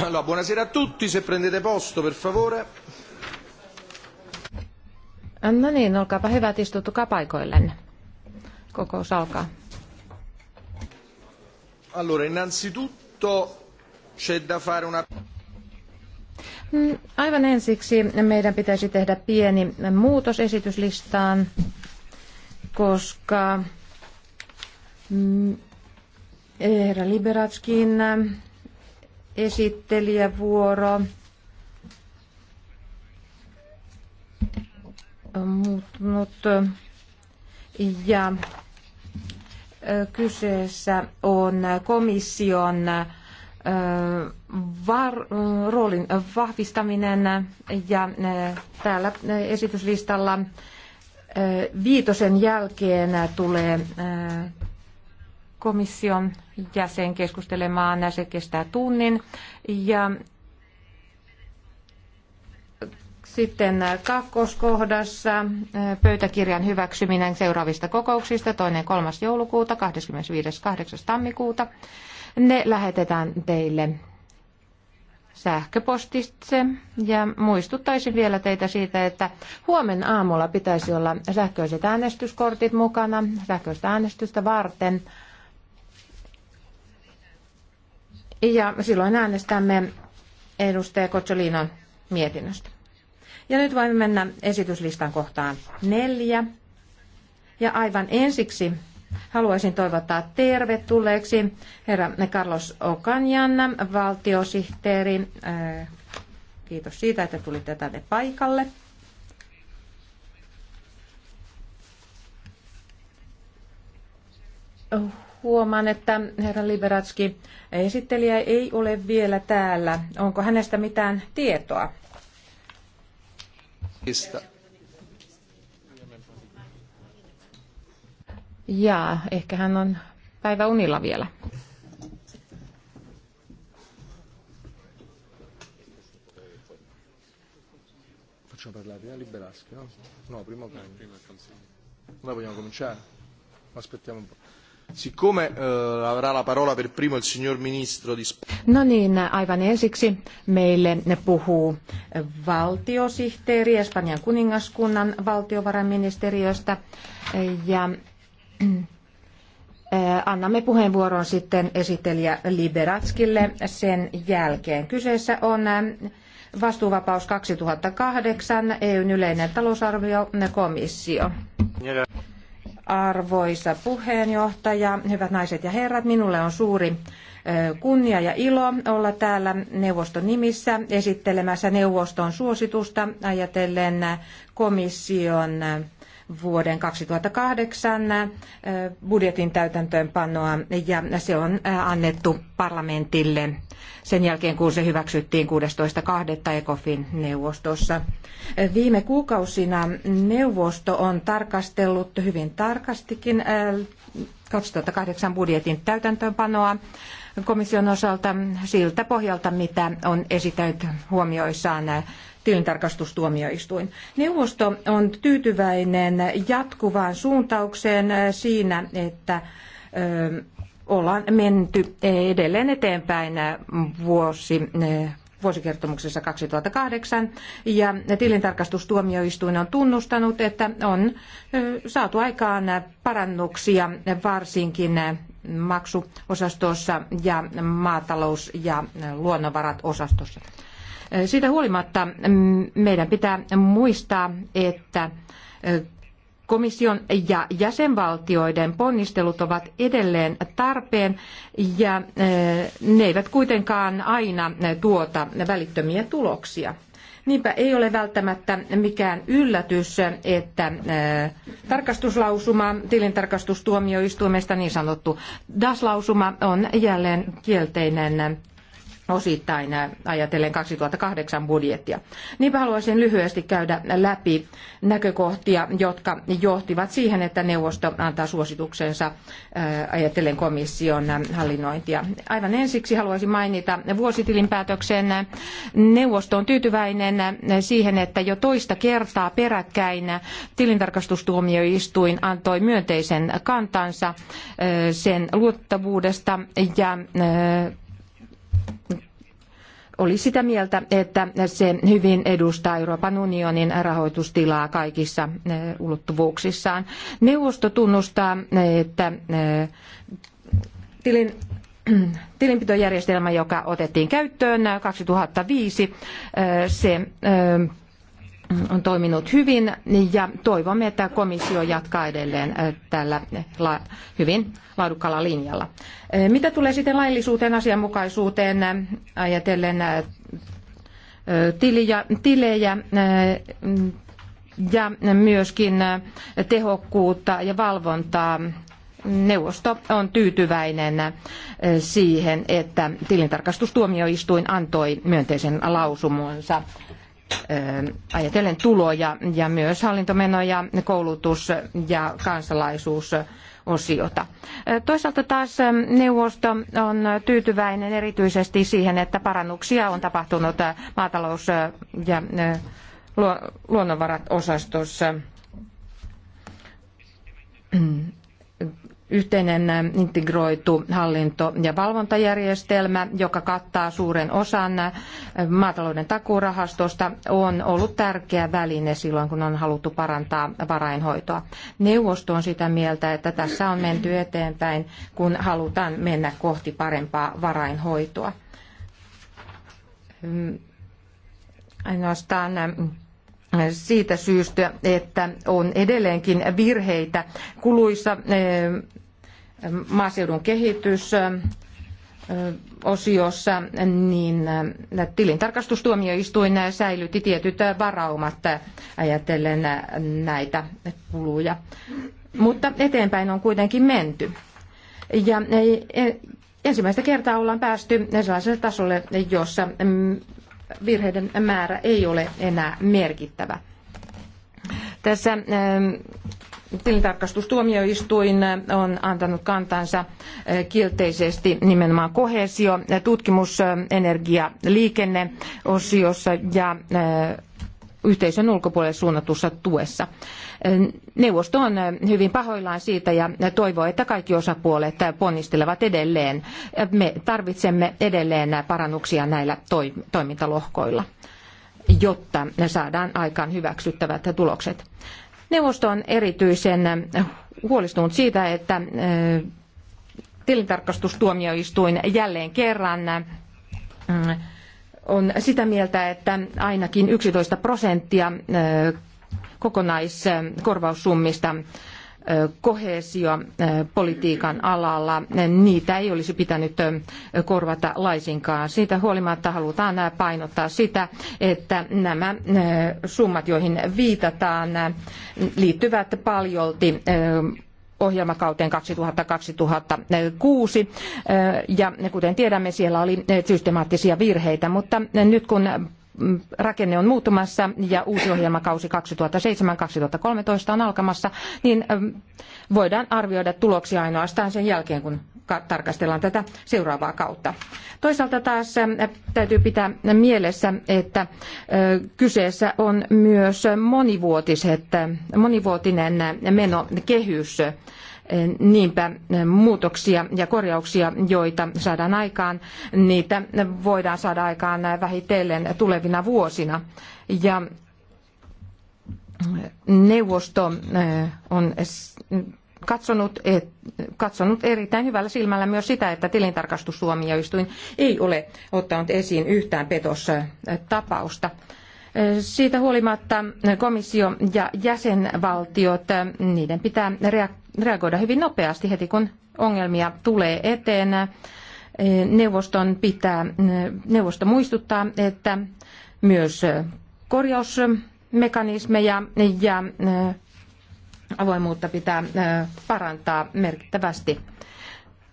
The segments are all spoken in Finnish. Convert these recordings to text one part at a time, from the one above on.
Allora, buonasera a tutti, se prendete posto per favore. Äh, no niin, olkaapa hyvät, istuttukaa paikoillenne. Kokous alkaa. Allora, innanzitutto c'è da fare una... Mm, aivan ensiksi meidän pitäisi tehdä pieni muutos esityslistaan, koska herra mm, Liberatskin esittelijävuoro. Mut, mut, ja kyseessä on komission var- roolin vahvistaminen ja täällä esityslistalla viitosen jälkeen tulee komission jäsen keskustelemaan. Se kestää tunnin. Ja sitten kakkoskohdassa eh, pöytäkirjan hyväksyminen seuraavista kokouksista, toinen kolmas joulukuuta, 25.8. tammikuuta. Ne lähetetään teille sähköpostitse ja muistuttaisin vielä teitä siitä, että huomenna aamulla pitäisi olla sähköiset äänestyskortit mukana sähköistä äänestystä varten. Ja silloin äänestämme edustaja Kotsolinon mietinnöstä. Ja nyt voimme mennä esityslistan kohtaan neljä. Ja aivan ensiksi haluaisin toivottaa tervetulleeksi herra Carlos Okanjan, valtiosihteeri. Äh, kiitos siitä, että tulitte tänne paikalle. Oh Huomaan, että herra Liberatski, esittelijä ei ole vielä täällä. Onko hänestä mitään tietoa? Ja ehkä hän on päivä unilla vielä. Facciamo parlare prima Liberaschi, no? No, prima No, vogliamo cominciare? Aspettiamo un po'. Siccome eh, avrà la parola per primo il signor ministro di No niin, aivan ensiksi meille puhuu eh, valtiosihteeri Espanjan kuningaskunnan valtiovarainministeriöstä eh, ja Annamme puheenvuoron sitten esittelijä Liberatskille sen jälkeen. Kyseessä on vastuuvapaus 2008, EUn yleinen talousarviokomissio. komissio. Arvoisa puheenjohtaja, hyvät naiset ja herrat, minulle on suuri kunnia ja ilo olla täällä neuvoston nimissä esittelemässä neuvoston suositusta ajatellen komission vuoden 2008 budjetin täytäntöönpanoa ja se on annettu parlamentille sen jälkeen, kun se hyväksyttiin 16.2. ECOFIN neuvostossa. Viime kuukausina neuvosto on tarkastellut hyvin tarkastikin 2008 budjetin täytäntöönpanoa komission osalta siltä pohjalta, mitä on esittänyt huomioissaan tilintarkastustuomioistuin. Neuvosto on tyytyväinen jatkuvaan suuntaukseen äh, siinä, että äh, ollaan menty edelleen eteenpäin äh, vuosi vuosikertomuksessa 2008 ja tilintarkastustuomioistuin on tunnustanut, että on saatu aikaan parannuksia varsinkin maksuosastossa ja maatalous- ja luonnonvarat osastossa. Siitä huolimatta mm, meidän pitää muistaa, että komission ja jäsenvaltioiden ponnistelut ovat edelleen tarpeen ja ne eivät kuitenkaan aina tuota välittömiä tuloksia. Niinpä ei ole välttämättä mikään yllätys, että tarkastuslausuma tilintarkastustuomioistuimesta, niin sanottu DAS-lausuma, on jälleen kielteinen osittain ajatellen 2008 budjettia. Niinpä haluaisin lyhyesti käydä läpi näkökohtia, jotka johtivat siihen, että neuvosto antaa suosituksensa ajatellen komission hallinnointia. Aivan ensiksi haluaisin mainita vuositilinpäätöksen. Neuvosto on tyytyväinen siihen, että jo toista kertaa peräkkäin tilintarkastustuomioistuin antoi myönteisen kantansa sen luottavuudesta ja oli sitä mieltä, että se hyvin edustaa Euroopan unionin rahoitustilaa kaikissa eh, ulottuvuuksissaan. Neuvosto tunnustaa, eh, että eh, tilin tilinpitojärjestelmä, joka otettiin käyttöön 2005, se on toiminut hyvin ja toivomme, että komissio jatkaa edelleen äh, tällä hyvin laadukkaalla linjalla. Äh, mitä tulee sitten laillisuuteen, asianmukaisuuteen äh, ajatellen tiliä, tilejä ja myöskin tehokkuutta ja valvontaa neuvosto on tyytyväinen siihen, että tilintarkastustuomioistuin antoi myönteisen lausumonsa ajatellen tuloja ja myös hallintomenoja, koulutus ja kansalaisuus osiota. Toisaalta taas neuvosto on tyytyväinen erityisesti siihen, että parannuksia on tapahtunut maatalous- ja luonnonvarat-osastossa yhteinen integroitu hallinto- ja valvontajärjestelmä, joka kattaa suuren osan maatalouden takuurahastosta, on ollut tärkeä väline silloin, kun on haluttu parantaa varainhoitoa. Neuvosto on sitä mieltä, että tässä on menty eteenpäin, kun halutaan mennä kohti parempaa varainhoitoa. Ainoastaan siitä syystä, että on edelleenkin virheitä kuluissa maaseudun kehitys osiossa, niin tilintarkastustuomioistuin säilytti tietyt varaumat ajatellen näitä kuluja. Mutta eteenpäin on kuitenkin menty. Ja e, e, ensimmäistä kertaa ollaan päästy sellaiselle tasolle, jossa virheiden määrä ei ole enää merkittävä. Tässä eh, tilintarkastustuomioistuin on antanut kantansa eh, kielteisesti nimenomaan kohesio, tutkimus, energia, liikenne osiossa ja eh, yhteisön ulkopuolelle suunnatussa tuessa. Neuvosto on hyvin pahoillaan siitä ja toivoo, että kaikki osapuolet ponnistelevat edelleen. Me tarvitsemme edelleen parannuksia näillä toimintalohkoilla jotta saadaan aikaan hyväksyttävät tulokset. Neuvosto on erityisen huolestunut siitä, että äh, tilintarkastustuomioistuin jälleen kerran äh, on sitä mieltä, että ainakin 11 prosenttia kokonaiskorvaussummista koheesiopolitiikan alalla. Niitä ei olisi pitänyt korvata laisinkaan. Siitä huolimatta halutaan painottaa sitä, että nämä summat, joihin viitataan, liittyvät paljolti ohjelmakauteen 2000-2006. Ja kuten tiedämme, siellä oli systemaattisia virheitä, mutta nyt kun rakenne on muuttumassa ja uusi ohjelmakausi 2007-2013 on alkamassa, niin voidaan arvioida tuloksia ainoastaan sen jälkeen, kun tarkastellaan tätä seuraavaa kautta. Toisaalta taas täytyy pitää mielessä, että kyseessä on myös monivuotiset, monivuotinen menokehys. Niinpä muutoksia ja korjauksia, joita saadaan aikaan, niitä voidaan saada aikaan vähitellen tulevina vuosina. Ja neuvosto on katsonut, et, katsonut erittäin hyvällä silmällä myös sitä, että tilintarkastustuomioistuin ei ole ottanut esiin yhtään petostapausta. Siitä huolimatta komissio ja jäsenvaltiot, niiden pitää reagoida hyvin nopeasti heti, kun ongelmia tulee eteen. Neuvoston pitää, neuvosto muistuttaa, että myös korjausmekanismeja ja avoimuutta pitää parantaa merkittävästi.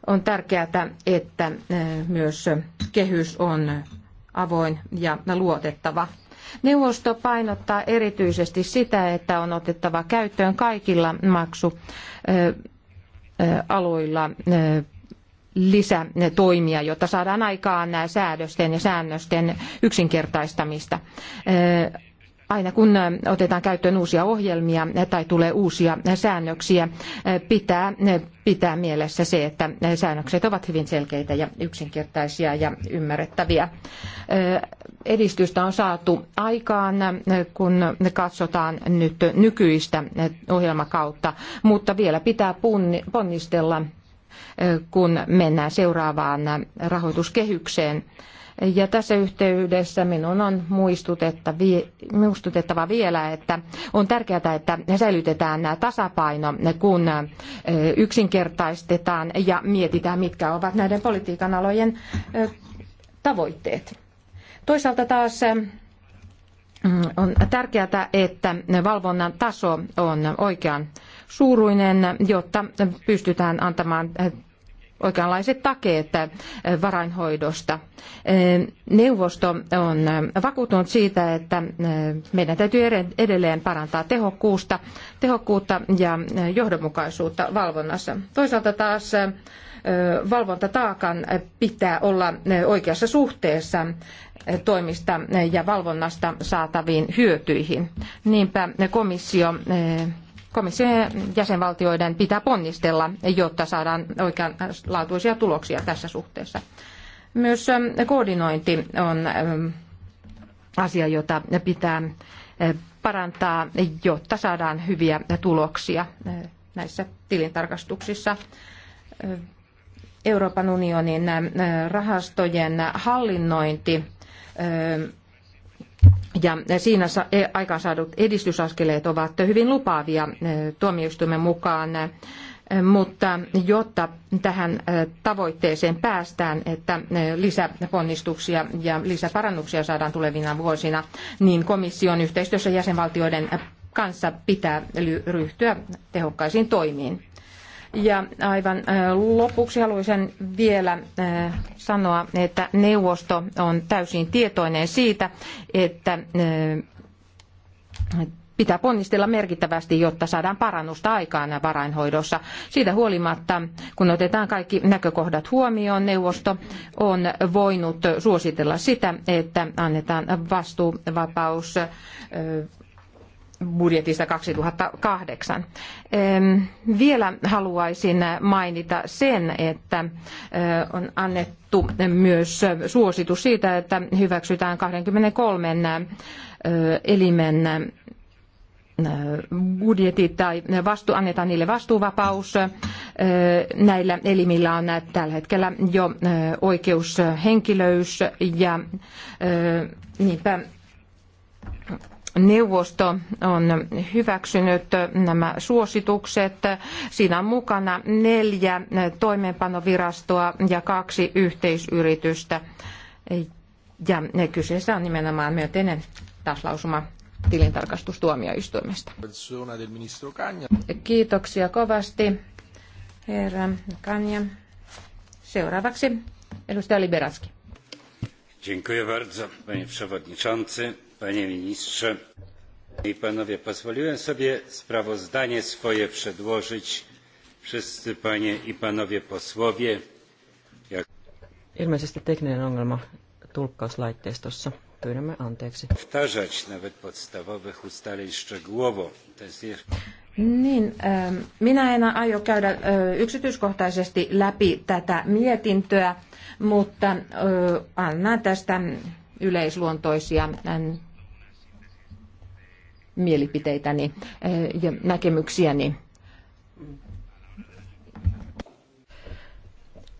On tärkeää, että myös kehys on avoin ja luotettava. Neuvosto painottaa erityisesti sitä, että on otettava käyttöön kaikilla maksualoilla lisätoimia, jotta saadaan aikaan säädösten ja säännösten yksinkertaistamista aina kun otetaan käyttöön uusia ohjelmia tai tulee uusia säännöksiä, pitää pitää mielessä se, että säännökset ovat hyvin selkeitä ja yksinkertaisia ja ymmärrettäviä. Edistystä on saatu aikaan, kun katsotaan nyt nykyistä ohjelmakautta, mutta vielä pitää ponnistella, kun mennään seuraavaan rahoituskehykseen ja tässä yhteydessä minun on muistutettava vielä, että on tärkeää, että säilytetään tasapaino, kun yksinkertaistetaan ja mietitään, mitkä ovat näiden politiikan alojen tavoitteet. Toisaalta taas on tärkeää, että valvonnan taso on oikean suuruinen, jotta pystytään antamaan oikeanlaiset takeet äh, varainhoidosta. Äh, neuvosto on äh, vakuuttunut siitä, että meidän täytyy edelleen parantaa tehokkuutta, tehokkuutta ja johdonmukaisuutta valvonnassa. Toisaalta taas valvontataakan pitää olla oikeassa suhteessa toimista ja valvonnasta saataviin hyötyihin. Niinpä komissio komission jäsenvaltioiden pitää ponnistella, jotta saadaan oikeanlaatuisia tuloksia tässä suhteessa. Myös ähm, koordinointi on ähm, asia, jota pitää äh, parantaa, jotta saadaan hyviä tuloksia äh, näissä tilintarkastuksissa. Äh, Euroopan unionin rahastojen hallinnointi ja eh, siinä eh, aikaansaadut edistysaskeleet ovat hyvin lupaavia eh, tuomioistuimen mukaan, mutta jotta tähän tavoitteeseen päästään, että lisäponnistuksia ja lisäparannuksia saadaan tulevina vuosina, niin komission yhteistyössä jäsenvaltioiden kanssa pitää ryhtyä tehokkaisiin toimiin. Ja aivan äh, lopuksi haluaisin vielä äh, sanoa, että neuvosto on täysin tietoinen siitä, että äh, pitää ponnistella merkittävästi, jotta saadaan parannusta aikaan varainhoidossa. Siitä huolimatta, kun otetaan kaikki näkökohdat huomioon, neuvosto on voinut suositella sitä, että annetaan vastuuvapaus budjetista 2008. Vielä haluaisin mainita sen, että on annettu myös suositus siitä, että hyväksytään 23 elimen budjetit tai vastu, annetaan niille vastuuvapaus. Näillä elimillä on tällä hetkellä jo oikeushenkilöys ja niinpä neuvosto on hyväksynyt nämä suositukset. Siinä on mukana neljä toimeenpanovirastoa ja kaksi yhteisyritystä. Ja kyseessä on nimenomaan myönteinen taslausuma tilintarkastustuomioistuimesta. Kiitoksia kovasti, herra Kanja. Seuraavaksi edustaja Liberatski. Dziękuję bardzo, panie przewodniczący, panie ministrze panie i panowie. Pozwoliłem sobie sprawozdanie swoje przedłożyć wszyscy panie i panowie posłowie. Jak... Ilmeisesti tekninen ongelma tulkkauslaitteistossa. Pyydämme anteeksi. Powtarzać nawet podstawowych ustaleń szczegółowo. To jest niin, ähm, minä en aio käydä yksityiskohtaisesti läpi tätä mietintöä, mutta annan tästä yleisluontoisia ähm, mielipiteitäni ja näkemyksiäni.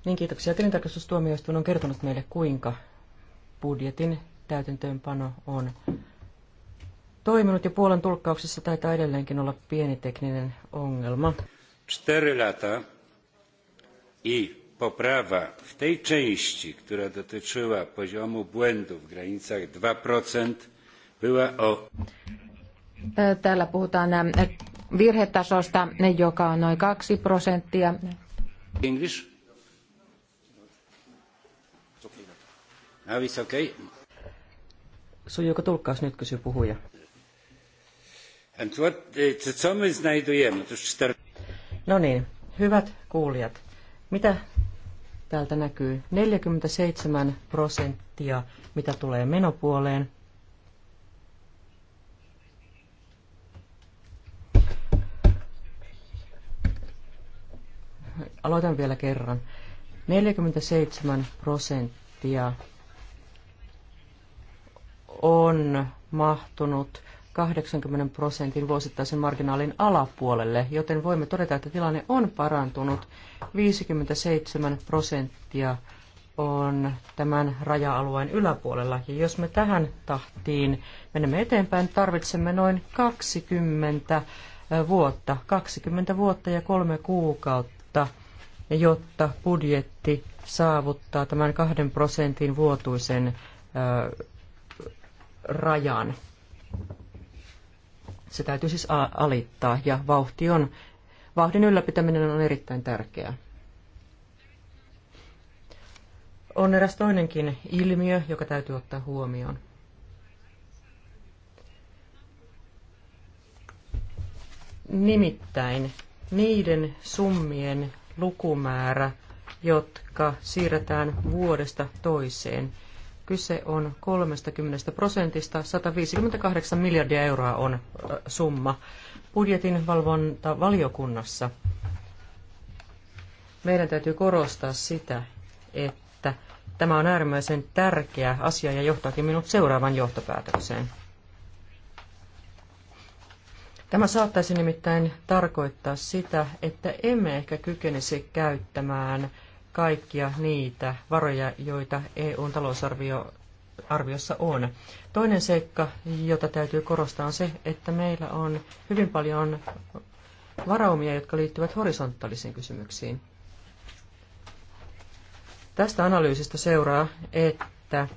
Niin, kiitoksia. Tilintarkastustuomioistuin on kertonut meille, kuinka budjetin täytäntöönpano on toiminut ja Puolan tulkkauksessa taitaa edelleenkin olla pieni tekninen ongelma. Cztery i poprawa w tej części, która dotyczyła poziomu błędu w granicach 2% była o... E, täällä puhutaan e, virhetasosta, joka on noin 2 prosenttia. English? Now it's okay. Sujuuko tulkkaus nyt, kysyy puhuja. Uh, no niin, hyvät kuulijat. Mitä täältä näkyy? 47 prosenttia, mitä tulee menopuoleen. Aloitan vielä kerran. 47 prosenttia on mahtunut 80 prosentin vuosittaisen marginaalin alapuolelle, joten voimme todeta, että tilanne on parantunut. 57 prosenttia on tämän raja-alueen yläpuolella. Ja jos me tähän tahtiin menemme eteenpäin, tarvitsemme noin 20 vuotta, 20 vuotta ja kolme kuukautta, jotta budjetti saavuttaa tämän kahden prosentin vuotuisen rajan. Se täytyy siis alittaa ja vauhti on, vauhdin ylläpitäminen on erittäin tärkeää. On eräs toinenkin ilmiö, joka täytyy ottaa huomioon. Nimittäin niiden summien lukumäärä, jotka siirretään vuodesta toiseen – Kyse on 30 prosentista, 158 miljardia euroa on summa. Budjetin valvonta valiokunnassa meidän täytyy korostaa sitä, että tämä on äärimmäisen tärkeä asia ja johtaakin minut seuraavan johtopäätökseen. Tämä saattaisi nimittäin tarkoittaa sitä, että emme ehkä kykenisi käyttämään kaikkia niitä varoja, joita EUn talousarvio arviossa on. Toinen seikka, jota täytyy korostaa, on se, että meillä on hyvin paljon varaumia, jotka liittyvät horisontaalisiin kysymyksiin. Tästä analyysistä seuraa, että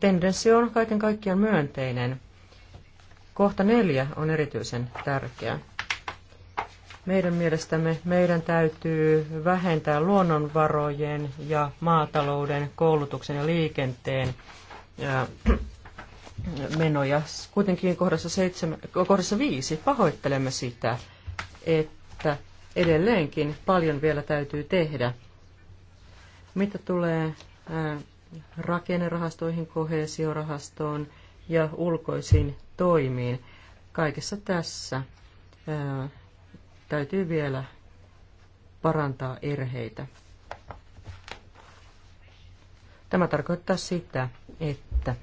tendenssi on kaiken kaikkiaan myönteinen. Kohta neljä on erityisen tärkeä. Meidän mielestämme meidän täytyy vähentää luonnonvarojen ja maatalouden, koulutuksen ja liikenteen menoja. Kuitenkin kohdassa, seitsemän, kohdassa viisi pahoittelemme sitä, että edelleenkin paljon vielä täytyy tehdä. Mitä tulee rakennerahastoihin, kohesiorahastoon ja ulkoisiin toimiin, kaikessa tässä täytyy vielä parantaa erheitä. Tämä tarkoittaa sitä, että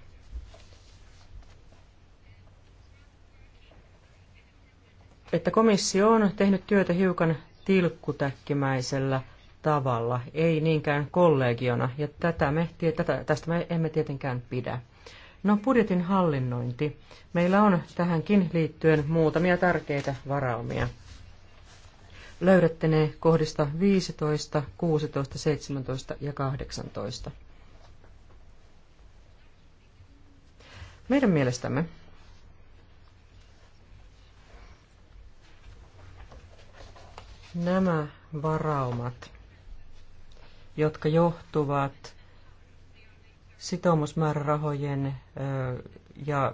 että komissio on tehnyt työtä hiukan tilkkutäkkimäisellä tavalla, ei niinkään kollegiona, ja tätä me, tätä, tästä me emme tietenkään pidä. No budjetin hallinnointi. Meillä on tähänkin liittyen muutamia tärkeitä varaumia löydätte ne kohdista 15, 16, 17 ja 18. Meidän mielestämme nämä varaumat, jotka johtuvat sitoumusmäärärahojen ja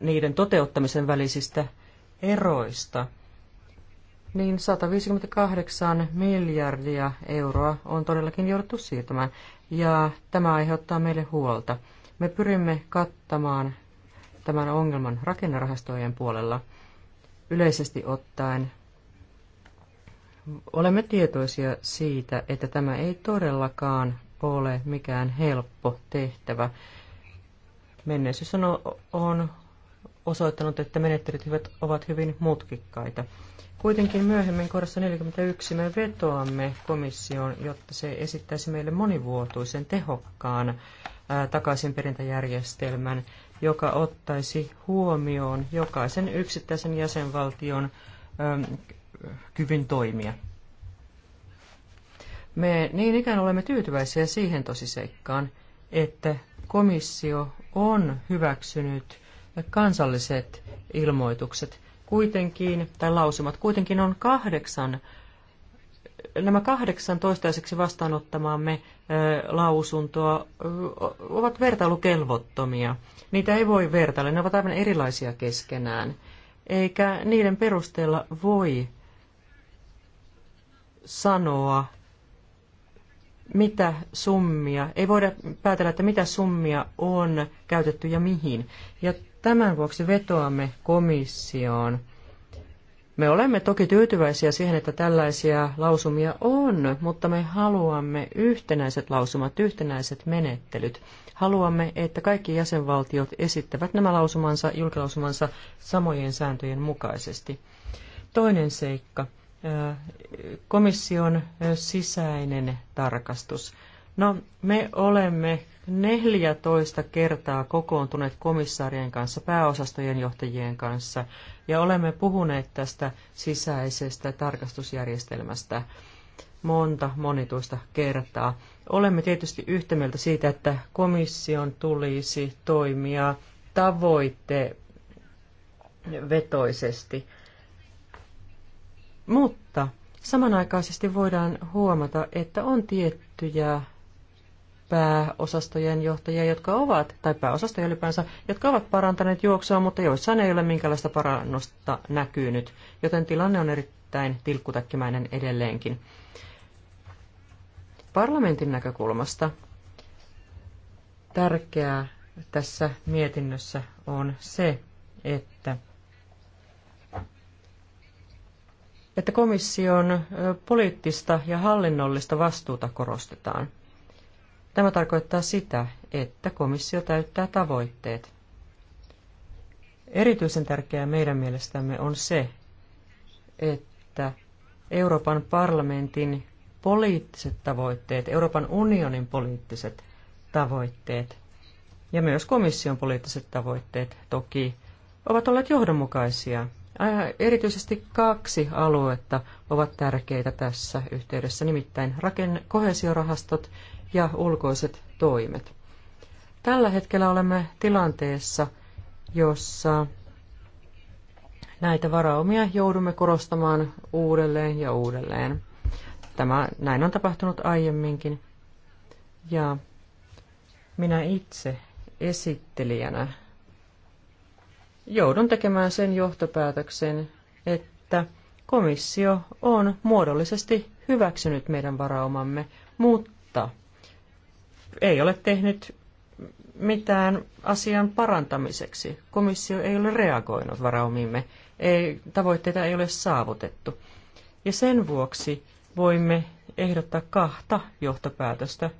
niiden toteuttamisen välisistä eroista, niin 158 miljardia euroa on todellakin jouduttu siirtämään, ja tämä aiheuttaa meille huolta. Me pyrimme kattamaan tämän ongelman rakennerahastojen puolella yleisesti ottaen. Olemme tietoisia siitä, että tämä ei todellakaan ole mikään helppo tehtävä. Menneisyys on, on osoittanut, että menettelyt ovat hyvin mutkikkaita. Kuitenkin myöhemmin kohdassa 41 me vetoamme komissioon, jotta se esittäisi meille monivuotuisen tehokkaan ää, takaisinperintäjärjestelmän, joka ottaisi huomioon jokaisen yksittäisen jäsenvaltion ää, kyvyn toimia. Me niin ikään olemme tyytyväisiä siihen tosiseikkaan, että komissio on hyväksynyt kansalliset ilmoitukset kuitenkin, tai lausumat kuitenkin on kahdeksan, nämä kahdeksan toistaiseksi vastaanottamaamme lausuntoa ovat vertailukelvottomia. Niitä ei voi vertailla, ne ovat aivan erilaisia keskenään, eikä niiden perusteella voi sanoa, mitä summia, ei voida päätellä, että mitä summia on käytetty ja mihin. Ja Tämän vuoksi vetoamme komissioon. Me olemme toki tyytyväisiä siihen, että tällaisia lausumia on, mutta me haluamme yhtenäiset lausumat, yhtenäiset menettelyt. Haluamme, että kaikki jäsenvaltiot esittävät nämä lausumansa, julkilausumansa samojen sääntöjen mukaisesti. Toinen seikka, komission sisäinen tarkastus. No, me olemme 14 kertaa kokoontuneet komissaarien kanssa, pääosastojen johtajien kanssa, ja olemme puhuneet tästä sisäisestä tarkastusjärjestelmästä monta monituista kertaa. Olemme tietysti yhtä mieltä siitä, että komission tulisi toimia tavoitevetoisesti, mutta samanaikaisesti voidaan huomata, että on tiettyjä pääosastojen johtajia, jotka ovat, tai pääosastoja ylipäänsä, jotka ovat parantaneet juoksua, mutta joissain ei ole minkäänlaista parannusta näkynyt, joten tilanne on erittäin tilkkutäkkimäinen edelleenkin. Parlamentin näkökulmasta tärkeää tässä mietinnössä on se, että että komission poliittista ja hallinnollista vastuuta korostetaan. Tämä tarkoittaa sitä, että komissio täyttää tavoitteet. Erityisen tärkeää meidän mielestämme on se, että Euroopan parlamentin poliittiset tavoitteet, Euroopan unionin poliittiset tavoitteet ja myös komission poliittiset tavoitteet toki ovat olleet johdonmukaisia. Erityisesti kaksi aluetta ovat tärkeitä tässä yhteydessä, nimittäin raken- kohesiorahastot ja ulkoiset toimet. Tällä hetkellä olemme tilanteessa, jossa näitä varaumia joudumme korostamaan uudelleen ja uudelleen. Tämä, näin on tapahtunut aiemminkin. Ja minä itse esittelijänä joudun tekemään sen johtopäätöksen, että komissio on muodollisesti hyväksynyt meidän varaumamme, mutta ei ole tehnyt mitään asian parantamiseksi. Komissio ei ole reagoinut varaumiimme. Ei, tavoitteita ei ole saavutettu. Ja sen vuoksi voimme ehdottaa kahta johtopäätöstä,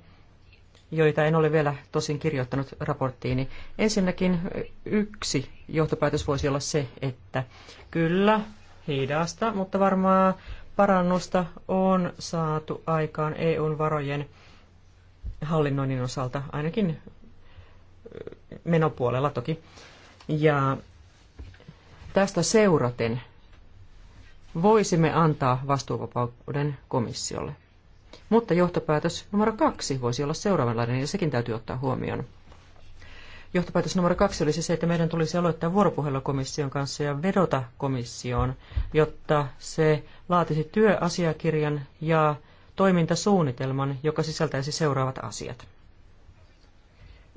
joita en ole vielä tosin kirjoittanut raporttiini. Ensinnäkin yksi johtopäätös voisi olla se, että kyllä, hidasta, mutta varmaa parannusta on saatu aikaan EUn varojen hallinnoinnin osalta, ainakin menopuolella toki. Ja tästä seuraten voisimme antaa vastuuvapauden komissiolle. Mutta johtopäätös numero kaksi voisi olla seuraavanlainen, ja sekin täytyy ottaa huomioon. Johtopäätös numero kaksi olisi se, että meidän tulisi aloittaa vuoropuhelu komission kanssa ja vedota komissioon, jotta se laatisi työasiakirjan ja toimintasuunnitelman, joka sisältäisi seuraavat asiat.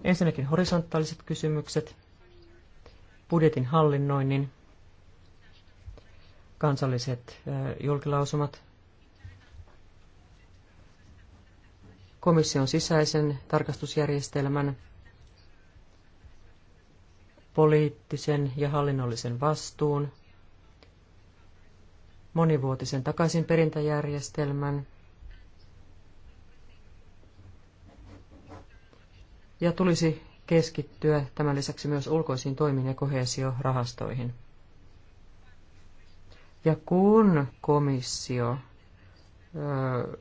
Ensinnäkin horisontaaliset kysymykset, budjetin hallinnoinnin, kansalliset julkilausumat, komission sisäisen tarkastusjärjestelmän, poliittisen ja hallinnollisen vastuun, monivuotisen takaisinperintäjärjestelmän, ja tulisi keskittyä tämän lisäksi myös ulkoisiin toimiin ja kohesiorahastoihin. Ja kun komissio ö,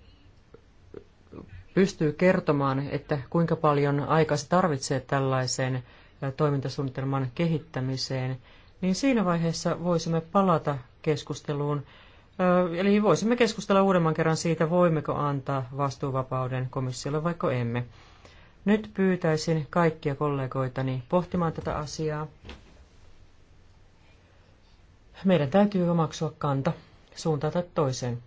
pystyy kertomaan, että kuinka paljon aikaa se tarvitsee tällaiseen toimintasuunnitelman kehittämiseen, niin siinä vaiheessa voisimme palata keskusteluun. Eli voisimme keskustella uudemman kerran siitä, voimmeko antaa vastuuvapauden komissiolle vaikka emme. Nyt pyytäisin kaikkia kollegoitani pohtimaan tätä asiaa. Meidän täytyy omaksua kanta suuntaan tai toiseen.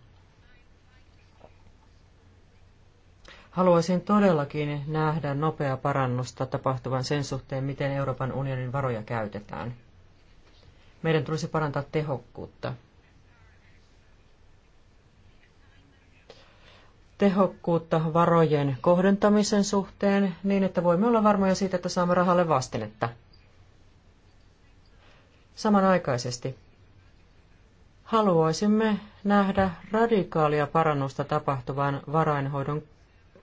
Haluaisin todellakin nähdä nopeaa parannusta tapahtuvan sen suhteen, miten Euroopan unionin varoja käytetään. Meidän tulisi parantaa tehokkuutta. tehokkuutta varojen kohdentamisen suhteen niin, että voimme olla varmoja siitä, että saamme rahalle vastinetta. Samanaikaisesti haluaisimme nähdä radikaalia parannusta tapahtuvan varainhoidon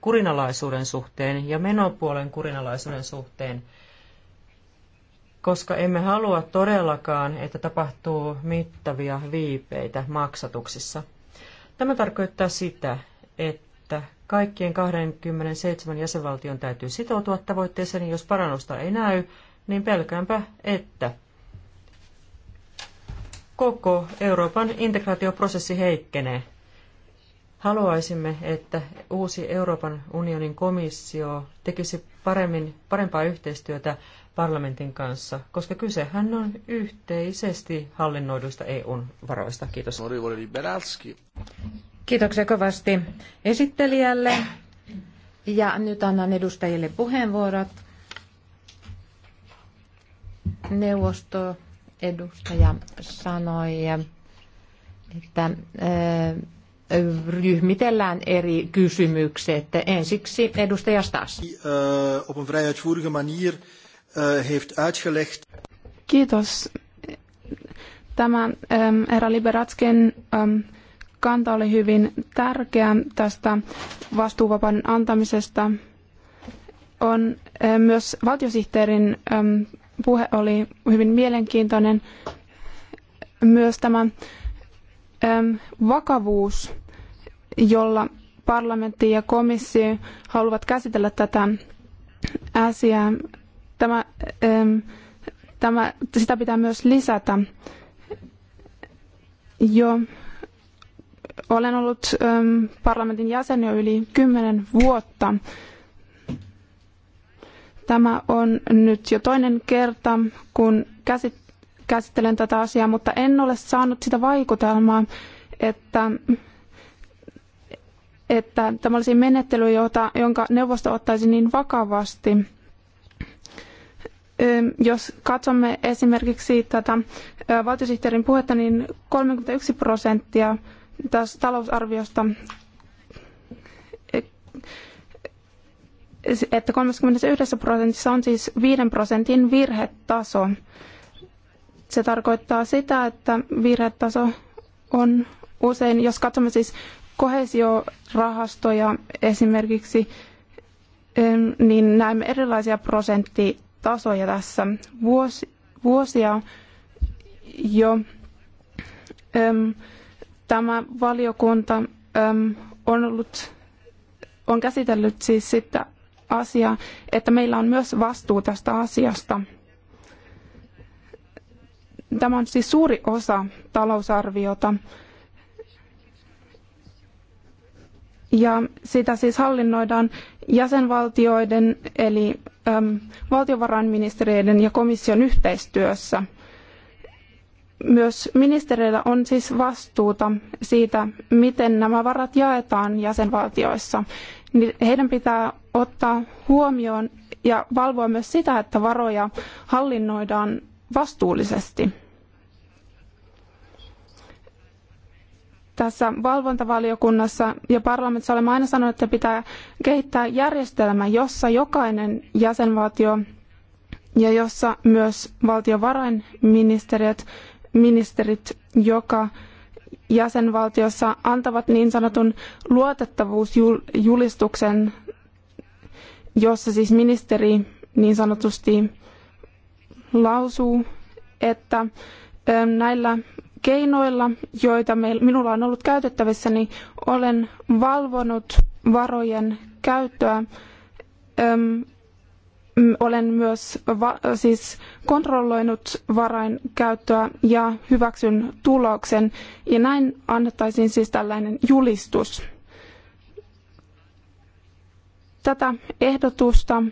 kurinalaisuuden suhteen ja menopuolen kurinalaisuuden suhteen, koska emme halua todellakaan, että tapahtuu mittavia viipeitä maksatuksissa. Tämä tarkoittaa sitä, että että kaikkien 27 jäsenvaltion täytyy sitoutua tavoitteeseen, jos parannusta ei näy, niin pelkäänpä, että koko Euroopan integraatioprosessi heikkenee. Haluaisimme, että uusi Euroopan unionin komissio tekisi paremmin, parempaa yhteistyötä parlamentin kanssa, koska kysehän on yhteisesti hallinnoiduista EUn varoista. Kiitos. Kiitoksia kovasti esittelijälle. Ja nyt annan edustajille puheenvuorot. Neuvosto edustaja sanoi, että äh, ryhmitellään eri kysymykset. Ensiksi edustaja Stas. Äh, äh, Kiitos. Tämä ähm, herra Liberatsken ähm, kanta oli hyvin tärkeä tästä vastuuvapauden antamisesta. On eh, myös valtiosihteerin puhe oli hyvin mielenkiintoinen. Myös tämä vakavuus, jolla parlamentti ja komissio haluavat käsitellä tätä asiaa, tämä, tämä, sitä pitää myös lisätä. Joo. Olen ollut ähm, parlamentin jäsen jo yli kymmenen vuotta. Tämä on nyt jo toinen kerta, kun käsittelen tätä asiaa, mutta en ole saanut sitä vaikutelmaa, että, että tämä olisi menettely, jota, jonka neuvosto ottaisi niin vakavasti. Jos katsomme esimerkiksi tätä valtiosihteerin puhetta, niin 31 prosenttia tästä talousarviosta, että 31 prosentissa on siis 5 prosentin virhetaso. Se tarkoittaa sitä, että virhetaso on usein, jos katsomme siis kohesiorahastoja esimerkiksi, niin näemme erilaisia prosenttitasoja tässä vuosia jo. Tämä valiokunta ähm, on, ollut, on käsitellyt siis sitä asiaa, että meillä on myös vastuu tästä asiasta. Tämä on siis suuri osa talousarviota. Ja sitä siis hallinnoidaan jäsenvaltioiden eli äm, valtiovarainministeriöiden ja komission yhteistyössä – myös ministereillä on siis vastuuta siitä, miten nämä varat jaetaan jäsenvaltioissa. Heidän pitää ottaa huomioon ja valvoa myös sitä, että varoja hallinnoidaan vastuullisesti. Tässä valvontavaliokunnassa ja parlamentissa olemme aina sanoneet, että pitää kehittää järjestelmä, jossa jokainen jäsenvaltio ja jossa myös valtiovarainministeriöt ministerit joka jäsenvaltiossa antavat niin sanotun luotettavuusjulistuksen, jossa siis ministeri niin sanotusti lausuu, että näillä keinoilla, joita minulla on ollut käytettävissäni, niin olen valvonut varojen käyttöä olen myös siis kontrolloinut varain käyttöä ja hyväksyn tuloksen. Ja näin annettaisiin siis tällainen julistus. Tätä ehdotusta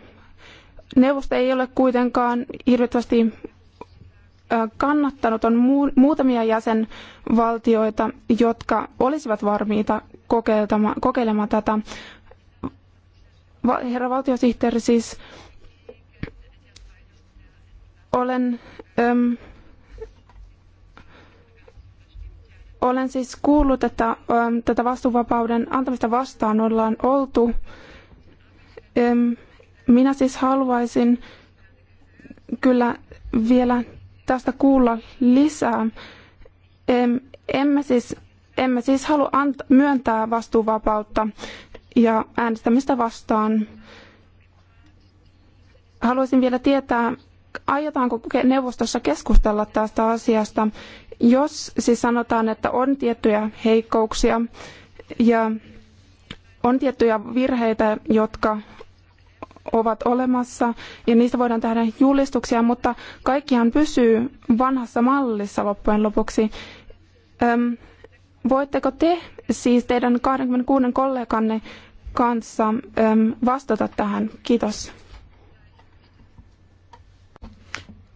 neuvosto ei ole kuitenkaan hirvittävästi kannattanut. On muutamia jäsenvaltioita, jotka olisivat varmiita kokeilemaan tätä. Herra valtiosihteeri siis olen, äm, olen siis kuullut, että äm, tätä vastuuvapauden antamista vastaan ollaan oltu. Äm, minä siis haluaisin kyllä vielä tästä kuulla lisää. Äm, emme siis emme siis halua myöntää vastuuvapautta ja äänestämistä vastaan. Haluaisin vielä tietää, aiotaanko neuvostossa keskustella tästä asiasta, jos siis sanotaan, että on tiettyjä heikkouksia ja on tiettyjä virheitä, jotka ovat olemassa ja niistä voidaan tehdä julistuksia, mutta kaikkihan pysyy vanhassa mallissa loppujen lopuksi. Öm, voitteko te siis teidän 26 kolleganne kanssa öm, vastata tähän? Kiitos.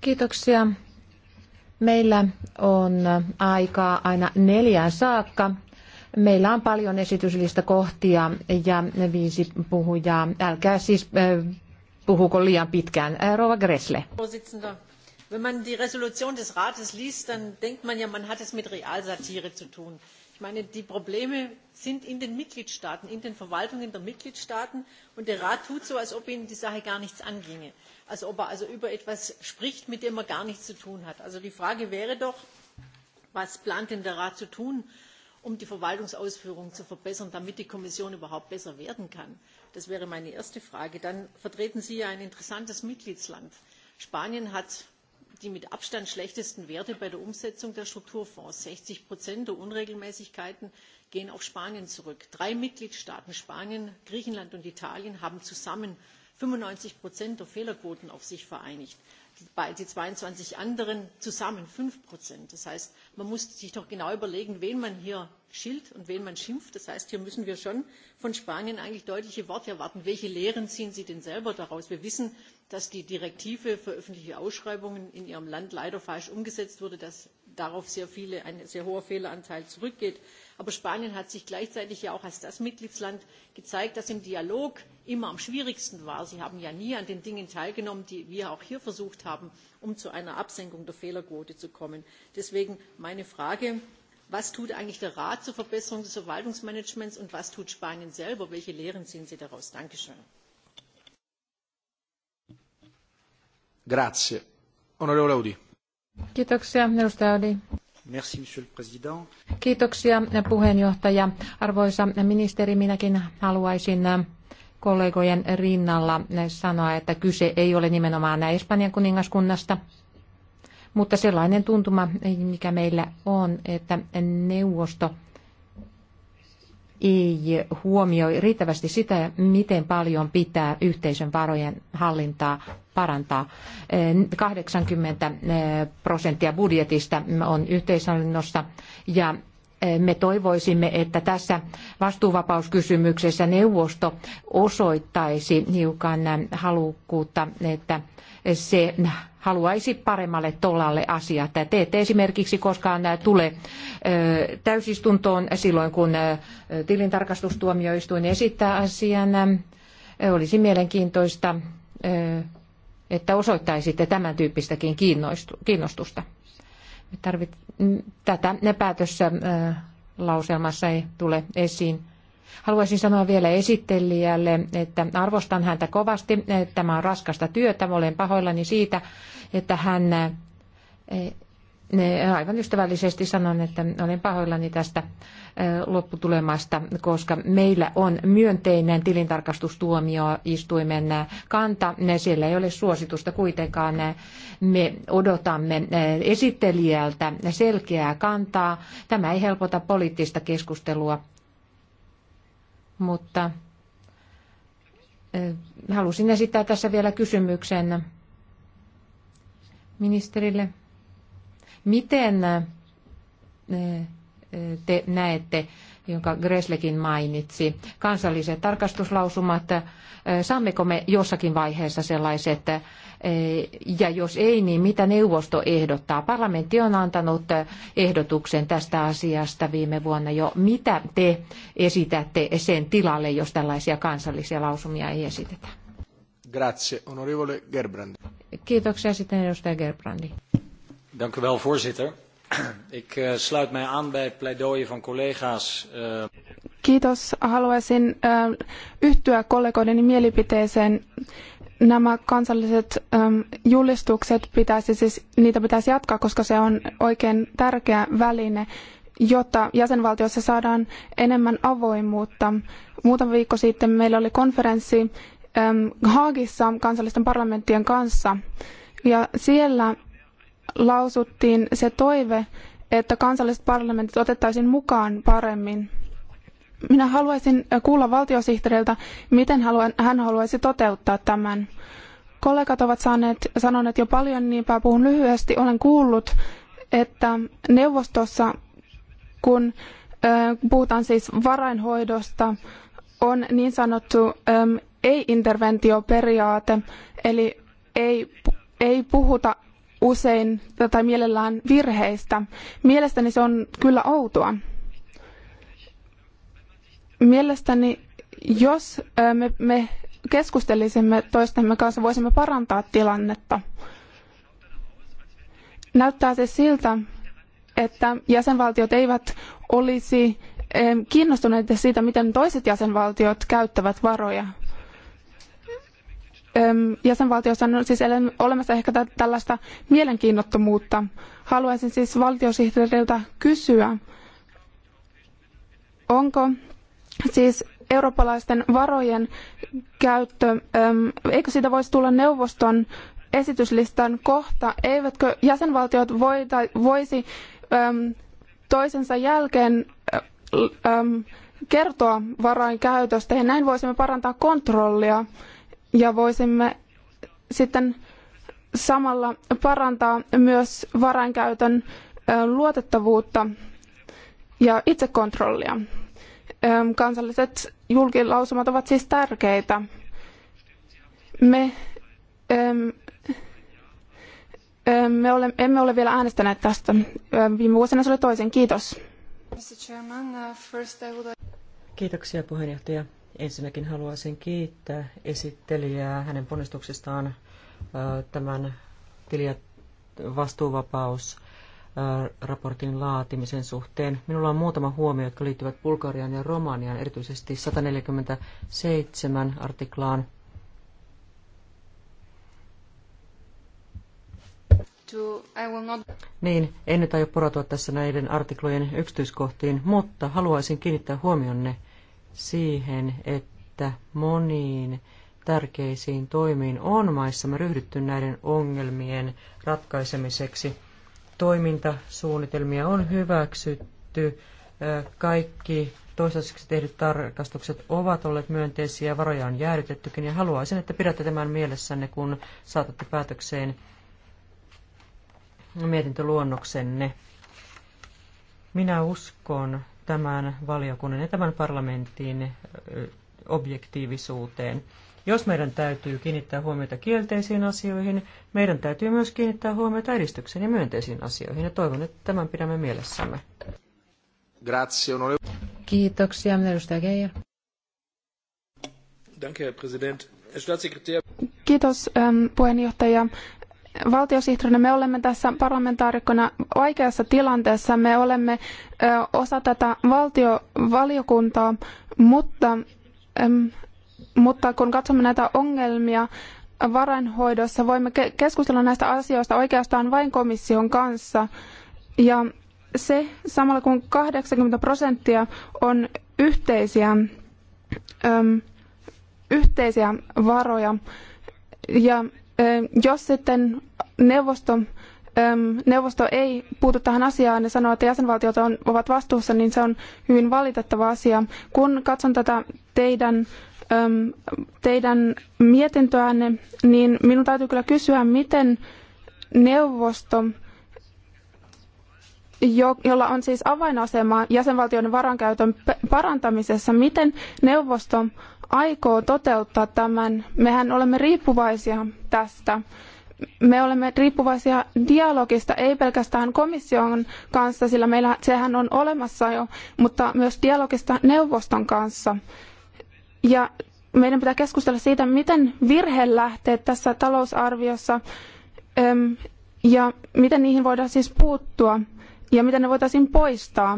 Kiitoksia. Meillä on aikaa aina neljään saakka. Meillä on paljon esityslistä kohtia ja viisi puhujaa. Älkää siis äh, puhuko liian pitkään. Äh, Rova Gressle. Wenn man die Resolution des Rates liest, dann denkt man ja, man hat es mit Realsatire zu tun Ich meine, die Probleme sind in den Mitgliedstaaten, in den Verwaltungen der Mitgliedstaaten. Und der Rat tut so, als ob ihnen die Sache gar nichts anginge. Als ob er also über etwas spricht, mit dem er gar nichts zu tun hat. Also die Frage wäre doch, was plant denn der Rat zu tun, um die Verwaltungsausführung zu verbessern, damit die Kommission überhaupt besser werden kann? Das wäre meine erste Frage. Dann vertreten Sie ja ein interessantes Mitgliedsland. Spanien hat die mit Abstand schlechtesten Werte bei der Umsetzung der Strukturfonds. 60 Prozent der Unregelmäßigkeiten gehen auf Spanien zurück. Drei Mitgliedstaaten, Spanien, Griechenland und Italien, haben zusammen 95 Prozent der Fehlerquoten auf sich vereinigt. Die 22 anderen zusammen 5 Prozent. Das heißt, man muss sich doch genau überlegen, wen man hier schilt und wen man schimpft. Das heißt, hier müssen wir schon von Spanien eigentlich deutliche Worte erwarten. Welche Lehren ziehen Sie denn selber daraus? Wir wissen, dass die richtlinie für öffentliche ausschreibungen in ihrem land leider falsch umgesetzt wurde dass darauf sehr viele, ein sehr hoher fehleranteil zurückgeht. aber spanien hat sich gleichzeitig ja auch als das mitgliedsland gezeigt das im dialog immer am schwierigsten war. sie haben ja nie an den dingen teilgenommen die wir auch hier versucht haben um zu einer absenkung der fehlerquote zu kommen. deswegen meine frage was tut eigentlich der rat zur verbesserung des verwaltungsmanagements und was tut spanien selber? welche lehren ziehen sie daraus? dankeschön. Kiitoksia, monsieur le président. Kiitoksia puheenjohtaja. Arvoisa ministeri, minäkin haluaisin kollegojen rinnalla sanoa, että kyse ei ole nimenomaan Espanjan kuningaskunnasta, mutta sellainen tuntuma, mikä meillä on, että neuvosto ei huomioi riittävästi sitä, miten paljon pitää yhteisön varojen hallintaa parantaa. 80 eh, eh, prosenttia budjetista on yhteishallinnossa ja eh, me toivoisimme, että tässä vastuuvapauskysymyksessä neuvosto osoittaisi hiukan halukkuutta, että se haluaisi paremmalle tolalle asiat. Te ette esimerkiksi koskaan tule täysistuntoon silloin, kun tilintarkastustuomioistuin esittää asian. Olisi mielenkiintoista että osoittaisitte tämän tyyppistäkin kiinnostusta. Me tarvit, tätä ne päätössä lauselmassa ei tule esiin. Haluaisin sanoa vielä esittelijälle, että arvostan häntä kovasti. Tämä on raskasta työtä. Olen pahoillani siitä, että hän aivan ystävällisesti sanon, että olen pahoillani tästä lopputulemasta, koska meillä on myönteinen tilintarkastustuomioistuimen kanta. Siellä ei ole suositusta kuitenkaan. Me odotamme esittelijältä selkeää kantaa. Tämä ei helpota poliittista keskustelua, mutta halusin esittää tässä vielä kysymyksen ministerille. Miten äh, äh, te näette, jonka Greslekin mainitsi, kansalliset tarkastuslausumat, äh, saammeko me jossakin vaiheessa sellaiset, ja jos ei, niin mitä neuvosto ehdottaa? Parlamentti on antanut ehdotuksen tästä asiasta viime vuonna jo. Mitä te esitätte sen tilalle, jos tällaisia kansallisia lausumia ei esitetä? Grazie, onorevole Gerbrandi. Kiitoksia sitten edustaja Gerbrandi. Dank u wel, voorzitter. Ik eh, sluit mij aan bij het van collega's. Eh. Kiitos. Haluaisin eh, yhtyä kollegoideni mielipiteeseen. Nämä kansalliset ähm, julistukset pitäisi siis, niitä pitäisi jatkaa, koska se on oikein tärkeä väline, jotta jäsenvaltioissa saadaan enemmän avoimuutta. Muutama viikko sitten meillä oli konferenssi ähm, Haagissa kansallisten parlamenttien kanssa ja siellä lausuttiin se toive, että kansalliset parlamentit otettaisiin mukaan paremmin. Minä haluaisin kuulla valtiosihteeriltä, miten hän haluaisi toteuttaa tämän. Kollegat ovat saaneet, sanoneet jo paljon, niinpä puhun lyhyesti. Olen kuullut, että neuvostossa, kun puhutaan siis varainhoidosta, on niin sanottu ei-interventioperiaate, eli ei, ei puhuta usein tai mielellään virheistä. Mielestäni se on kyllä outoa. Mielestäni jos me, me keskustelisimme toistemme kanssa, voisimme parantaa tilannetta. Näyttää se siltä, että jäsenvaltiot eivät olisi kiinnostuneita siitä, miten toiset jäsenvaltiot käyttävät varoja jäsenvaltiossa on siis olemassa ehkä tällaista mielenkiinnottomuutta. Haluaisin siis valtiosihteeriltä kysyä, onko siis eurooppalaisten varojen käyttö, eikö siitä voisi tulla neuvoston esityslistan kohta, eivätkö jäsenvaltiot voisi toisensa jälkeen kertoa varojen käytöstä ja näin voisimme parantaa kontrollia ja voisimme sitten samalla parantaa myös varainkäytön luotettavuutta ja itsekontrollia. Kansalliset julkilausumat ovat siis tärkeitä. Me, me ole, emme ole vielä äänestäneet tästä. Viime vuosina se oli toisen. Kiitos. Uh, Kiitoksia puheenjohtaja. Ensinnäkin haluaisin kiittää esittelijää hänen ponnistuksestaan tämän tilia vastuuvapaus raportin laatimisen suhteen. Minulla on muutama huomio, jotka liittyvät Bulgarian ja Romaniaan, erityisesti 147 artiklaan. Niin, en nyt aio porautua tässä näiden artiklojen yksityiskohtiin, mutta haluaisin kiinnittää huomionne ne siihen, että moniin tärkeisiin toimiin on maissamme ryhdytty näiden ongelmien ratkaisemiseksi. Toimintasuunnitelmia on hyväksytty, kaikki toistaiseksi tehdyt tarkastukset ovat olleet myönteisiä, varoja on jäädytettykin ja haluaisin, että pidätte tämän mielessänne, kun saatatte päätökseen mietintöluonnoksenne. Minä uskon, tämän valiokunnan ja tämän parlamentin objektiivisuuteen. Jos meidän täytyy kiinnittää huomiota kielteisiin asioihin, meidän täytyy myös kiinnittää huomiota edistykseen ja myönteisiin asioihin, ja toivon, että tämän pidämme mielessämme. Kiitoksia, edustaja Geijer. Danke, Kiitos ähm, puheenjohtaja valtiosihteerinä me olemme tässä parlamentaarikkona vaikeassa tilanteessa. Me olemme osa tätä valtiovaliokuntaa, mutta, mutta kun katsomme näitä ongelmia varainhoidossa, voimme keskustella näistä asioista oikeastaan vain komission kanssa. Ja se samalla kun 80 prosenttia on yhteisiä, yhteisiä varoja ja jos sitten neuvosto, neuvosto ei puutu tähän asiaan ja sanoo, että jäsenvaltiot on, ovat vastuussa, niin se on hyvin valitettava asia. Kun katson tätä teidän, teidän mietintöänne, niin minun täytyy kyllä kysyä, miten neuvosto jolla on siis avainasema jäsenvaltioiden varankäytön parantamisessa, miten neuvosto aikoo toteuttaa tämän. Mehän olemme riippuvaisia tästä. Me olemme riippuvaisia dialogista, ei pelkästään komission kanssa, sillä meillä sehän on olemassa jo, mutta myös dialogista neuvoston kanssa. Ja meidän pitää keskustella siitä, miten virhelähteet tässä talousarviossa ehm, ja miten niihin voidaan siis puuttua ja miten ne voitaisiin poistaa.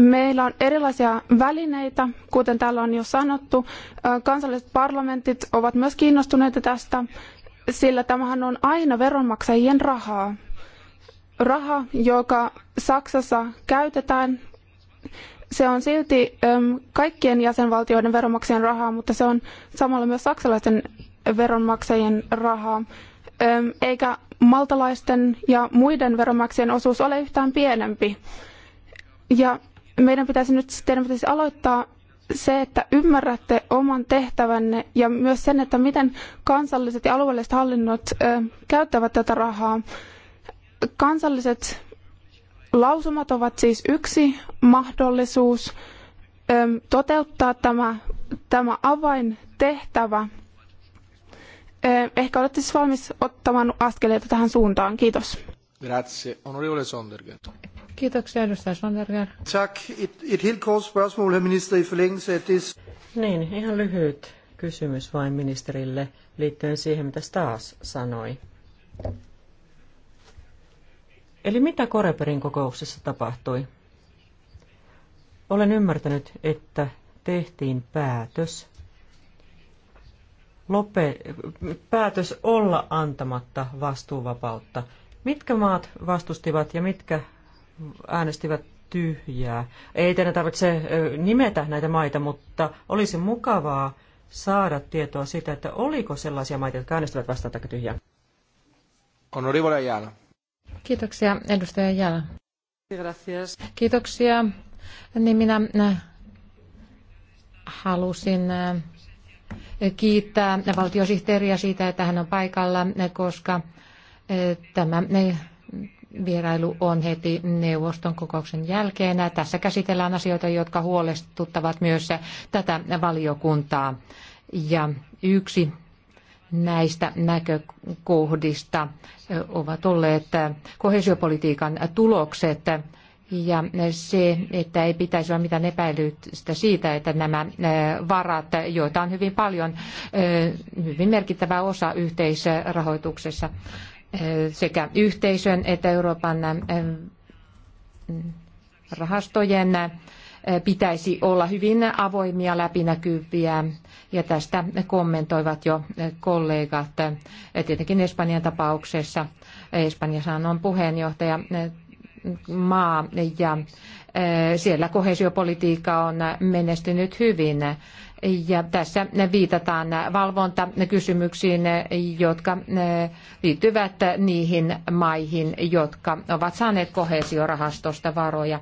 Meillä on erilaisia välineitä, kuten täällä on jo sanottu. Kansalliset parlamentit ovat myös kiinnostuneita tästä, sillä tämähän on aina veronmaksajien rahaa. Raha, joka Saksassa käytetään, se on silti kaikkien jäsenvaltioiden veronmaksajien rahaa, mutta se on samalla myös saksalaisten veronmaksajien rahaa. eikä maltalaisten ja muiden veronmaksajien osuus ole yhtään pienempi. Ja meidän pitäisi nyt teidän pitäisi aloittaa se, että ymmärrätte oman tehtävänne ja myös sen, että miten kansalliset ja alueelliset hallinnot käyttävät tätä rahaa. Kansalliset lausumat ovat siis yksi mahdollisuus toteuttaa tämä, tämä avaintehtävä. Ehkä olette siis valmis ottamaan askeleita tähän suuntaan. Kiitos. Grazie. Onorevole Kiitoksia, edustaja Sondergaard. Tack. Ett helt kort spörsmål, herr minister, i förlängelse av Niin, ihan lyhyt kysymys vain ministerille liittyen siihen, mitä taas sanoi. Eli mitä Koreperin kokouksessa tapahtui? Olen ymmärtänyt, että tehtiin päätös, lope, päätös olla antamatta vastuuvapautta. Mitkä maat vastustivat ja mitkä äänestivät tyhjää. Ei teidän tarvitse nimetä näitä maita, mutta olisi mukavaa saada tietoa siitä, että oliko sellaisia maita, jotka äänestivät vastaan tai tyhjää. Honorable Ayala. Kiitoksia, edustaja Jala. Gracias. Kiitoksia. Niin minä äh, halusin äh, kiittää valtiosihteeriä siitä, että hän on paikalla, äh, koska tämä vierailu on heti neuvoston kokouksen jälkeen. Tässä käsitellään asioita, jotka huolestuttavat myös tätä valiokuntaa. Ja yksi näistä näkökohdista ovat olleet kohesiopolitiikan tulokset ja se, että ei pitäisi olla mitään epäilystä siitä, että nämä varat, joita on hyvin paljon, hyvin merkittävä osa yhteisrahoituksessa, sekä yhteisön että Euroopan rahastojen pitäisi olla hyvin avoimia, läpinäkyviä, ja tästä kommentoivat jo kollegat. Tietenkin Espanjan tapauksessa, Espanjassahan on puheenjohtaja maa, ja siellä kohesiopolitiikka on menestynyt hyvin. Ja tässä viitataan valvontakysymyksiin, jotka eh, liittyvät niihin maihin, jotka ovat saaneet kohesiorahastosta varoja.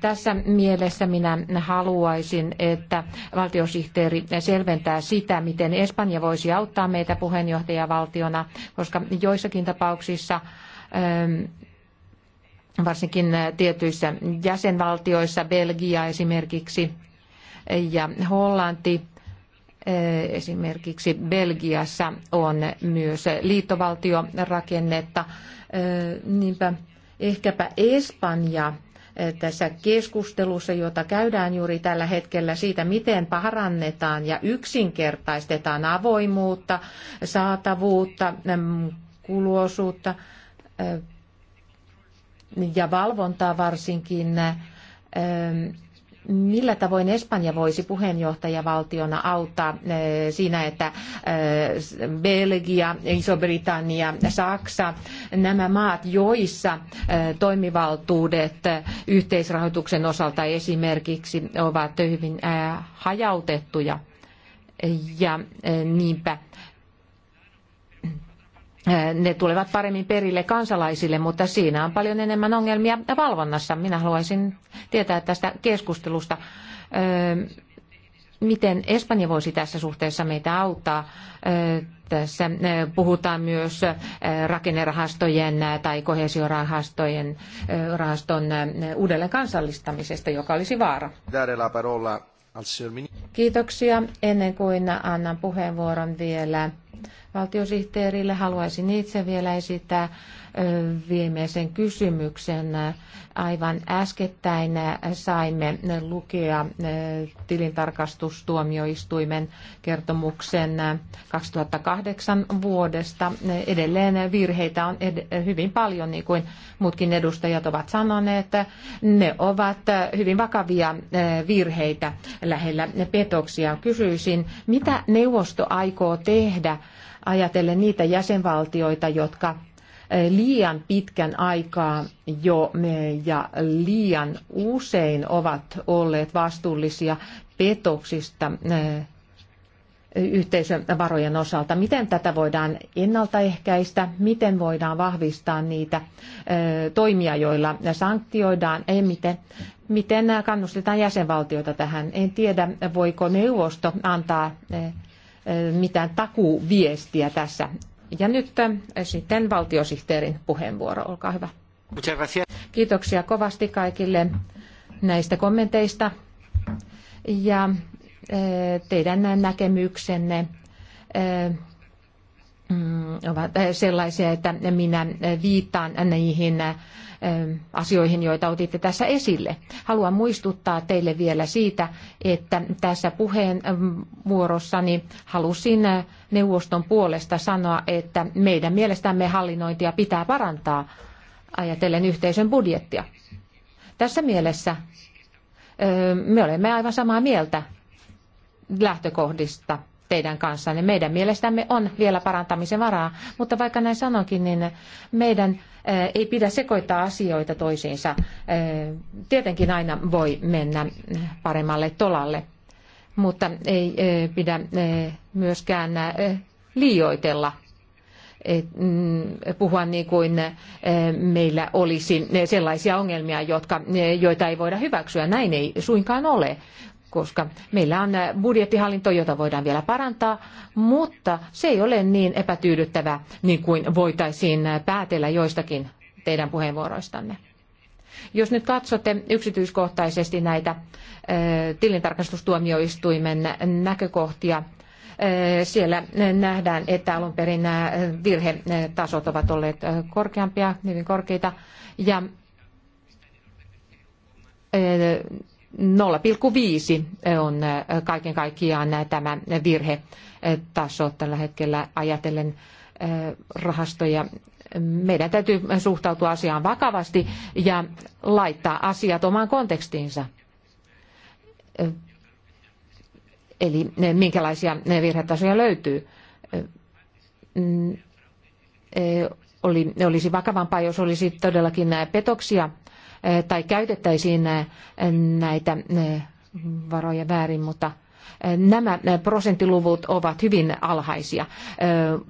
Tässä mielessä minä haluaisin, että valtiosihteeri selventää sitä, miten Espanja voisi auttaa meitä puheenjohtajavaltiona, koska joissakin tapauksissa ehm, varsinkin tietyissä jäsenvaltioissa, Belgia esimerkiksi, ja Hollanti eh, esimerkiksi Belgiassa on myös liittovaltiorakennetta. Eh, niinpä ehkäpä Espanja eh, tässä keskustelussa, jota käydään juuri tällä hetkellä siitä, miten parannetaan ja yksinkertaistetaan avoimuutta, saatavuutta, mm, kuluosuutta ja valvontaa varsinkin Millä tavoin Espanja voisi puheenjohtajavaltiona auttaa eh, siinä, että eh, Belgia, Iso-Britannia, Saksa, nämä maat, joissa eh, toimivaltuudet yhteisrahoituksen osalta esimerkiksi ovat hyvin hajautettuja ja niinpä ne tulevat paremmin perille kansalaisille, mutta siinä on paljon enemmän ongelmia valvonnassa. Minä haluaisin tietää tästä keskustelusta, miten Espanja voisi tässä suhteessa meitä auttaa. Tässä puhutaan myös rakennerahastojen tai kohesiorahastojen rahaston uudelleen kansallistamisesta, joka olisi vaara. Kiitoksia. Ennen kuin annan puheenvuoron vielä valtiosihteerille. Haluaisin itse vielä esittää viimeisen kysymyksen. Aivan äskettäin saimme lukea tilintarkastustuomioistuimen kertomuksen 2008 vuodesta. Edelleen virheitä on hyvin paljon, niin kuin muutkin edustajat ovat sanoneet. Ne ovat hyvin vakavia virheitä lähellä petoksia. Kysyisin, mitä neuvosto aikoo tehdä ajatellen niitä jäsenvaltioita, jotka Eh, liian pitkän aikaa jo ja liian usein ovat olleet vastuullisia petoksista eh, yhteisön varojen osalta. Miten tätä voidaan ennaltaehkäistä? Miten voidaan vahvistaa niitä eh, toimia, joilla sanktioidaan? Ei miten. Miten kannustetaan jäsenvaltioita tähän? En tiedä, voiko neuvosto antaa mitään takuviestiä tässä ja nyt äh, sitten valtiosihteerin puheenvuoro, olkaa hyvä. Kiitoksia kovasti kaikille näistä kommenteista ja äh, teidän näkemyksenne äh, mm, ovat sellaisia, että minä viittaan niihin Ähm, asioihin, joita otitte tässä esille. Haluan muistuttaa teille vielä siitä, että tässä puheenvuorossani halusin äh, neuvoston puolesta sanoa, että meidän mielestämme hallinnointia pitää parantaa ajatellen yhteisön budjettia. Tässä mielessä äh, me olemme aivan samaa mieltä lähtökohdista teidän kanssanne. Meidän mielestämme on vielä parantamisen varaa, mutta vaikka näin sanonkin, niin meidän eh, ei pidä sekoittaa asioita toisiinsa. Eh, tietenkin aina voi mennä paremmalle tolalle, mutta ei eh, pidä myöskään liioitella mm, puhua niin kuin meillä olisi sellaisia ongelmia, jotka, joita ei voida hyväksyä. Näin ei suinkaan ole koska meillä on budjettihallinto, jota voidaan vielä parantaa, mutta se ei ole niin epätyydyttävä niin kuin voitaisiin päätellä joistakin teidän puheenvuoroistanne. Jos nyt katsotte yksityiskohtaisesti näitä tilintarkastustuomioistuimen näkökohtia, siellä nähdään, että alun perin nämä virhetasot ovat olleet korkeampia, hyvin korkeita, ja 0,5 on äh, kaiken kaikkiaan tämä virhetaso tällä hetkellä ajatellen äh, rahastoja. Meidän täytyy suhtautua asiaan vakavasti ja laittaa asiat omaan kontekstiinsa. Äh, eli minkälaisia virhetasoja löytyy. Oli, olisi vakavampaa, jos olisi todellakin petoksia tai käytettäisiin näitä varoja väärin, mutta nämä prosenttiluvut ovat hyvin alhaisia.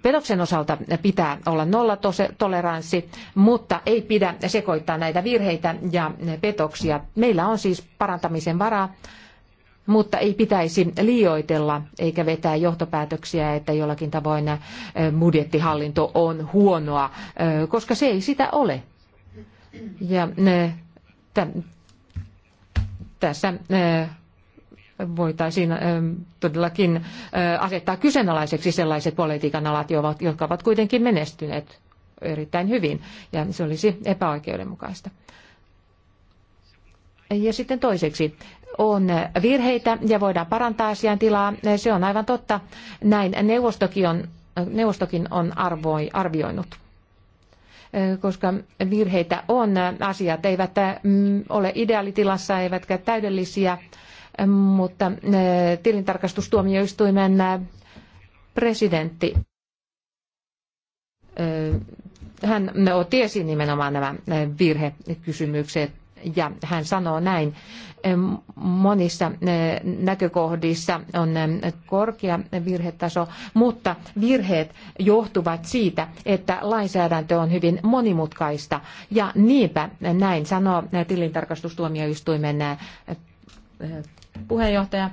Petoksen osalta pitää olla nollatoleranssi, mutta ei pidä sekoittaa näitä virheitä ja petoksia. Meillä on siis parantamisen varaa, mutta ei pitäisi liioitella eikä vetää johtopäätöksiä, että jollakin tavoin budjettihallinto on huonoa, koska se ei sitä ole. Ja äh, tässä äh, voitaisiin äh, todellakin asettaa kyseenalaiseksi sellaiset politiikan alat, jotka ovat kuitenkin menestyneet erittäin hyvin, ja se olisi epäoikeudenmukaista. Ja sitten toiseksi, on virheitä ja voidaan parantaa tilaa. Se on aivan totta. Näin neuvostokin on, neuvostokin on arvoi, arvioinut koska virheitä on. Asiat eivät ole ideaalitilassa eivätkä täydellisiä, mutta tilintarkastustuomioistuimen presidentti hän otti nimenomaan nämä virhekysymykset ja hän sanoo näin, monissa eh, näkökohdissa on korkea virhetaso, mutta virheet johtuvat siitä, että lainsäädäntö on hyvin monimutkaista. Ja niinpä näin sanoo eh, tilintarkastustuomioistuimen eh, puheenjohtaja.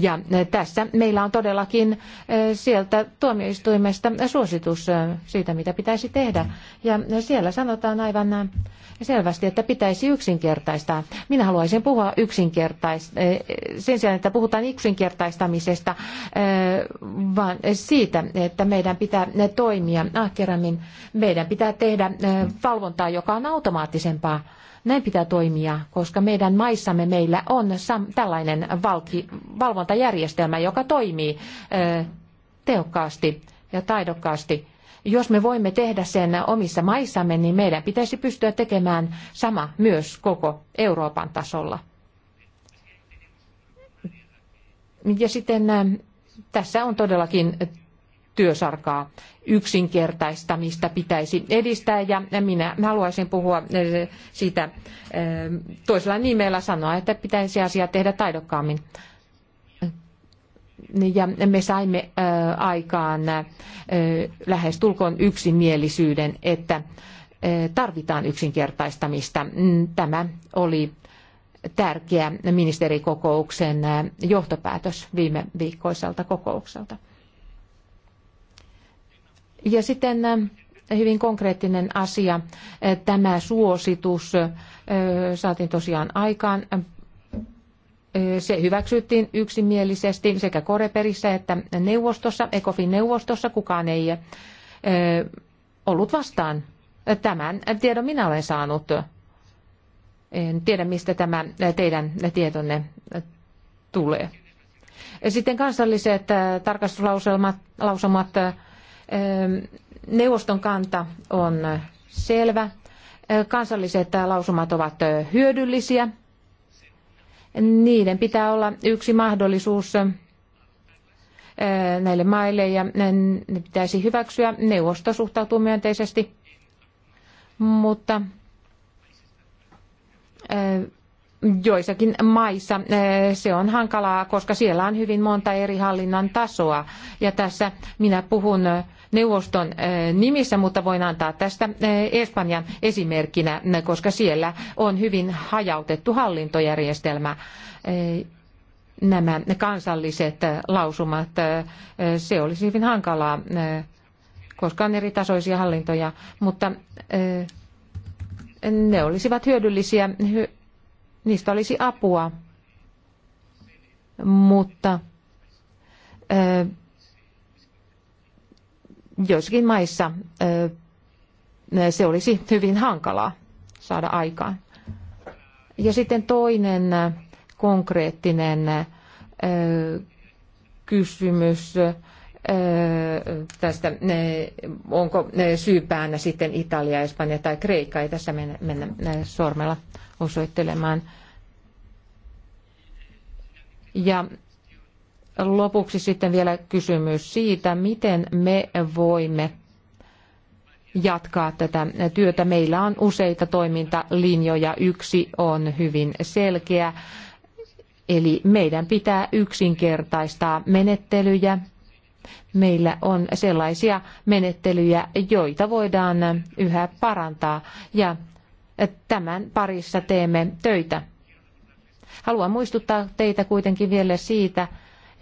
Ja tässä meillä on todellakin sieltä tuomioistuimesta suositus siitä, mitä pitäisi tehdä. Ja siellä sanotaan aivan selvästi, että pitäisi yksinkertaistaa. Minä haluaisin puhua yksinkertaista, eh, sen sijaan, että puhutaan yksinkertaistamisesta, eh, vaan siitä, että meidän pitää toimia ahkerammin. Meidän pitää tehdä eh, valvontaa, joka on automaattisempaa. Näin pitää toimia, koska meidän maissamme meillä on tällainen valvontajärjestelmä, joka toimii tehokkaasti ja taidokkaasti jos me voimme tehdä sen omissa maissamme, niin meidän pitäisi pystyä tekemään sama myös koko Euroopan tasolla. Ja sitten äh, tässä on todellakin työsarkaa yksinkertaistamista pitäisi edistää ja minä haluaisin puhua äh, siitä äh, toisella nimellä sanoa, että pitäisi asiat tehdä taidokkaammin ja me saimme aikaan lähes tulkoon yksimielisyyden, että tarvitaan yksinkertaistamista. Mm, tämä oli tärkeä ministerikokouksen johtopäätös viime viikkoiselta kokoukselta. Ja sitten hyvin konkreettinen asia. Tämä suositus saatiin tosiaan aikaan se hyväksyttiin yksimielisesti sekä Koreperissä että neuvostossa, ECOFin neuvostossa. Kukaan ei ollut vastaan. Tämän tiedon minä olen saanut. En tiedä, mistä tämä teidän tietonne tulee. Sitten kansalliset tarkastuslausumat. Neuvoston kanta on selvä. Kansalliset lausumat ovat hyödyllisiä niiden pitää olla yksi mahdollisuus näille maille ja ne pitäisi hyväksyä. Neuvosto suhtautuu myönteisesti, mutta joissakin maissa se on hankalaa, koska siellä on hyvin monta eri hallinnan tasoa. Ja tässä minä puhun neuvoston nimissä, mutta voin antaa tästä Espanjan esimerkkinä, koska siellä on hyvin hajautettu hallintojärjestelmä nämä kansalliset lausumat. Se olisi hyvin hankalaa, koska on eritasoisia hallintoja, mutta ne olisivat hyödyllisiä niistä olisi apua. Mutta ö, joissakin maissa ö, se olisi hyvin hankalaa saada aikaan. Ja sitten toinen konkreettinen ö, kysymys tästä, onko syypäänä sitten Italia, Espanja tai Kreikka. Ei tässä mennä, sormella osoittelemaan. Ja lopuksi sitten vielä kysymys siitä, miten me voimme jatkaa tätä työtä. Meillä on useita toimintalinjoja. Yksi on hyvin selkeä. Eli meidän pitää yksinkertaistaa menettelyjä, meillä on sellaisia menettelyjä, joita voidaan yhä parantaa ja tämän parissa teemme töitä. Haluan muistuttaa teitä kuitenkin vielä siitä,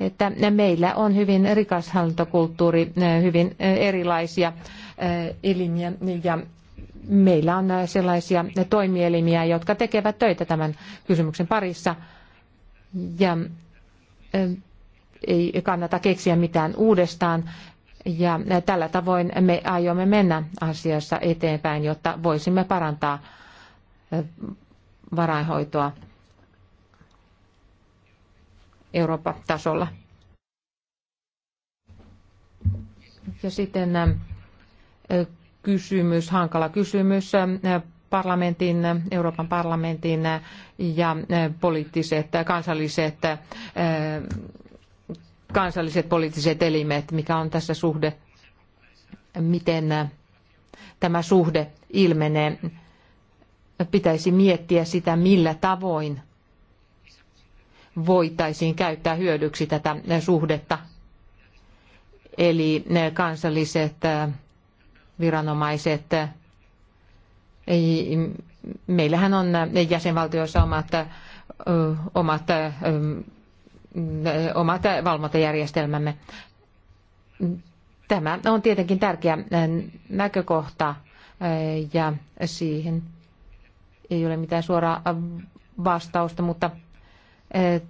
että meillä on hyvin rikas hallintokulttuuri, hyvin erilaisia eh, elimiä ja meillä on sellaisia toimielimiä, jotka tekevät töitä tämän kysymyksen parissa. Ja eh, ei kannata keksiä mitään uudestaan. Ja tällä tavoin me aiomme mennä asiassa eteenpäin, jotta voisimme parantaa varainhoitoa Euroopan tasolla. Ja sitten kysymys, hankala kysymys parlamentin, Euroopan parlamentin ja poliittiset kansalliset kansalliset poliittiset elimet, mikä on tässä suhde, miten äh, tämä suhde ilmenee. Pitäisi miettiä sitä, millä tavoin voitaisiin käyttää hyödyksi tätä suhdetta. Eli äh, kansalliset äh, viranomaiset. Meillähän on jäsenvaltioissa omat, omat omat valvontajärjestelmämme. Tämä on tietenkin tärkeä näkökohta eh, ja siihen ei ole mitään suoraa vastausta, mutta eh,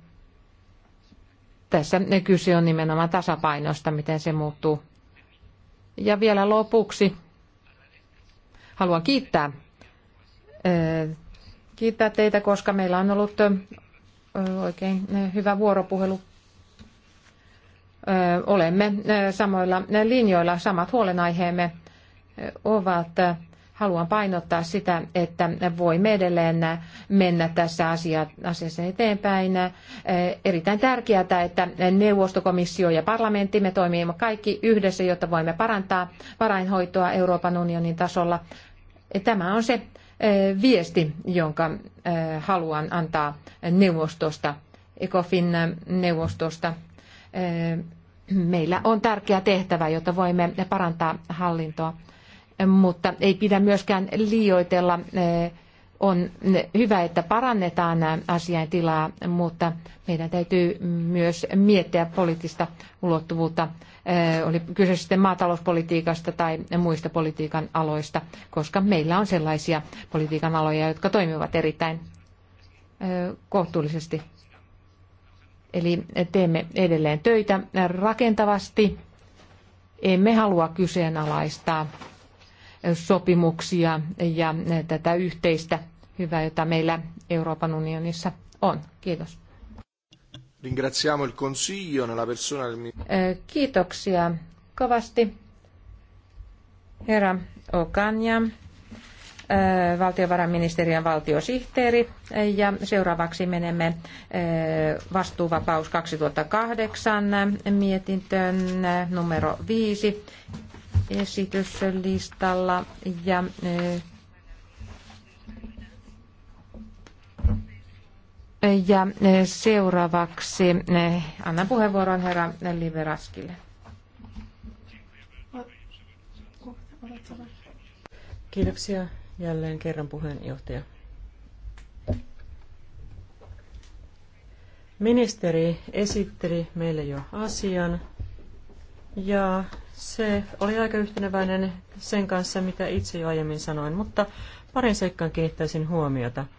tässä kyse on nimenomaan tasapainosta, miten se muuttuu. Ja vielä lopuksi haluan kiittää eh, kiittää teitä, koska meillä on ollut oikein eh, hyvä vuoropuhelu. Eh, olemme eh, samoilla linjoilla, samat huolenaiheemme ovat. Haluan painottaa sitä, että voimme edelleen mennä tässä asiassa eteenpäin. Erittäin tärkeää, että neuvostokomissio ja parlamentti, me toimimme kaikki yhdessä, jotta voimme parantaa varainhoitoa Euroopan unionin tasolla. Tämä on se viesti, jonka haluan antaa neuvostosta, ECOFIN neuvostosta. Meillä on tärkeä tehtävä, jotta voimme parantaa hallintoa, mutta ei pidä myöskään liioitella on hyvä, että parannetaan asian tilaa, mutta meidän täytyy myös miettiä poliittista ulottuvuutta, oli kyse sitten maatalouspolitiikasta tai muista politiikan aloista, koska meillä on sellaisia politiikan aloja, jotka toimivat erittäin kohtuullisesti. Eli teemme edelleen töitä rakentavasti. Emme halua kyseenalaistaa sopimuksia ja tätä yhteistä hyvä, jota meillä Euroopan unionissa on. Kiitos. Ringraziamo il consiglio nella persona del... Kiitoksia kovasti. Herra Okanja, valtiovarainministeriön valtiosihteeri. Ja seuraavaksi menemme vastuuvapaus 2008 mietintöön numero 5 esityslistalla. Ja Ja e, seuraavaksi e, annan puheenvuoron herra Liveraskille. Kiitoksia jälleen kerran puheenjohtaja. Ministeri esitteli meille jo asian ja se oli aika yhteneväinen sen kanssa, mitä itse jo aiemmin sanoin, mutta parin seikkaan kiinnittäisin huomiota –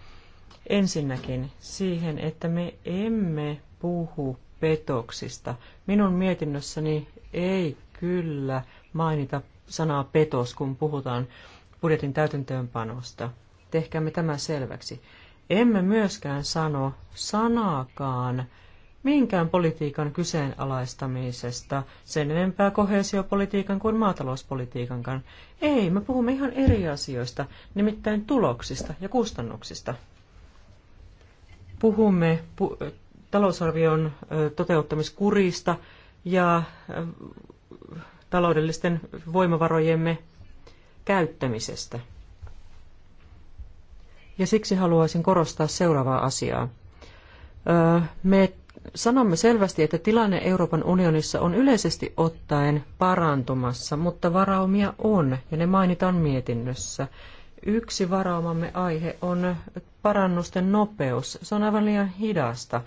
Ensinnäkin siihen, että me emme puhu petoksista. Minun mietinnössäni ei kyllä mainita sanaa petos, kun puhutaan budjetin täytäntöönpanosta. Tehkäämme tämä selväksi. Emme myöskään sano sanaakaan minkään politiikan kyseenalaistamisesta, sen enempää kohesiopolitiikan kuin maatalouspolitiikankaan. Ei, me puhumme ihan eri asioista, nimittäin tuloksista ja kustannuksista puhumme talousarvion toteuttamiskurista ja taloudellisten voimavarojemme käyttämisestä. Ja siksi haluaisin korostaa seuraavaa asiaa. Me sanomme selvästi, että tilanne Euroopan unionissa on yleisesti ottaen parantumassa, mutta varaumia on, ja ne mainitaan mietinnössä. Yksi varaumamme aihe on parannusten nopeus. Se on aivan liian hidasta.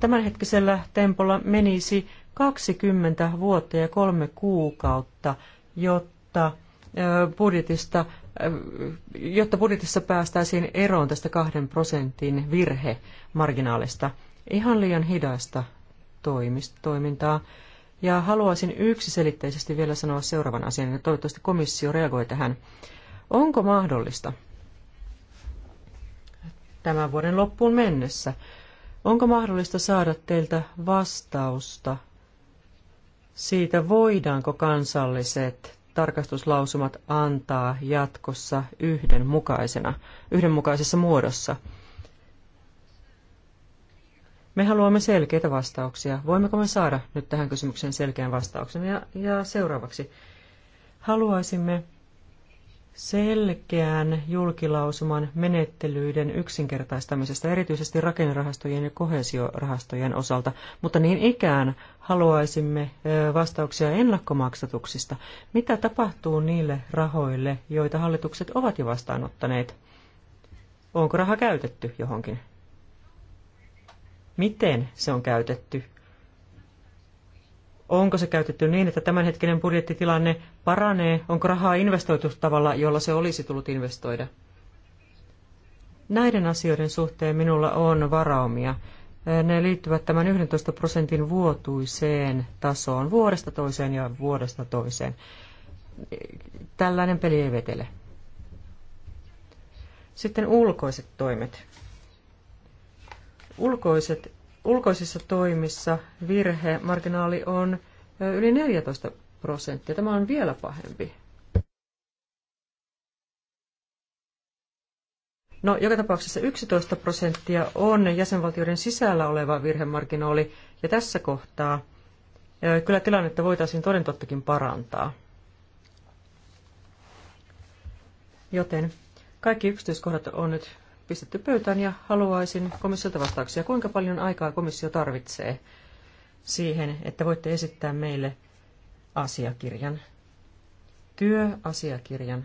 Tämänhetkisellä tempolla menisi 20 vuotta ja kolme kuukautta, jotta budjetista, jotta budjetissa päästäisiin eroon tästä kahden prosentin virhemarginaalista. Ihan liian hidasta toimintaa. Ja haluaisin yksiselitteisesti vielä sanoa seuraavan asian, ja toivottavasti komissio reagoi tähän. Onko mahdollista, tämän vuoden loppuun mennessä. Onko mahdollista saada teiltä vastausta siitä, voidaanko kansalliset tarkastuslausumat antaa jatkossa yhdenmukaisena, yhdenmukaisessa muodossa? Me haluamme selkeitä vastauksia. Voimmeko me saada nyt tähän kysymykseen selkeän vastauksen? Ja, ja seuraavaksi haluaisimme selkeän julkilausuman menettelyiden yksinkertaistamisesta, erityisesti rakennerahastojen ja kohesiorahastojen osalta, mutta niin ikään haluaisimme vastauksia ennakkomaksatuksista. Mitä tapahtuu niille rahoille, joita hallitukset ovat jo vastaanottaneet? Onko raha käytetty johonkin? Miten se on käytetty? Onko se käytetty niin, että tämänhetkinen budjettitilanne paranee? Onko rahaa investoitu tavalla, jolla se olisi tullut investoida? Näiden asioiden suhteen minulla on varaumia. Ne liittyvät tämän 11 prosentin vuotuiseen tasoon vuodesta toiseen ja vuodesta toiseen. Tällainen peli ei vetele. Sitten ulkoiset toimet. Ulkoiset ulkoisissa toimissa virhemarginaali on yli 14 prosenttia. Tämä on vielä pahempi. No, joka tapauksessa 11 prosenttia on jäsenvaltioiden sisällä oleva virhemarginaali, ja tässä kohtaa kyllä tilannetta voitaisiin todentottakin parantaa. Joten kaikki yksityiskohdat on nyt pistetty pöytään ja haluaisin komissiolta vastauksia. Kuinka paljon aikaa komissio tarvitsee siihen, että voitte esittää meille asiakirjan, työasiakirjan,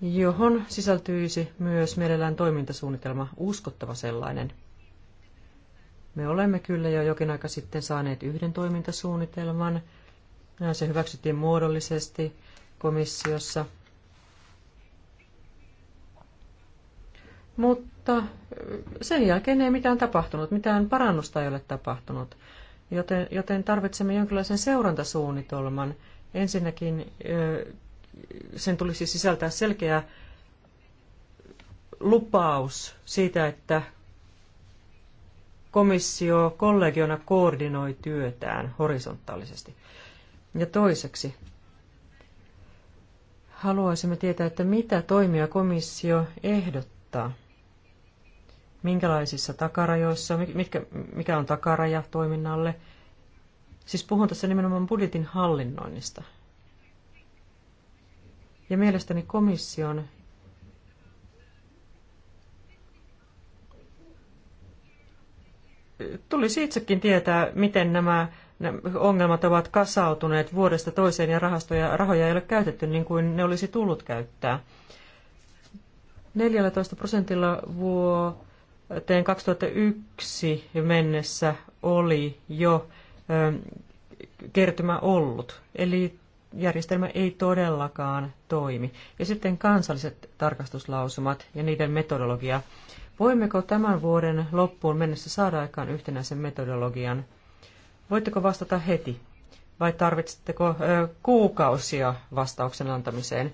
johon sisältyisi myös mielellään toimintasuunnitelma, uskottava sellainen. Me olemme kyllä jo jokin aika sitten saaneet yhden toimintasuunnitelman. Se hyväksyttiin muodollisesti komissiossa Mutta sen jälkeen ei mitään tapahtunut, mitään parannusta ei ole tapahtunut. Joten, joten tarvitsemme jonkinlaisen seurantasuunnitelman. Ensinnäkin sen tulisi sisältää selkeä lupaus siitä, että komissio kollegiona koordinoi työtään horisontaalisesti. Ja toiseksi, haluaisimme tietää, että mitä toimia komissio ehdottaa minkälaisissa takarajoissa, mitkä, mikä on takaraja toiminnalle. Siis puhun tässä nimenomaan budjetin hallinnoinnista. Ja mielestäni komission tulisi itsekin tietää, miten nämä ongelmat ovat kasautuneet vuodesta toiseen ja rahastoja, rahoja ei ole käytetty niin kuin ne olisi tullut käyttää. 14 prosentilla vuo vuoteen 2001 mennessä oli jo ähm, kertymä ollut. Eli järjestelmä ei todellakaan toimi. Ja sitten kansalliset tarkastuslausumat ja niiden metodologia. Voimmeko tämän vuoden loppuun mennessä saada aikaan yhtenäisen metodologian? Voitteko vastata heti vai tarvitsetteko äh, kuukausia vastauksen antamiseen?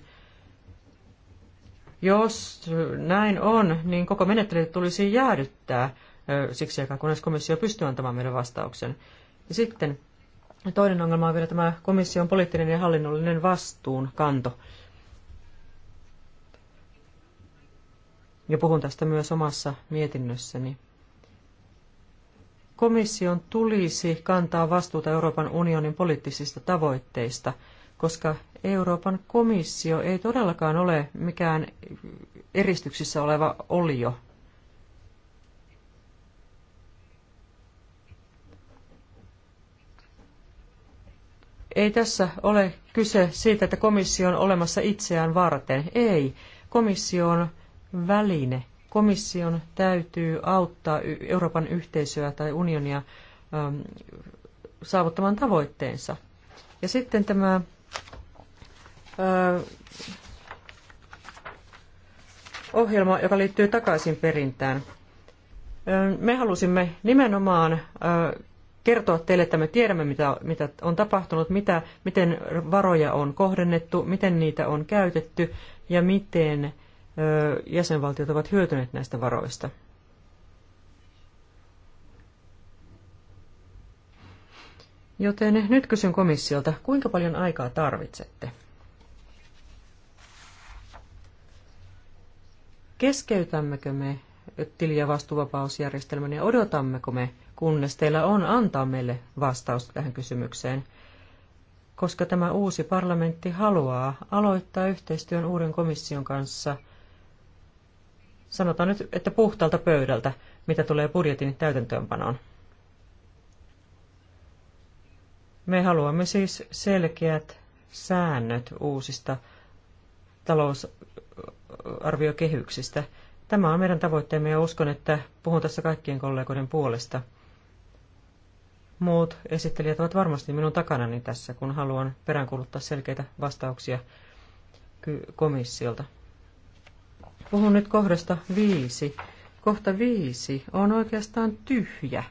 Jos näin on, niin koko menettely tulisi jäädyttää siksi aikaa, kunnes komissio pystyy antamaan meille vastauksen. Ja sitten toinen ongelma on vielä tämä komission poliittinen ja hallinnollinen vastuunkanto. Ja puhun tästä myös omassa mietinnössäni. Komission tulisi kantaa vastuuta Euroopan unionin poliittisista tavoitteista – koska Euroopan komissio ei todellakaan ole mikään eristyksissä oleva olio. Ei tässä ole kyse siitä, että komissio on olemassa itseään varten. Ei. Komissio on väline. Komission täytyy auttaa Euroopan yhteisöä tai unionia saavuttamaan tavoitteensa. Ja sitten tämä ohjelma, joka liittyy takaisin perintään. Me halusimme nimenomaan kertoa teille, että me tiedämme, mitä, mitä on tapahtunut, mitä, miten varoja on kohdennettu, miten niitä on käytetty ja miten jäsenvaltiot ovat hyötyneet näistä varoista. Joten nyt kysyn komissiolta, kuinka paljon aikaa tarvitsette? Keskeytämmekö me tili- ja vastuuvapausjärjestelmän ja odotammeko me, kunnes teillä on antaa meille vastaus tähän kysymykseen? Koska tämä uusi parlamentti haluaa aloittaa yhteistyön uuden komission kanssa, sanotaan nyt, että puhtaalta pöydältä, mitä tulee budjetin täytäntöönpanoon. Me haluamme siis selkeät säännöt uusista talous- talousarviokehyksistä. Tämä on meidän tavoitteemme ja uskon, että puhun tässä kaikkien kollegoiden puolesta. Muut esittelijät ovat varmasti minun takanani tässä, kun haluan peräänkuuluttaa selkeitä vastauksia komissiolta. Puhun nyt kohdasta viisi. Kohta viisi on oikeastaan tyhjä.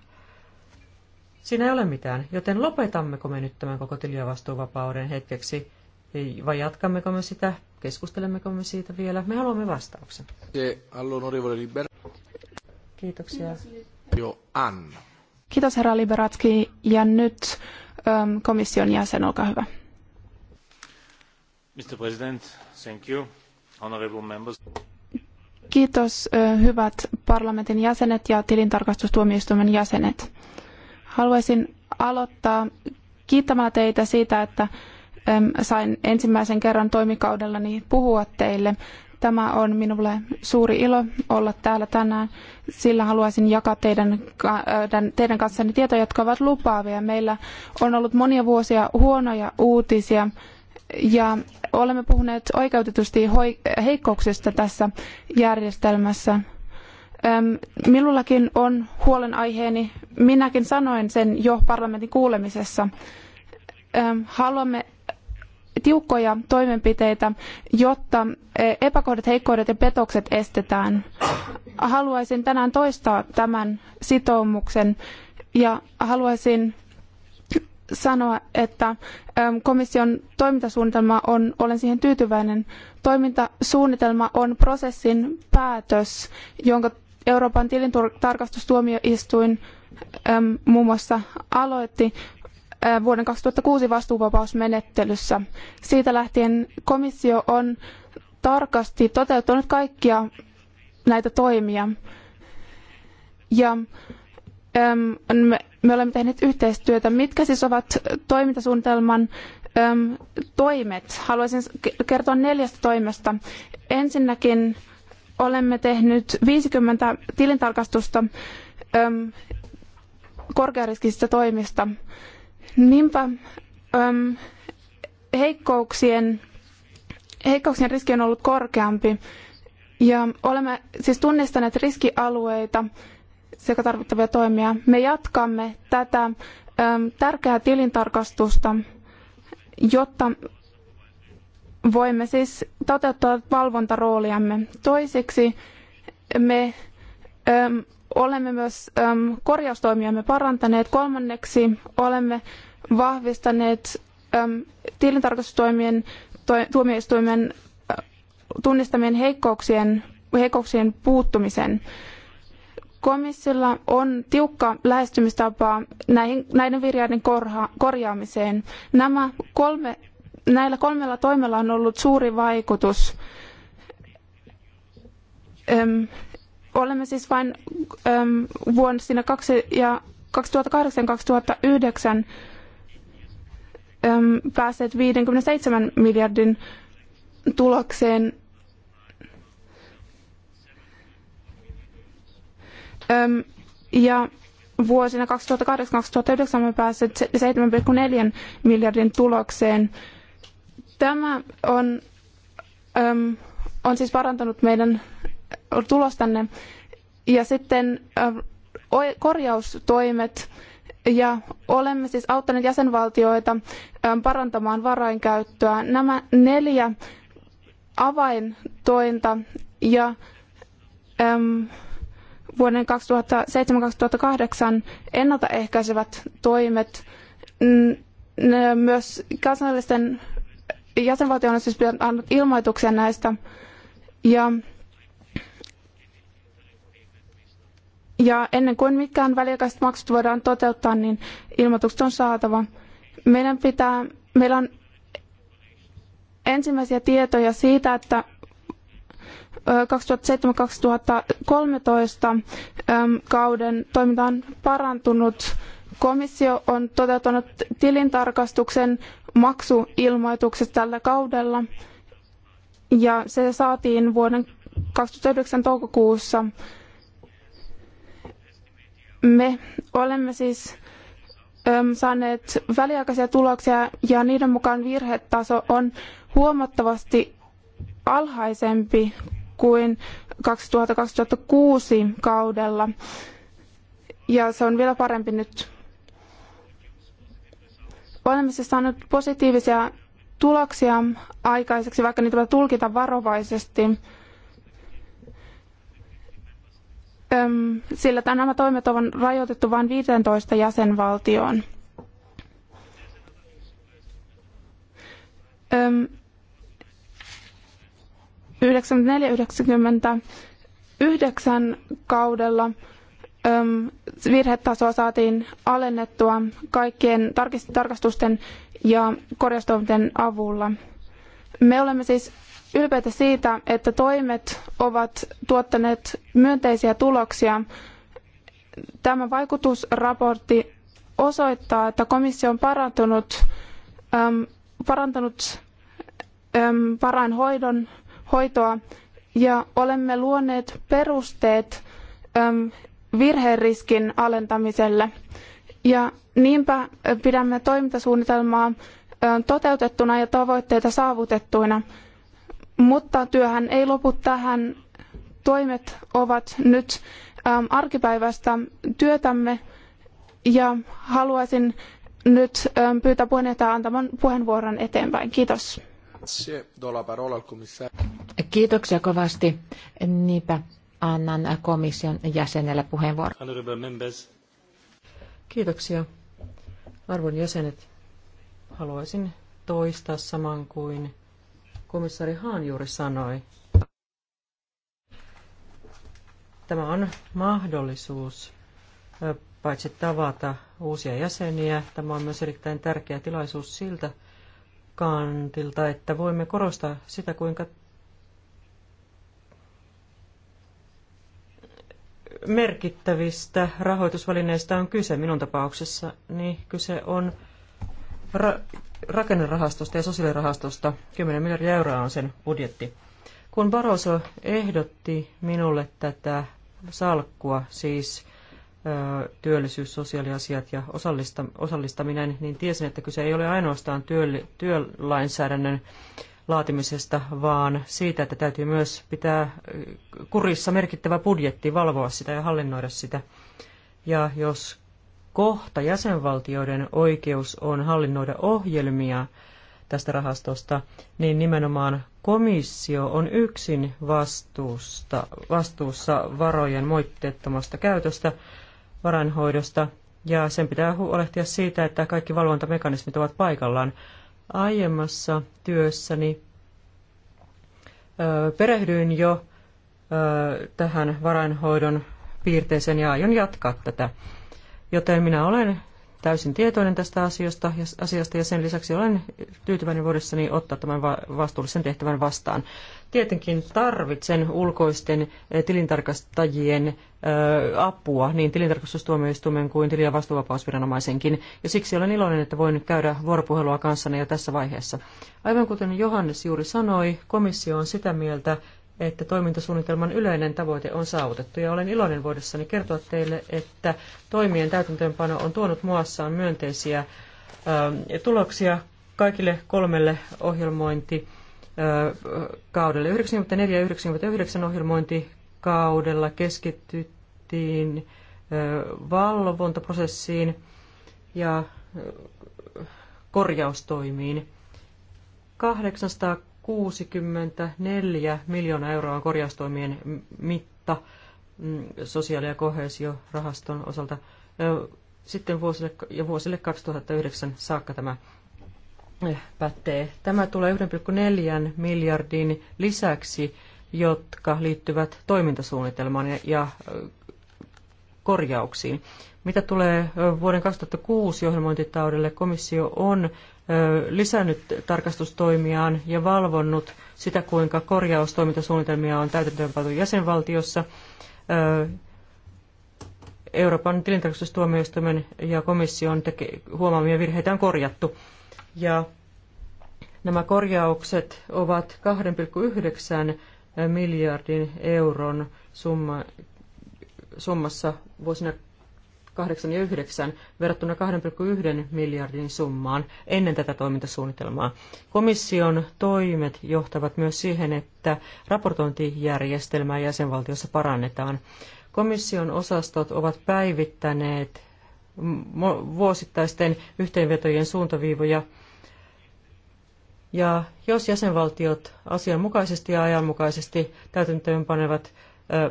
Siinä ei ole mitään, joten lopetammeko me nyt tämän koko tilijavastuuvapauden hetkeksi, vai jatkammeko me sitä Keskustelemmeko me siitä vielä? Me haluamme vastauksen. Eh, Kiitoksia. Jo Anna. Kiitos herra Liberatski ja nyt ähm, komission jäsen, olkaa hyvä. Mr. President, thank you. Honorable members. Kiitos hyvät parlamentin jäsenet ja tilintarkastustuomioistuimen jäsenet. Haluaisin aloittaa kiittämällä teitä siitä, että sain ensimmäisen kerran toimikaudellani puhua teille. Tämä on minulle suuri ilo olla täällä tänään, sillä haluaisin jakaa teidän, äh, teidän kanssanne tietoja, jotka ovat lupaavia. Meillä on ollut monia vuosia huonoja uutisia ja olemme puhuneet oikeutetusti heikkouksista tässä järjestelmässä. Minullakin on huolenaiheeni. Minäkin sanoin sen jo parlamentin kuulemisessa. Haluamme tiukkoja toimenpiteitä, jotta e, epäkohdat, heikkoudet ja petokset estetään. Haluaisin tänään toistaa tämän sitoumuksen ja haluaisin sanoa, että e, komission toimintasuunnitelma on, olen siihen tyytyväinen. Toimintasuunnitelma on prosessin päätös, jonka Euroopan tilintarkastustuomioistuin e, muun muassa aloitti. Äh, vuoden 2006 vastuuvapausmenettelyssä. Siitä lähtien komissio on tarkasti toteuttanut kaikkia näitä toimia. Ja ähm, me olemme tehneet yhteistyötä. Mitkä siis ovat toimintasuunnitelman ähm, toimet? Haluaisin kertoa neljästä toimesta. Ensinnäkin olemme tehneet 50 tilintarkastusta ähm, korkeariskisistä toimista. Niinpä äm, heikkouksien, heikkouksien riski on ollut korkeampi ja olemme siis tunnistaneet riskialueita sekä tarvittavia toimia. Me jatkamme tätä tärkeää tilintarkastusta, jotta voimme siis toteuttaa valvontarooliamme. Toiseksi me Olemme myös äm, korjaustoimiamme parantaneet. Kolmanneksi olemme vahvistaneet tilintarkastustoimien tuomioistuimen tunnistamien heikkouksien, heikkouksien puuttumisen. Komissiolla on tiukka lähestymistapa näihin, näiden virheiden korjaamiseen. Nämä kolme, näillä kolmella toimella on ollut suuri vaikutus olemme siis vain äm, vuosina 2 ja 2008-2009 ähm, päässeet 57 miljardin tulokseen. Äm, ja vuosina 2008-2009 me päässeet 7,4 miljardin tulokseen. Tämä on, äm, on siis parantanut meidän tulostanne. Ja sitten korjaustoimet ja olemme siis auttaneet jäsenvaltioita parantamaan varainkäyttöä. Nämä neljä avaintointa ja äm, vuoden 2007-2008 ennaltaehkäisevät toimet myös kansallisten jäsenvaltioiden on siis antanut ilmoituksia näistä ja Ja ennen kuin mitkään väliaikaiset maksut voidaan toteuttaa, niin ilmoitukset on saatava. Meidän pitää, meillä on ensimmäisiä tietoja siitä, että 2007-2013 kauden toiminta on parantunut. Komissio on toteuttanut tilintarkastuksen maksuilmoituksesta tällä kaudella ja se saatiin vuoden 2009 toukokuussa me olemme siis saaneet väliaikaisia tuloksia ja niiden mukaan virhetaso on huomattavasti alhaisempi kuin 2000-2006 kaudella. Ja se on vielä parempi nyt. Olemme siis saaneet positiivisia tuloksia aikaiseksi, vaikka niitä voi tulkita varovaisesti. sillä nämä toimet on rajoitettu vain 15 jäsenvaltioon. Öm, 94-99 kaudella öm, virhetasoa saatiin alennettua kaikkien tarkistusten ja korjaustoimien avulla. Me olemme siis ylpeitä siitä, että toimet ovat tuottaneet myönteisiä tuloksia. Tämä vaikutusraportti osoittaa, että komissio on parantunut, äm, parantanut äm, varainhoidon hoitoa ja olemme luoneet perusteet äm, virheriskin alentamiselle. Ja niinpä pidämme toimintasuunnitelmaa toteutettuna ja tavoitteita saavutettuina. Mutta työhän ei lopu tähän. Toimet ovat nyt ähm, arkipäiväistä työtämme ja haluaisin nyt ähm, pyytää puheenjohtajaa antamaan puheenvuoron eteenpäin. Kiitos. Kiitoksia kovasti. Niinpä annan komission jäsenelle puheenvuoron. Kiitoksia. Arvon jäsenet, haluaisin toistaa saman kuin komissaari Haan juuri sanoi. Tämä on mahdollisuus paitsi tavata uusia jäseniä, tämä on myös erittäin tärkeä tilaisuus siltä kantilta, että voimme korostaa sitä, kuinka merkittävistä rahoitusvälineistä on kyse. Minun tapauksessani kyse on ra- rakennerahastosta ja sosiaalirahastosta. 10 miljardia euroa on sen budjetti. Kun Barroso ehdotti minulle tätä salkkua, siis työllisyys, sosiaaliasiat ja osallistaminen, niin tiesin, että kyse ei ole ainoastaan työlainsäädännön laatimisesta, vaan siitä, että täytyy myös pitää kurissa merkittävä budjetti, valvoa sitä ja hallinnoida sitä. Ja jos kohta jäsenvaltioiden oikeus on hallinnoida ohjelmia tästä rahastosta, niin nimenomaan komissio on yksin vastuusta, vastuussa varojen moitteettomasta käytöstä, varainhoidosta, ja sen pitää huolehtia siitä, että kaikki valvontamekanismit ovat paikallaan. Aiemmassa työssäni ö, perehdyin jo ö, tähän varainhoidon piirteeseen ja aion jatkaa tätä. Joten minä olen täysin tietoinen tästä asiasta, asiasta ja sen lisäksi olen tyytyväinen vuodessani ottaa tämän vastuullisen tehtävän vastaan. Tietenkin tarvitsen ulkoisten eh, tilintarkastajien eh, apua niin tilintarkastustuomioistuimen kuin tilin- ja vastuuvapausviranomaisenkin, ja siksi olen iloinen, että voin käydä vuoropuhelua kanssani jo tässä vaiheessa. Aivan kuten Johannes juuri sanoi, komissio on sitä mieltä, että toimintasuunnitelman yleinen tavoite on saavutettu ja olen iloinen voidessani kertoa teille, että toimien täytäntöönpano on tuonut muassaan myönteisiä ähm, tuloksia kaikille kolmelle ohjelmointikaudelle. Äh, 94 ja 99 ohjelmointikaudella keskityttiin äh, valvontaprosessiin ja äh, korjaustoimiin. 800 64 miljoonaa euroa on korjaustoimien mitta mm, sosiaali- ja kohesiorahaston osalta. Sitten vuosille, ja vuosille 2009 saakka tämä eh, pätee. Tämä tulee 1,4 miljardin lisäksi, jotka liittyvät toimintasuunnitelmaan ja korjauksiin. Mitä tulee vuoden 2006 ohjelmointitaudelle, komissio on lisännyt tarkastustoimiaan ja valvonnut sitä, kuinka korjaustoimintasuunnitelmia on täytäntöönpantu jäsenvaltiossa. Euroopan tilintarkastustuomioistuimen ja komission teke- huomaamia virheitä on korjattu. Ja nämä korjaukset ovat 2,9 miljardin euron summa, summassa vuosina 8 ja 9 verrattuna 2,1 miljardin summaan ennen tätä toimintasuunnitelmaa. Komission toimet johtavat myös siihen, että raportointijärjestelmää jäsenvaltiossa parannetaan. Komission osastot ovat päivittäneet vuosittaisten yhteenvetojen suuntaviivoja ja jos jäsenvaltiot asianmukaisesti ja ajanmukaisesti täytäntöönpanevat ö,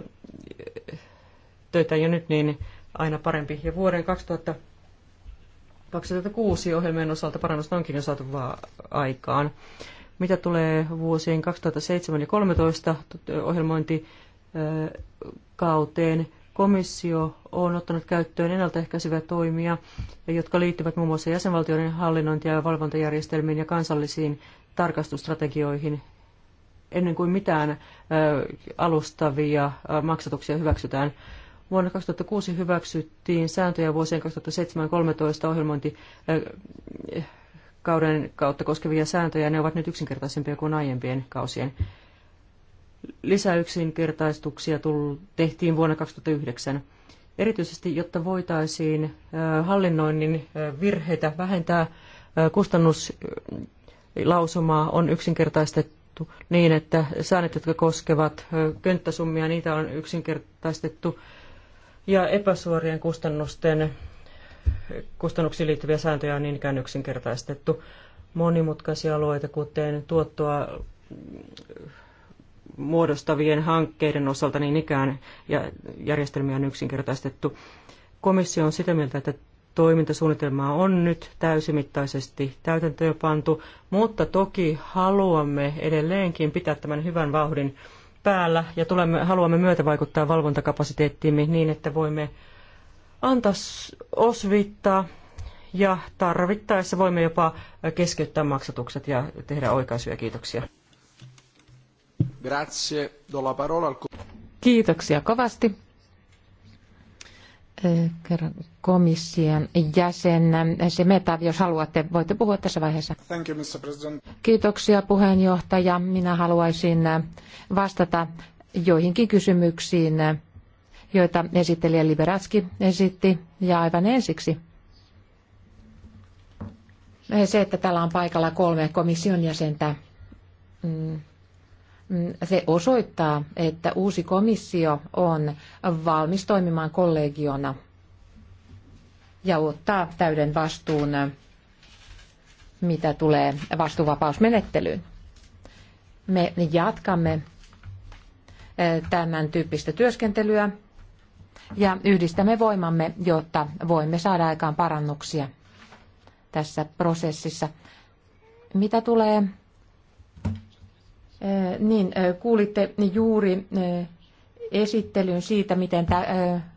töitä jo nyt, niin aina parempi. Ja vuoden 2000, 2006 ohjelmien osalta parannusta onkin jo saatu vaan aikaan. Mitä tulee vuosien 2007 ja 2013 ohjelmointikauteen, komissio on ottanut käyttöön ennaltaehkäiseviä toimia, jotka liittyvät muun muassa jäsenvaltioiden hallinnointia ja valvontajärjestelmiin ja kansallisiin tarkastusstrategioihin ennen kuin mitään alustavia maksatuksia hyväksytään. Vuonna 2006 hyväksyttiin sääntöjä vuosien 2007-2013 ohjelmointikauden eh, kautta koskevia sääntöjä. Ne ovat nyt yksinkertaisempia kuin aiempien kausien. Lisäyksinkertaistuksia tehtiin vuonna 2009. Erityisesti, jotta voitaisiin eh, hallinnoinnin eh, virheitä vähentää, kustannuslausumaa on yksinkertaistettu niin, että säännöt, jotka koskevat könttäsummia, niitä on yksinkertaistettu ja epäsuorien kustannusten kustannuksiin liittyviä sääntöjä on niin ikään yksinkertaistettu. Monimutkaisia alueita, kuten tuottoa muodostavien hankkeiden osalta niin ikään ja järjestelmiä on yksinkertaistettu. Komissio on sitä mieltä, että toimintasuunnitelmaa on nyt täysimittaisesti täytäntöön pantu, mutta toki haluamme edelleenkin pitää tämän hyvän vauhdin päällä ja tulemme, haluamme myötävaikuttaa valvontakapasiteettiimme niin, että voimme antaa osvittaa ja tarvittaessa voimme jopa keskeyttää maksatukset ja tehdä oikaisuja. Kiitoksia. Grazie. Do la parola al... Kiitoksia kovasti kerran komission jäsen Semeta, jos haluatte, voitte puhua tässä vaiheessa. Thank you, Mr. President. Kiitoksia puheenjohtaja. Minä haluaisin vastata joihinkin kysymyksiin, joita esittelijä Liberatski esitti. Ja aivan ensiksi se, että täällä on paikalla kolme komission jäsentä, mm. Mm, se osoittaa, että uusi komissio on valmis toimimaan kollegiona ja ottaa täyden vastuun, mitä tulee vastuuvapausmenettelyyn. Me jatkamme tämän tyyppistä työskentelyä ja yhdistämme voimamme, jotta voimme saada aikaan parannuksia tässä prosessissa. Mitä tulee niin, kuulitte juuri esittelyn siitä, miten tämä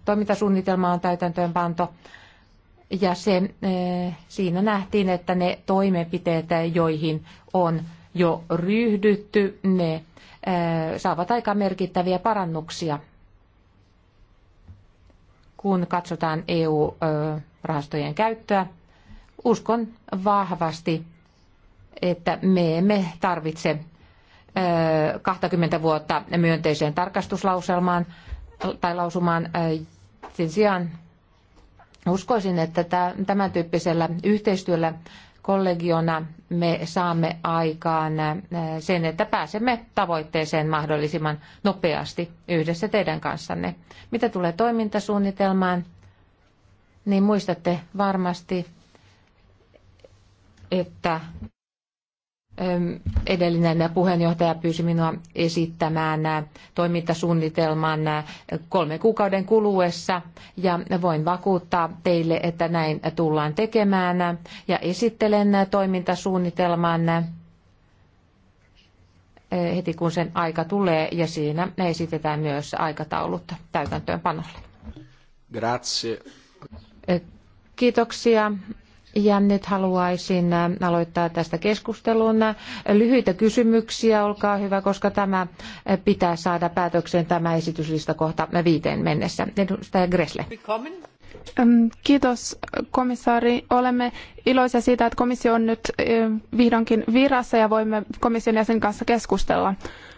toimintasuunnitelma on täytäntöönpanto. Ja se, siinä nähtiin, että ne toimenpiteet, joihin on jo ryhdytty, ne saavat aika merkittäviä parannuksia, kun katsotaan EU-rahastojen käyttöä. Uskon vahvasti, että me emme tarvitse 20 vuotta myönteiseen tarkastuslauselmaan tai lausumaan. Sen sijaan uskoisin, että tämän tyyppisellä yhteistyöllä kollegiona me saamme aikaan sen, että pääsemme tavoitteeseen mahdollisimman nopeasti yhdessä teidän kanssanne. Mitä tulee toimintasuunnitelmaan, niin muistatte varmasti, että edellinen puheenjohtaja pyysi minua esittämään äh, toimintasuunnitelman äh, kolmen kuukauden kuluessa ja voin vakuuttaa teille, että näin tullaan tekemään ja esittelen äh, toimintasuunnitelman heti kun sen aika tulee ja siinä esitetään myös aikataulut täytäntöönpanolle. Grazie. Kiitoksia. Ja nyt haluaisin äh, aloittaa tästä keskustelun. Lyhyitä kysymyksiä, olkaa hyvä, koska tämä äh, pitää saada päätökseen tämä esityslista kohta viiteen mennessä. Edustaja Gresle. Ähm, kiitos komissaari. Olemme iloisia siitä, että komissio on nyt äh, vihdoinkin virassa ja voimme komission jäsen kanssa keskustella.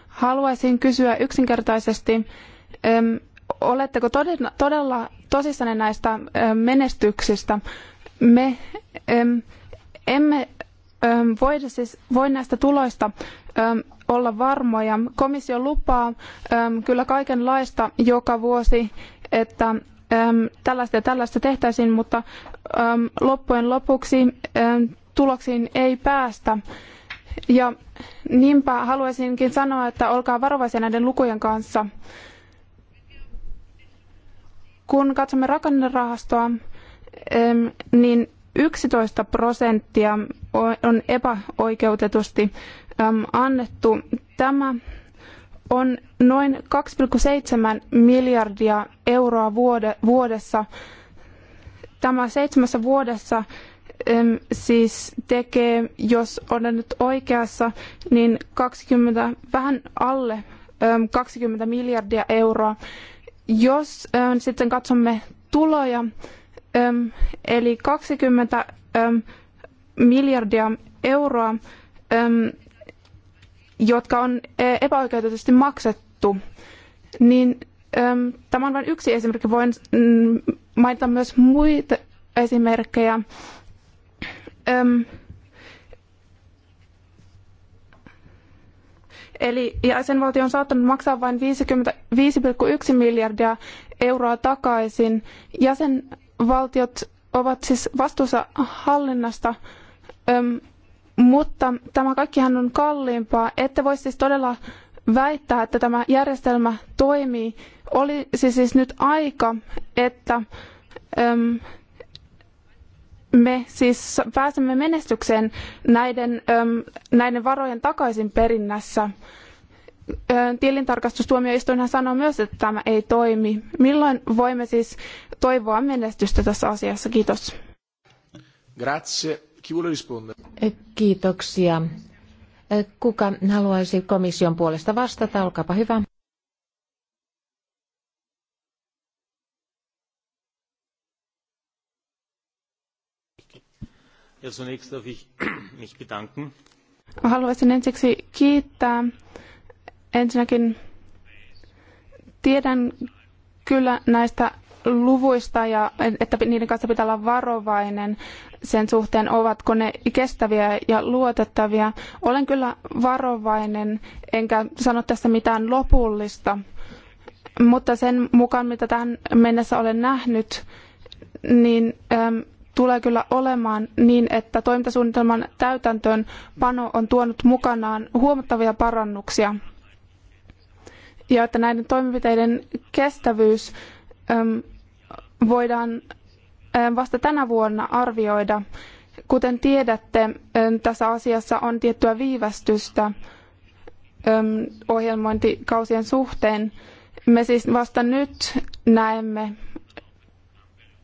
Haluaisin kysyä yksinkertaisesti, ähm, oletteko todella tosissanne näistä menestyksistä? Me emme voi, siis, voi näistä tuloista olla varmoja. Komissio lupaa kyllä kaikenlaista joka vuosi, että tällaista ja tällaista tehtäisiin, mutta loppujen lopuksi tuloksiin ei päästä. Ja niinpä haluaisinkin sanoa, että olkaa varovaisia näiden lukujen kanssa. Kun katsomme rakennerahastoa, niin 11 prosenttia on epäoikeutetusti annettu. Tämä on noin 2,7 miljardia euroa vuodessa. Tämä seitsemässä vuodessa siis tekee, jos olen nyt oikeassa, niin 20, vähän alle 20 miljardia euroa. Jos sitten katsomme tuloja, eli 20 miljardia euroa, jotka on epäoikeutetusti maksettu, niin tämä on vain yksi esimerkki. Voin mm, mainita myös muita esimerkkejä. Eli jäsenvaltio on saattanut maksaa vain 55,1 miljardia euroa takaisin. Jäsen, valtiot ovat siis vastuussa hallinnasta, mutta tämä kaikkihan on kalliimpaa. Ette voi siis todella väittää, että tämä järjestelmä toimii. Olisi siis nyt aika, että me siis pääsemme menestykseen näiden, näiden varojen takaisin perinnässä tilintarkastustuomioistuinhan sanoo myös, että tämä ei toimi. Milloin voimme siis toivoa menestystä tässä asiassa? Kiitos. Grazie. Chi vuole rispondere? Kiitoksia. Kuka haluaisi komission puolesta vastata? Olkaapa hyvä. Ja zunächst darf ich mich bedanken. Haluaisin ensiksi kiittää Ensinnäkin tiedän kyllä näistä luvuista ja että niiden kanssa pitää olla varovainen sen suhteen, ovatko ne kestäviä ja luotettavia. Olen kyllä varovainen, enkä sano tässä mitään lopullista, mutta sen mukaan, mitä tähän mennessä olen nähnyt, niin ähm, tulee kyllä olemaan niin, että toimintasuunnitelman täytäntöönpano on tuonut mukanaan huomattavia parannuksia ja että näiden toimenpiteiden kestävyys voidaan vasta tänä vuonna arvioida. Kuten tiedätte, tässä asiassa on tiettyä viivästystä ohjelmointikausien suhteen. Me siis vasta nyt näemme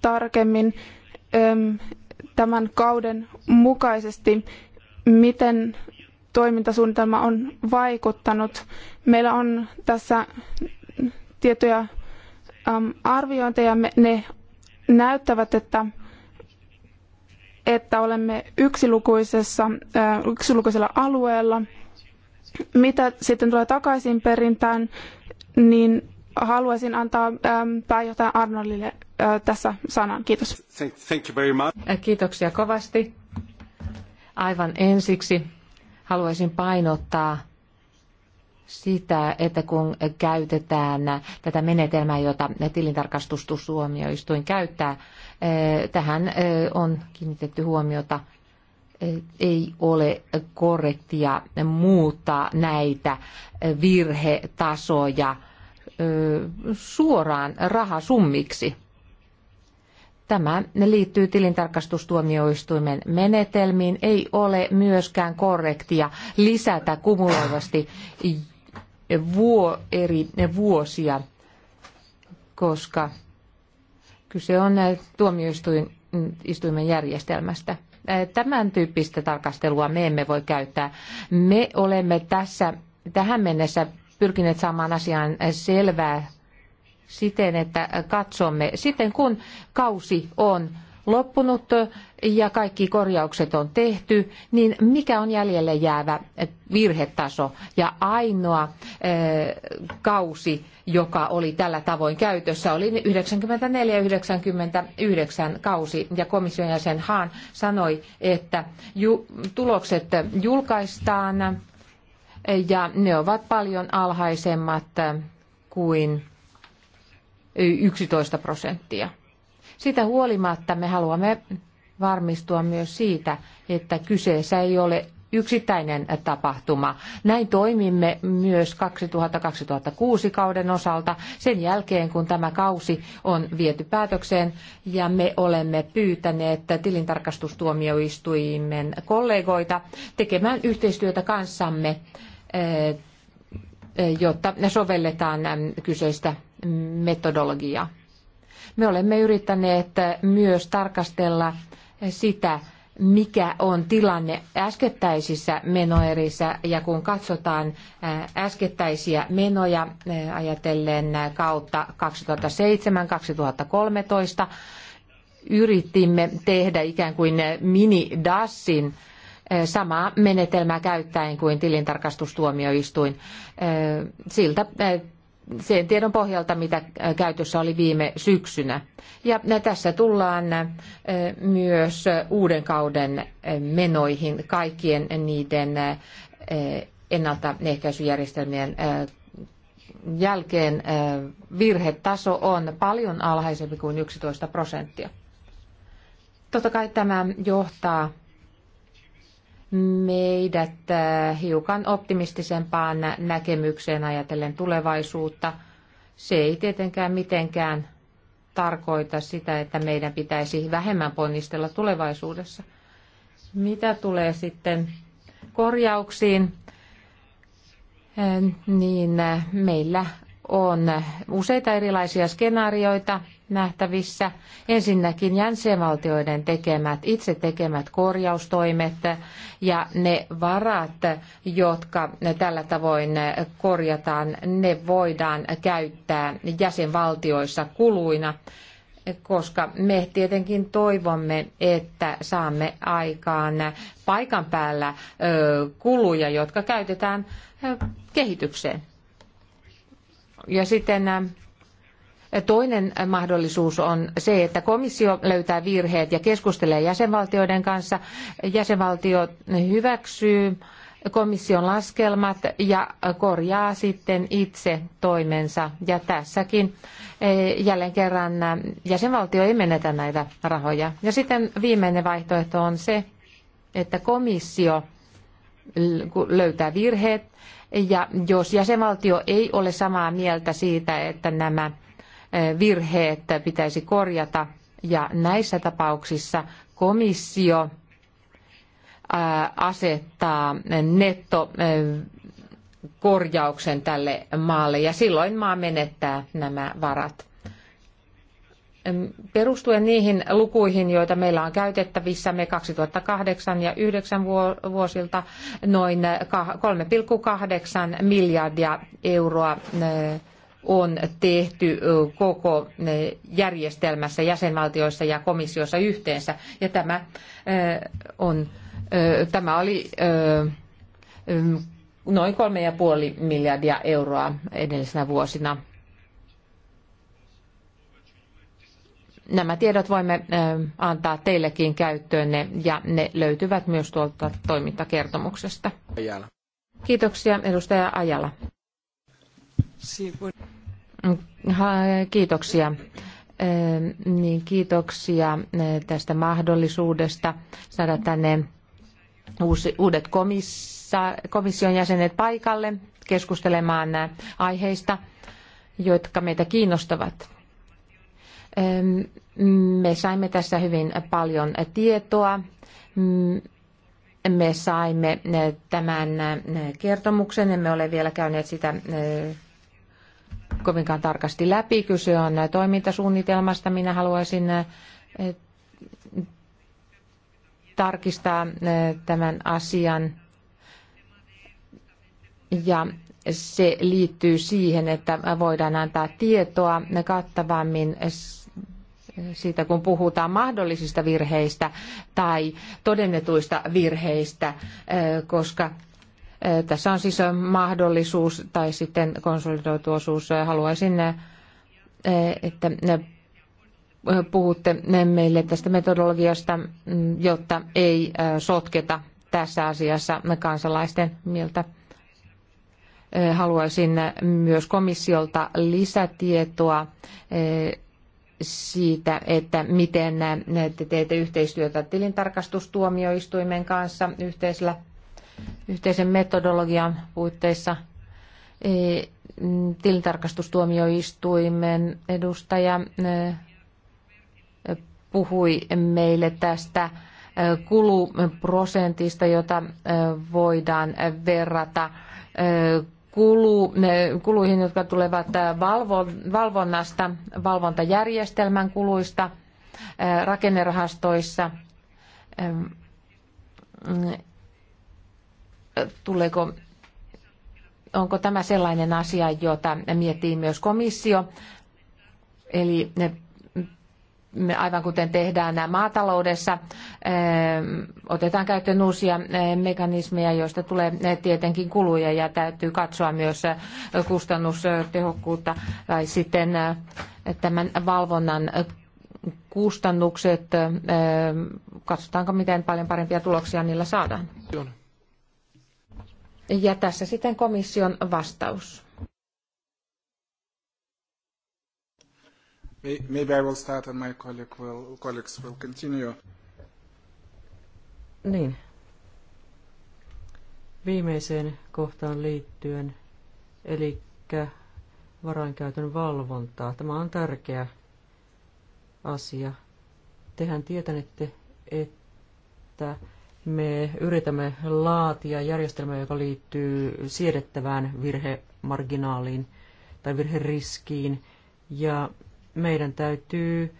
tarkemmin tämän kauden mukaisesti, miten toimintasuunnitelma on vaikuttanut. Meillä on tässä tietoja arviointeja, ne näyttävät, että että olemme yksilukuisessa, yksilukuisella alueella. Mitä sitten tulee takaisin perintään, niin haluaisin antaa pääjohtaja Arnoldille tässä sanan. Kiitos. Kiitoksia kovasti. Aivan ensiksi haluaisin painottaa sitä, että kun käytetään tätä menetelmää, jota tilintarkastustuomioistuin käyttää, eh, tähän eh, on kiinnitetty huomiota eh, ei ole korrektia muuttaa näitä virhetasoja suoraan rahasummiksi. Tämä liittyy tilintarkastustuomioistuimen menetelmiin. Ei ole myöskään korrektia lisätä kumuloivasti vuo, eri vuosia, koska kyse on tuomioistuimen järjestelmästä. Tämän tyyppistä tarkastelua me emme voi käyttää. Me olemme tässä tähän mennessä pyrkineet saamaan asiaan selvää siten, että katsomme sitten, kun kausi on loppunut ja kaikki korjaukset on tehty, niin mikä on jäljelle jäävä virhetaso ja ainoa eh, kausi, joka oli tällä tavoin käytössä, oli 94-99 kausi ja komission jäsen Haan sanoi, että tulokset julkaistaan ja ne ovat paljon alhaisemmat kuin 11 prosenttia. Sitä huolimatta me haluamme varmistua myös siitä, että kyseessä ei ole yksittäinen tapahtuma. Näin toimimme myös 2000-2006 kauden osalta sen jälkeen, kun tämä kausi on viety päätökseen ja me olemme pyytäneet tilintarkastustuomioistuimen kollegoita tekemään yhteistyötä kanssamme, eh, eh, jotta sovelletaan mm, kyseistä metodologia. Me olemme yrittäneet myös tarkastella sitä, mikä on tilanne äskettäisissä menoerissä ja kun katsotaan äskettäisiä menoja ajatellen kautta 2007-2013, yritimme tehdä ikään kuin mini-dassin samaa menetelmää käyttäen kuin tilintarkastustuomioistuin. Siltä sen tiedon pohjalta, mitä käytössä oli viime syksynä. Ja tässä tullaan myös uuden kauden menoihin kaikkien niiden ennaltaehkäisyjärjestelmien jälkeen virhetaso on paljon alhaisempi kuin 11 prosenttia. Totta kai tämä johtaa meidät äh, hiukan optimistisempaan näkemykseen ajatellen tulevaisuutta. Se ei tietenkään mitenkään tarkoita sitä, että meidän pitäisi vähemmän ponnistella tulevaisuudessa. Mitä tulee sitten korjauksiin, äh, niin äh, meillä on useita erilaisia skenaarioita nähtävissä. Ensinnäkin jäsenvaltioiden tekemät, itse tekemät korjaustoimet ja ne varat, jotka tällä tavoin korjataan, ne voidaan käyttää jäsenvaltioissa kuluina, koska me tietenkin toivomme, että saamme aikaan paikan päällä kuluja, jotka käytetään kehitykseen. Ja sitten toinen mahdollisuus on se, että komissio löytää virheet ja keskustelee jäsenvaltioiden kanssa. Jäsenvaltio hyväksyy komission laskelmat ja korjaa sitten itse toimensa. Ja tässäkin jälleen kerran jäsenvaltio ei menetä näitä rahoja. Ja sitten viimeinen vaihtoehto on se, että komissio löytää virheet ja jos jäsenvaltio ei ole samaa mieltä siitä, että nämä virheet pitäisi korjata, ja näissä tapauksissa komissio asettaa nettokorjauksen tälle maalle ja silloin maa menettää nämä varat perustuen niihin lukuihin, joita meillä on käytettävissä me 2008 ja 2009 vuosilta noin 3,8 miljardia euroa on tehty koko järjestelmässä jäsenvaltioissa ja komissiossa yhteensä. Ja tämä, on, tämä oli noin 3,5 miljardia euroa edellisenä vuosina Nämä tiedot voimme antaa teillekin käyttöönne ja ne löytyvät myös tuolta toimintakertomuksesta. Ajala. Kiitoksia, edustaja Ajala. Kiitoksia. Niin, kiitoksia tästä mahdollisuudesta saada tänne uusi, uudet komissa, komission jäsenet paikalle keskustelemaan aiheista, jotka meitä kiinnostavat. Me saimme tässä hyvin paljon tietoa. Me saimme tämän kertomuksen, emme ole vielä käyneet sitä kovinkaan tarkasti läpi. Kyse on toimintasuunnitelmasta. Minä haluaisin tarkistaa tämän asian. Ja se liittyy siihen, että voidaan antaa tietoa kattavammin siitä, kun puhutaan mahdollisista virheistä tai todennetuista virheistä, koska tässä on siis mahdollisuus tai sitten konsolidoitu osuus. Haluaisin, että puhutte meille tästä metodologiasta, mm, jotta ei sotketa tässä asiassa kansalaisten mieltä. Haluaisin myös komissiolta lisätietoa siitä, että miten te teette yhteistyötä tilintarkastustuomioistuimen kanssa yhteisellä, yhteisen metodologian puitteissa. E, tilintarkastustuomioistuimen edustaja e, puhui meille tästä e, kuluprosentista, jota voidaan verrata kulu, kuluihin, jotka tulevat äh, valvonnasta, valvontajärjestelmän kuluista äh, rakennerahastoissa. Ähm, tuleeko, onko tämä sellainen asia, jota miettii myös komissio? Eli aivan kuten tehdään maataloudessa, eh, otetaan käyttöön uusia eh, mekanismeja, joista tulee eh, tietenkin kuluja ja täytyy katsoa myös kustannustehokkuutta tai sitten tämän valvonnan kustannukset. Katsotaanko, miten paljon parempia tuloksia niillä saadaan. Ja tässä sitten komission vastaus. Maybe I will start and my colleague will, colleagues will continue. Niin. Viimeiseen kohtaan liittyen, eli varainkäytön valvontaa. Tämä on tärkeä asia. Tehän tietänette, että me yritämme laatia järjestelmää, joka liittyy siedettävään virhemarginaaliin tai virheriskiin. Ja meidän täytyy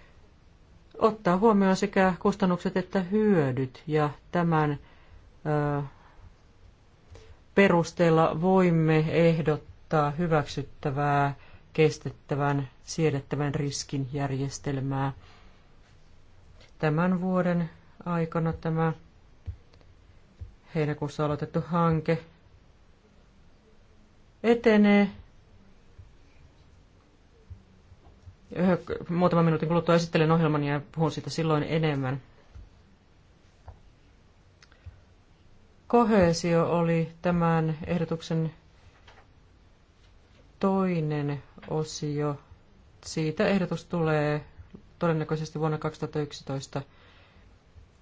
ottaa huomioon sekä kustannukset että hyödyt ja tämän ö, perusteella voimme ehdottaa hyväksyttävää, kestettävän, siedettävän riskin järjestelmää. Tämän vuoden aikana tämä heinäkuussa aloitettu hanke etenee muutaman minuutin kuluttua esittelen ohjelman ja puhun siitä silloin enemmän. Kohesio oli tämän ehdotuksen toinen osio. Siitä ehdotus tulee todennäköisesti vuonna 2011.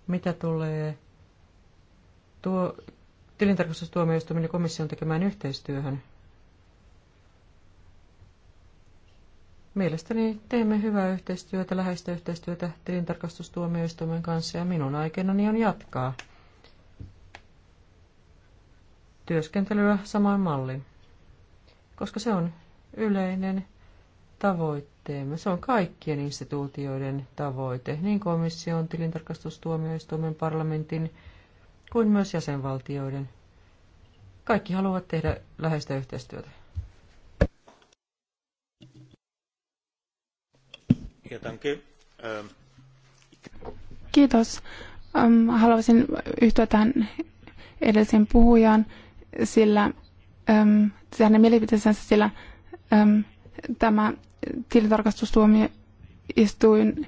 Mitä tulee tuo tilintarkastustuomioistuminen komission tekemään yhteistyöhön? Mielestäni teemme hyvää yhteistyötä, läheistä yhteistyötä tilintarkastustuomioistuimen kanssa ja minun aikeenani on jatkaa työskentelyä samaan malliin, koska se on yleinen tavoitteemme. Se on kaikkien instituutioiden tavoite, niin komission, tilintarkastustuomioistuimen, parlamentin kuin myös jäsenvaltioiden. Kaikki haluavat tehdä läheistä yhteistyötä. Ähm, Kiitos. Ähm, haluaisin yhtyä tähän edelliseen puhujaan, sillä äm, hänen mielipiteensä, sillä ähm, tämä tilitarkastustuomioistuin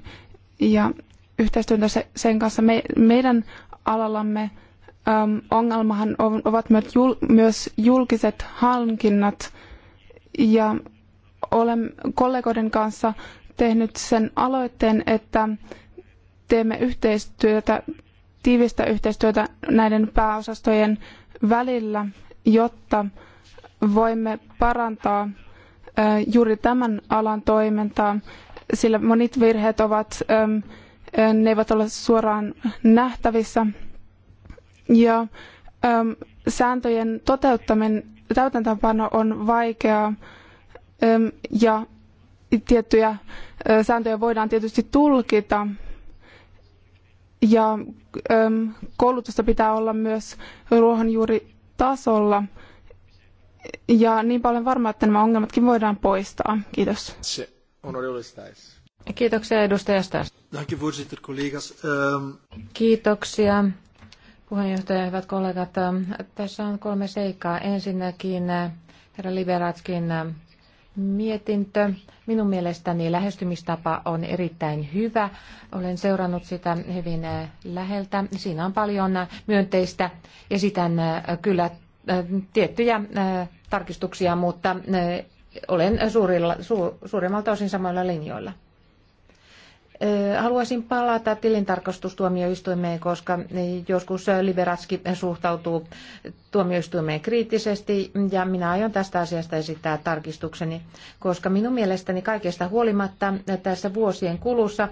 ja yhteistyön sen kanssa me, meidän alallamme äm, ongelmahan on, ovat myös, jul, myös julkiset hankinnat ja olen kollegoiden kanssa tehnyt sen aloitteen, että teemme yhteistyötä, tiivistä yhteistyötä näiden pääosastojen välillä, jotta voimme parantaa juuri tämän alan toimintaa, sillä monet virheet ovat, ne eivät ole suoraan nähtävissä. Ja sääntöjen toteuttaminen, täytäntöönpano on vaikeaa ja tiettyjä sääntöjä voidaan tietysti tulkita. Ja koulutusta pitää olla myös ruohonjuuritasolla. Ja niin paljon varmaa, että nämä ongelmatkin voidaan poistaa. Kiitos. Kiitoksia edustaja Stas. Ehm, Kiitoksia puheenjohtaja ja hyvät kollegat. Tässä on kolme seikkaa. Ensinnäkin eh, herra Liberatskin eh, mietintö. Minun mielestäni lähestymistapa on erittäin hyvä. Olen seurannut sitä hyvin äh, läheltä. Siinä on paljon äh, myönteistä. Esitän äh, kyllä tiettyjä tarkistuksia, mutta olen suurilla, su, suurimmalta osin samoilla linjoilla. Haluaisin palata tilintarkastustuomioistuimeen, koska joskus Liberatski suhtautuu tuomioistuimeen kriittisesti ja minä aion tästä asiasta esittää tarkistukseni, koska minun mielestäni kaikesta huolimatta tässä vuosien kulussa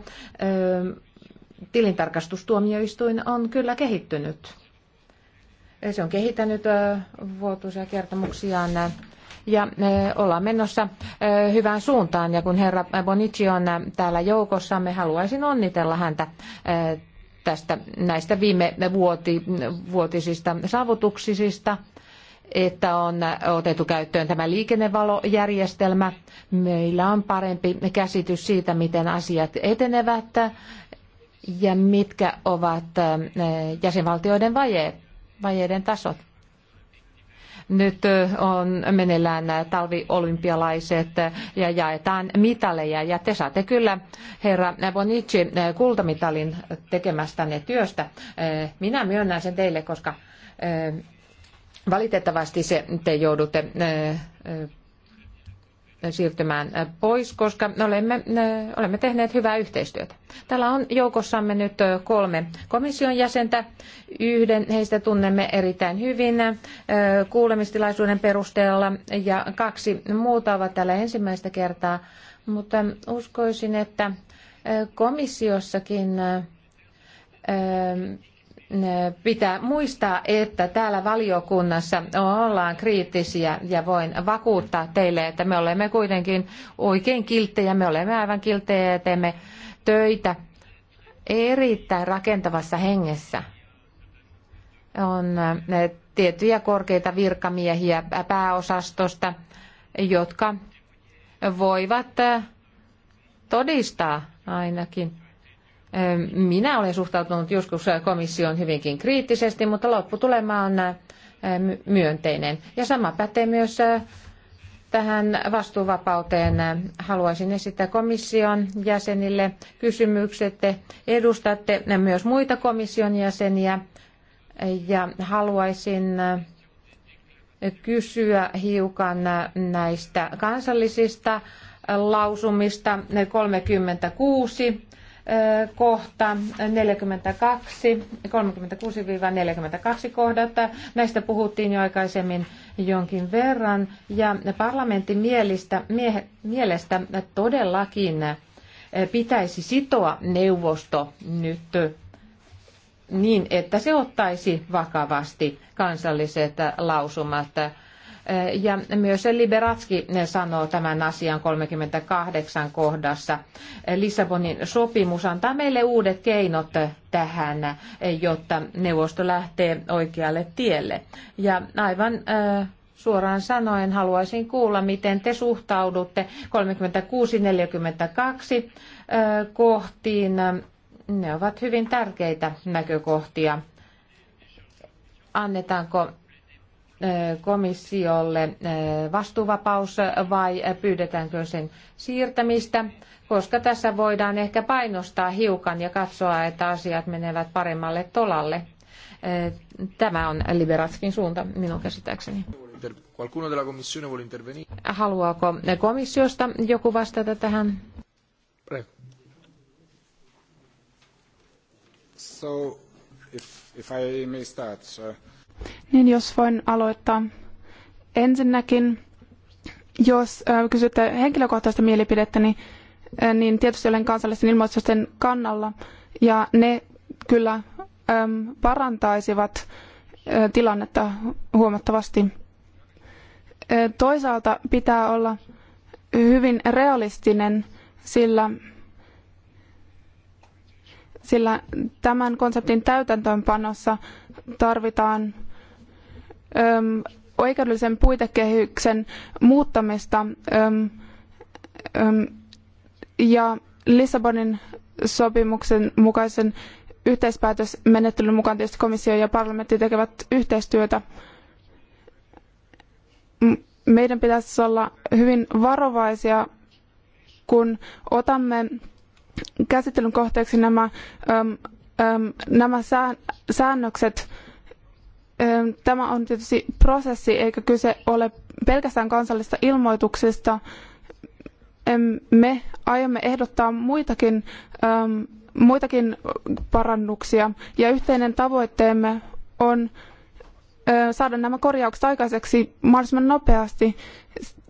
tilintarkastustuomioistuin on kyllä kehittynyt. Se on kehittänyt vuotuisia kertomuksiaan ja ollaan menossa hyvään suuntaan. Ja kun herra Bonici on täällä joukossamme, haluaisin onnitella häntä tästä näistä viime vuoti, vuotisista saavutuksista että on otettu käyttöön tämä liikennevalojärjestelmä. Meillä on parempi käsitys siitä, miten asiat etenevät ja mitkä ovat jäsenvaltioiden vajeet, vajeiden tasot. Nyt on meneillään talviolympialaiset ja jaetaan mitaleja. Ja te saatte kyllä, herra Bonici, kultamitalin tekemästänne työstä. Minä myönnän sen teille, koska valitettavasti se te joudutte siirtymään äh, pois, koska olemme, äh, olemme tehneet hyvää yhteistyötä. Täällä on joukossamme nyt äh, kolme komission jäsentä. Yhden heistä tunnemme erittäin hyvin kuulemistilaisuuden perusteella ja kaksi muuta ovat täällä ensimmäistä kertaa, mutta uskoisin, että komissiossakin pitää muistaa, että täällä valiokunnassa ollaan kriittisiä ja voin vakuuttaa teille, että me olemme kuitenkin oikein kilttejä, me olemme aivan kilttejä ja teemme töitä erittäin rakentavassa hengessä. On eh, tiettyjä korkeita virkamiehiä pääosastosta, jotka voivat eh, todistaa ainakin minä olen suhtautunut joskus komissioon hyvinkin kriittisesti, mutta lopputulema on myönteinen. Ja sama pätee myös tähän vastuuvapauteen. Haluaisin esittää komission jäsenille kysymykset. Edustatte myös muita komission jäseniä ja haluaisin kysyä hiukan näistä kansallisista lausumista 36 kohta 42, 36-42 kohdat. Näistä puhuttiin jo aikaisemmin jonkin verran. Ja parlamentin mielistä, mie, mielestä todellakin pitäisi sitoa neuvosto nyt niin, että se ottaisi vakavasti kansalliset lausumat ja myös Liberatski sanoo tämän asian 38 kohdassa. Lissabonin sopimus antaa meille uudet keinot tähän, jotta neuvosto lähtee oikealle tielle. Ja aivan suoraan sanoen haluaisin kuulla, miten te suhtaudutte 36-42 kohtiin. Ne ovat hyvin tärkeitä näkökohtia. Annetaanko komissiolle vastuuvapaus vai pyydetäänkö sen siirtämistä, koska tässä voidaan ehkä painostaa hiukan ja katsoa, että asiat menevät paremmalle tolalle. Tämä on Liberatskin suunta minun käsittääkseni. Haluaako komissiosta joku vastata tähän? So, if, if I may start, niin jos voin aloittaa. Ensinnäkin, jos äh, kysytte henkilökohtaista mielipidettä, niin, äh, niin tietysti olen kansallisten ilmoitusten kannalla. Ja ne kyllä ähm, parantaisivat äh, tilannetta huomattavasti. Toisaalta pitää olla hyvin realistinen, sillä sillä tämän konseptin täytäntöönpanossa tarvitaan oikeudellisen puitekehyksen muuttamista ja Lissabonin sopimuksen mukaisen yhteispäätösmenettelyn mukaan tietysti komissio ja parlamentti tekevät yhteistyötä. Meidän pitäisi olla hyvin varovaisia, kun otamme käsittelyn kohteeksi nämä, äm, äm, nämä säännökset. Äm, tämä on tietysti prosessi, eikä kyse ole pelkästään kansallisista ilmoituksista. me aiomme ehdottaa muitakin, äm, muitakin parannuksia, ja yhteinen tavoitteemme on saada nämä korjaukset aikaiseksi mahdollisimman nopeasti.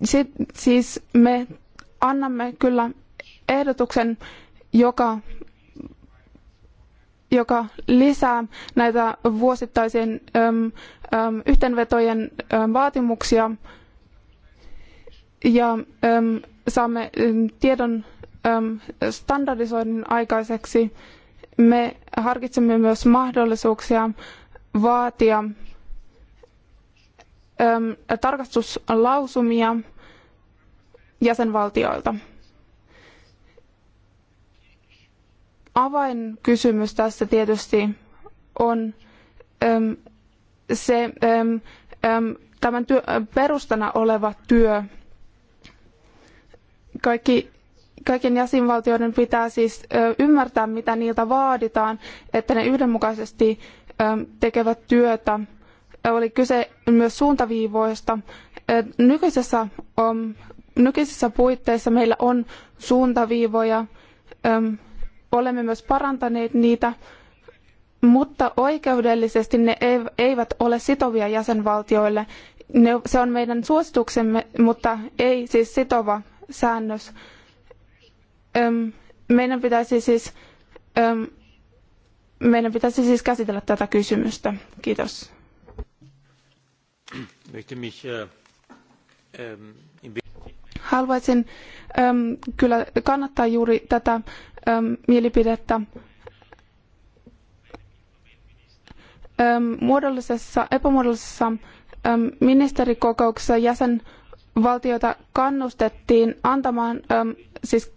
Sit, siis me annamme kyllä ehdotuksen joka, joka lisää näitä vuosittaisen äm, äm, yhteenvetojen äm, vaatimuksia ja äm, saamme äm, tiedon äm, standardisoinnin aikaiseksi. Me harkitsemme myös mahdollisuuksia vaatia ähm, tarkastuslausumia jäsenvaltioilta. Avainkysymys tässä tietysti on se tämän työ, perustana oleva työ. Kaikki, kaiken jäsenvaltioiden pitää siis ymmärtää, mitä niiltä vaaditaan, että ne yhdenmukaisesti tekevät työtä. Oli kyse myös suuntaviivoista. Nykyisessä, nykyisissä puitteissa meillä on suuntaviivoja olemme myös parantaneet niitä, mutta oikeudellisesti ne eivät ole sitovia jäsenvaltioille. se on meidän suosituksemme, mutta ei siis sitova säännös. meidän pitäisi siis meidän pitäisi siis käsitellä tätä kysymystä. Kiitos. Äh, ähm, Haluaisin kyllä kannattaa juuri tätä mielipidettä. muodollisessa, epämuodollisessa ministerikokouksessa jäsenvaltioita kannustettiin antamaan, siis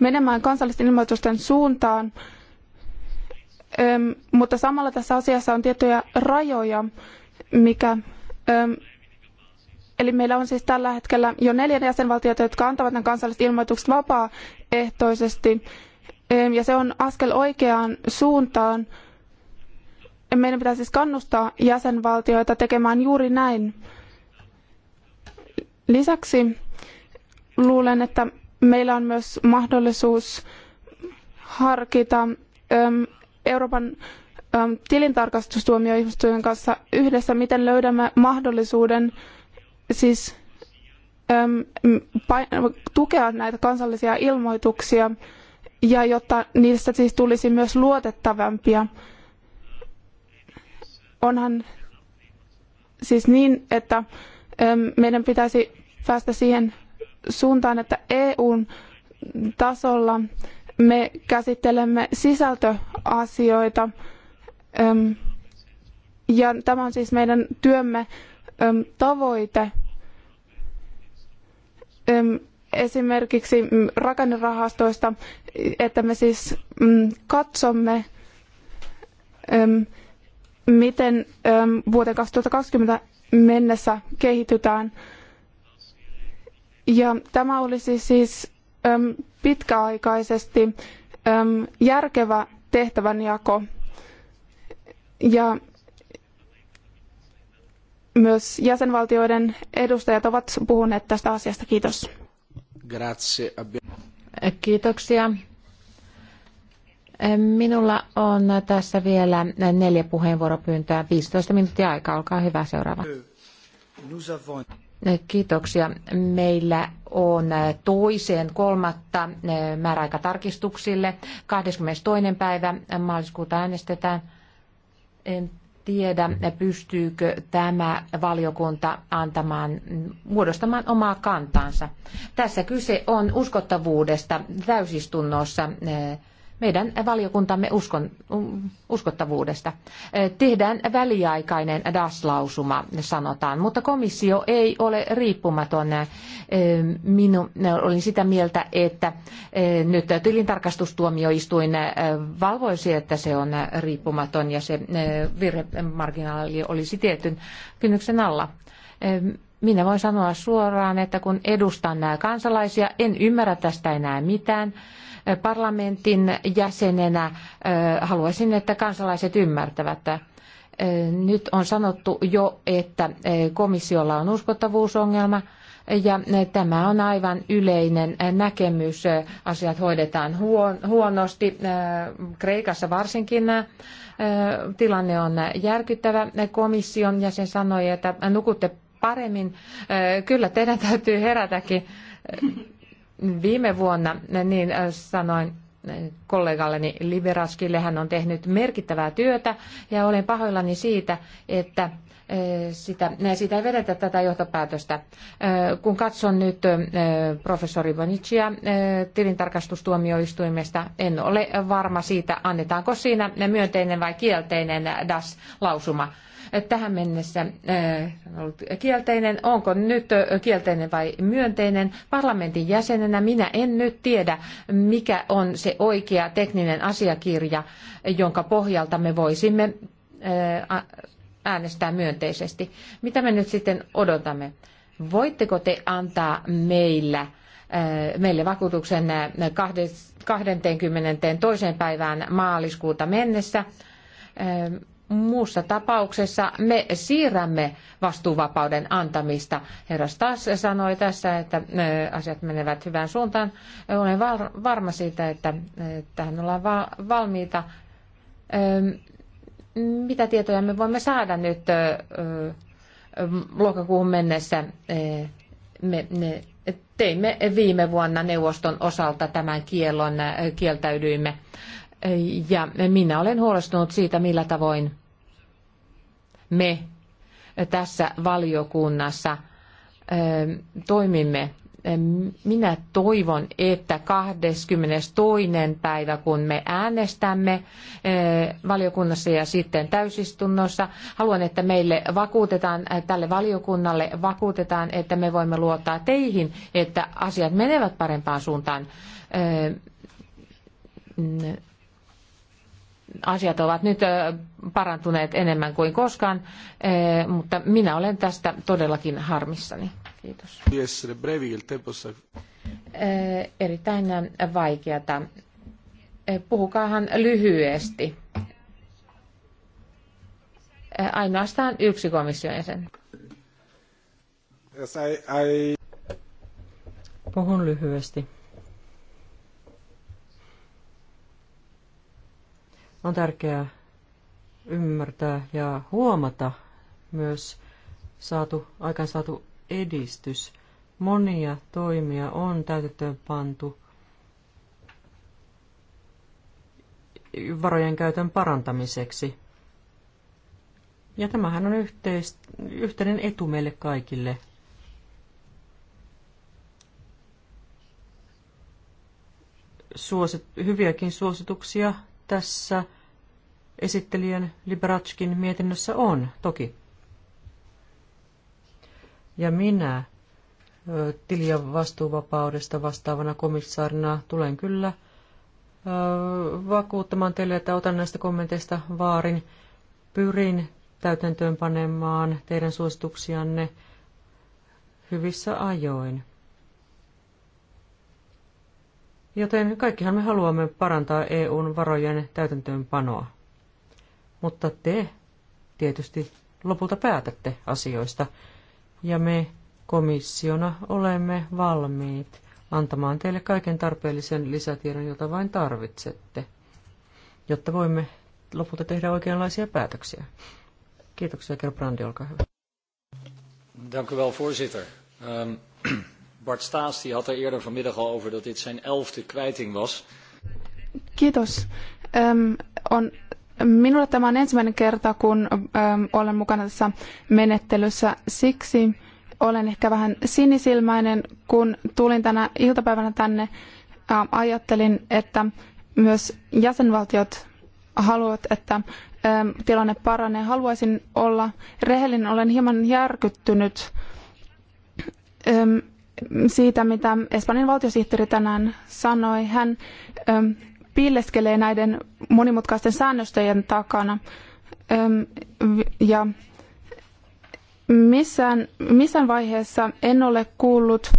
menemään kansallisten ilmoitusten suuntaan, mutta samalla tässä asiassa on tiettyjä rajoja, mikä Eli meillä on siis tällä hetkellä jo neljä jäsenvaltiota, jotka antavat nämä kansalliset ilmoitukset vapaaehtoisesti ja se on askel oikeaan suuntaan. Meidän pitää siis kannustaa jäsenvaltioita tekemään juuri näin. Lisäksi luulen, että meillä on myös mahdollisuus harkita Euroopan tilintarkastustuomioistuimen kanssa yhdessä, miten löydämme mahdollisuuden siis tukea näitä kansallisia ilmoituksia ja jotta niistä siis tulisi myös luotettavampia. Onhan siis niin, että meidän pitäisi päästä siihen suuntaan, että EUn tasolla me käsittelemme sisältöasioita. Ja tämä on siis meidän työmme tavoite esimerkiksi rakennerahastoista, että me siis mm, katsomme, mm, miten mm, vuoteen 2020 mennessä kehitytään. Ja tämä olisi siis pitkäaikaisesti järkevä tehtävänjako. Ja myös jäsenvaltioiden edustajat ovat puhuneet tästä asiasta. Kiitos. Grazie. Kiitoksia. Minulla on tässä vielä neljä puheenvuoropyyntöä. 15 minuuttia aikaa, olkaa hyvä seuraava. Kiitoksia. Meillä on toiseen kolmatta määräaikatarkistuksille. 22. päivä maaliskuuta äänestetään tiedä, pystyykö tämä valiokunta antamaan, muodostamaan omaa kantansa. Tässä kyse on uskottavuudesta täysistunnossa meidän valiokuntamme uskon, um, uskottavuudesta. Tehdään väliaikainen DAS-lausuma, sanotaan, mutta komissio ei ole riippumaton. Minu, olin sitä mieltä, että nyt tilintarkastustuomioistuin valvoisi, että se on riippumaton ja se virhemarginaali olisi tietyn kynnyksen alla. Minä voin sanoa suoraan, että kun edustan nämä kansalaisia, en ymmärrä tästä enää mitään. Parlamentin jäsenenä haluaisin, että kansalaiset ymmärtävät, että nyt on sanottu jo, että komissiolla on uskottavuusongelma ja tämä on aivan yleinen näkemys. Asiat hoidetaan huonosti. Kreikassa varsinkin tilanne on järkyttävä. Komission jäsen sanoi, että nukutte paremmin. Kyllä teidän täytyy herätäkin Viime vuonna niin äh, sanoin äh, kollegalleni Liberaskille, hän on tehnyt merkittävää työtä ja olen pahoillani siitä, että äh, sitä, sitä ei vedetä tätä johtopäätöstä. Kun katson nyt professori Bonicia tilintarkastustuomioistuimesta, en ole varma siitä, annetaanko siinä myönteinen vai kielteinen DAS-lausuma tähän mennessä ollut kielteinen. Onko nyt kielteinen vai myönteinen? Parlamentin jäsenenä minä en nyt tiedä, mikä on se oikea tekninen asiakirja, jonka pohjalta me voisimme äänestää myönteisesti. Mitä me nyt sitten odotamme? Voitteko te antaa meille meille vakuutuksen 22. päivään maaliskuuta mennessä? Muussa tapauksessa me siirrämme vastuuvapauden antamista. Herra Stas sanoi tässä, että asiat menevät hyvään suuntaan. Olen varma siitä, että tähän ollaan valmiita. Mitä tietoja me voimme saada nyt lokakuuhun mennessä? Me teimme viime vuonna neuvoston osalta tämän kiellon, kieltäydyimme. Ja minä olen huolestunut siitä, millä tavoin me tässä valiokunnassa toimimme. Minä toivon, että 22. päivä, kun me äänestämme valiokunnassa ja sitten täysistunnossa, haluan, että meille vakuutetaan, tälle valiokunnalle vakuutetaan, että me voimme luottaa teihin, että asiat menevät parempaan suuntaan asiat ovat nyt parantuneet enemmän kuin koskaan, mutta minä olen tästä todellakin harmissani. Kiitos. Erittäin vaikeata. Puhukaahan lyhyesti. Ainoastaan yksi komission jäsen. Puhun lyhyesti. On tärkeää ymmärtää ja huomata myös saatu, aikaan saatu edistys. Monia toimia on täytettyön pantu varojen käytön parantamiseksi. Ja tämähän on yhteis, yhteinen etu meille kaikille. Suosit, hyviäkin suosituksia tässä esittelijän Liberatskin mietinnössä on, toki. Ja minä tilia vastuuvapaudesta vastaavana komissaarina tulen kyllä vakuuttamaan teille, että otan näistä kommenteista vaarin. Pyrin täytäntöönpanemaan teidän suosituksianne hyvissä ajoin. Joten kaikkihan me haluamme parantaa EUn varojen täytäntöönpanoa. Mutta te tietysti lopulta päätätte asioista, ja me komissiona olemme valmiit antamaan teille kaiken tarpeellisen lisätiedon, jota vain tarvitsette, jotta voimme lopulta tehdä oikeanlaisia päätöksiä. Kiitoksia, Kerbrandi, olkaa hyvä. Dank u wel, voorzitter. Um... Bart Staes die had er eerder vanmiddag al over dat dit zijn elfde kwijting was. Kiitos. Um, on, minulla tämä on ensimmäinen kerta, kun um, olen mukana tässä menettelyssä. Siksi olen ehkä vähän sinisilmäinen, kun tulin tänä iltapäivänä tänne. Um, ajattelin, että myös jäsenvaltiot haluavat, että ehm, tilanne paranee. Haluaisin olla rehellinen, olen hieman järkyttynyt. Um, siitä, mitä Espanjan valtiosihteeri tänään sanoi. Hän ähm, piileskelee näiden monimutkaisten säännöstöjen takana. Ähm, ja missään, missään vaiheessa en ole kuullut,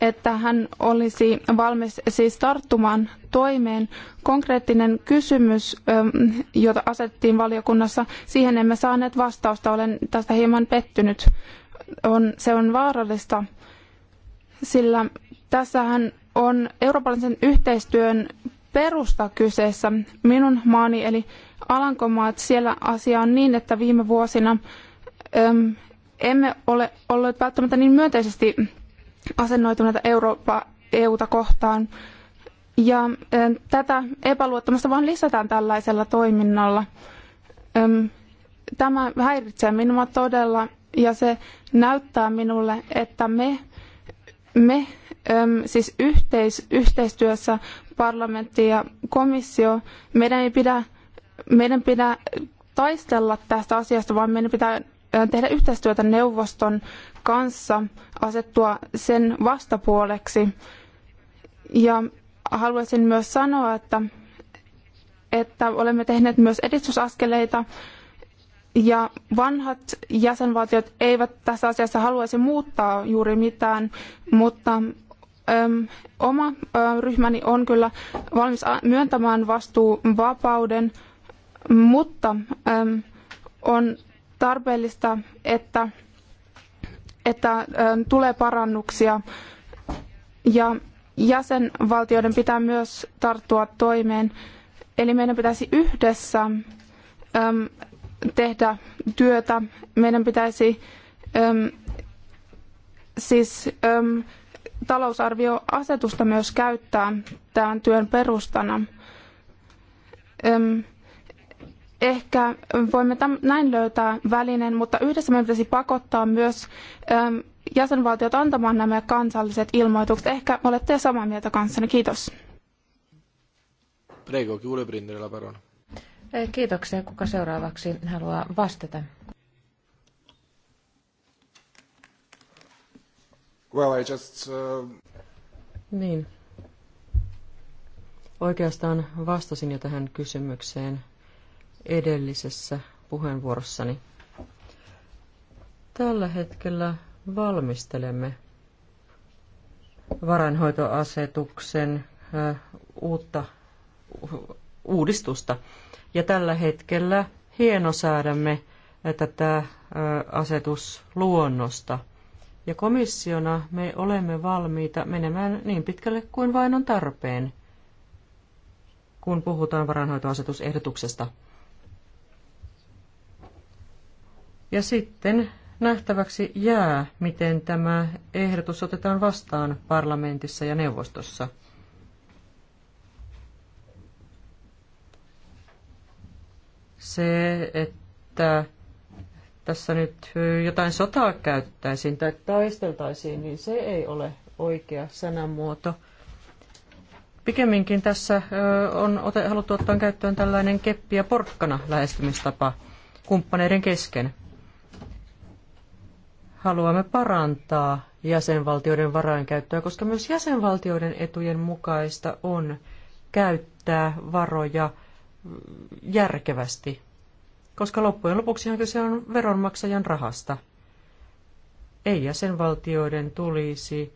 että hän olisi valmis siis tarttumaan toimeen. Konkreettinen kysymys, ähm, jota asettiin valiokunnassa, siihen emme saaneet vastausta. Olen tästä hieman pettynyt. On, se on vaarallista sillä tässähän on eurooppalaisen yhteistyön perusta kyseessä. Minun maani eli Alankomaat, siellä asia on niin, että viime vuosina äm, emme ole olleet välttämättä niin myönteisesti asennoituneita Eurooppa, EUta kohtaan. Ja äm, tätä epäluottamusta vain lisätään tällaisella toiminnalla. Äm, tämä häiritsee minua todella ja se näyttää minulle, että me me ähm, siis yhteis, yhteistyössä parlamentti ja komissio, meidän ei pidä, meidän pitää taistella tästä asiasta, vaan meidän pitää äh, tehdä yhteistyötä neuvoston kanssa, asettua sen vastapuoleksi. Ja haluaisin myös sanoa, että, että olemme tehneet myös edistysaskeleita ja vanhat jäsenvaltiot eivät tässä asiassa haluaisi muuttaa juuri mitään, mutta oma ryhmäni on kyllä valmis myöntämään vastuuvapauden, mutta on tarpeellista, että, että tulee parannuksia ja jäsenvaltioiden pitää myös tarttua toimeen. Eli meidän pitäisi yhdessä tehdä työtä. Meidän pitäisi äm, siis äm, talousarvioasetusta myös käyttää tämän työn perustana. Äm, ehkä voimme täm, näin löytää välinen, mutta yhdessä meidän pitäisi pakottaa myös äm, jäsenvaltiot antamaan nämä kansalliset ilmoitukset. Ehkä olette samaa mieltä kanssani. Kiitos. Prego, chi vuole prendere la parola? Eh, kiitoksia. Kuka seuraavaksi haluaa vastata? Well, I just, uh... Niin. Oikeastaan vastasin jo tähän kysymykseen edellisessä puheenvuorossani. Tällä hetkellä valmistelemme varainhoitoasetuksen uutta uudistusta. Ja tällä hetkellä hienosäädämme äh, tätä äh, asetusluonnosta. Ja komissiona me olemme valmiita menemään niin pitkälle kuin vain on tarpeen, kun puhutaan varainhoitoasetusehdotuksesta. Ja sitten nähtäväksi jää, miten tämä ehdotus otetaan vastaan parlamentissa ja neuvostossa – se, että tässä nyt jotain sotaa käyttäisiin tai taisteltaisiin, niin se ei ole oikea sanamuoto. Pikemminkin tässä on haluttu ottaa käyttöön tällainen keppi ja porkkana lähestymistapa kumppaneiden kesken. Haluamme parantaa jäsenvaltioiden varainkäyttöä, koska myös jäsenvaltioiden etujen mukaista on käyttää varoja – järkevästi, koska loppujen lopuksihan kyse on veronmaksajan rahasta. Ei jäsenvaltioiden tulisi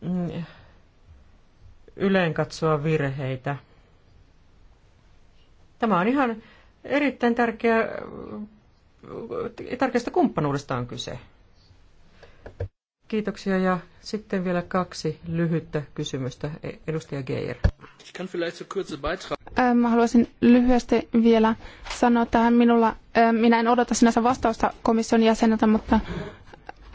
mm, yleen katsoa virheitä. Tämä on ihan erittäin tärkeä, tärkeästä kumppanuudesta on kyse. Kiitoksia ja sitten vielä kaksi lyhyttä kysymystä. E, edustaja Geijer. Ähm, mä haluaisin lyhyesti vielä sanoa tähän minulla. Ähm, minä en odota sinänsä vastausta komission jäseneltä, mutta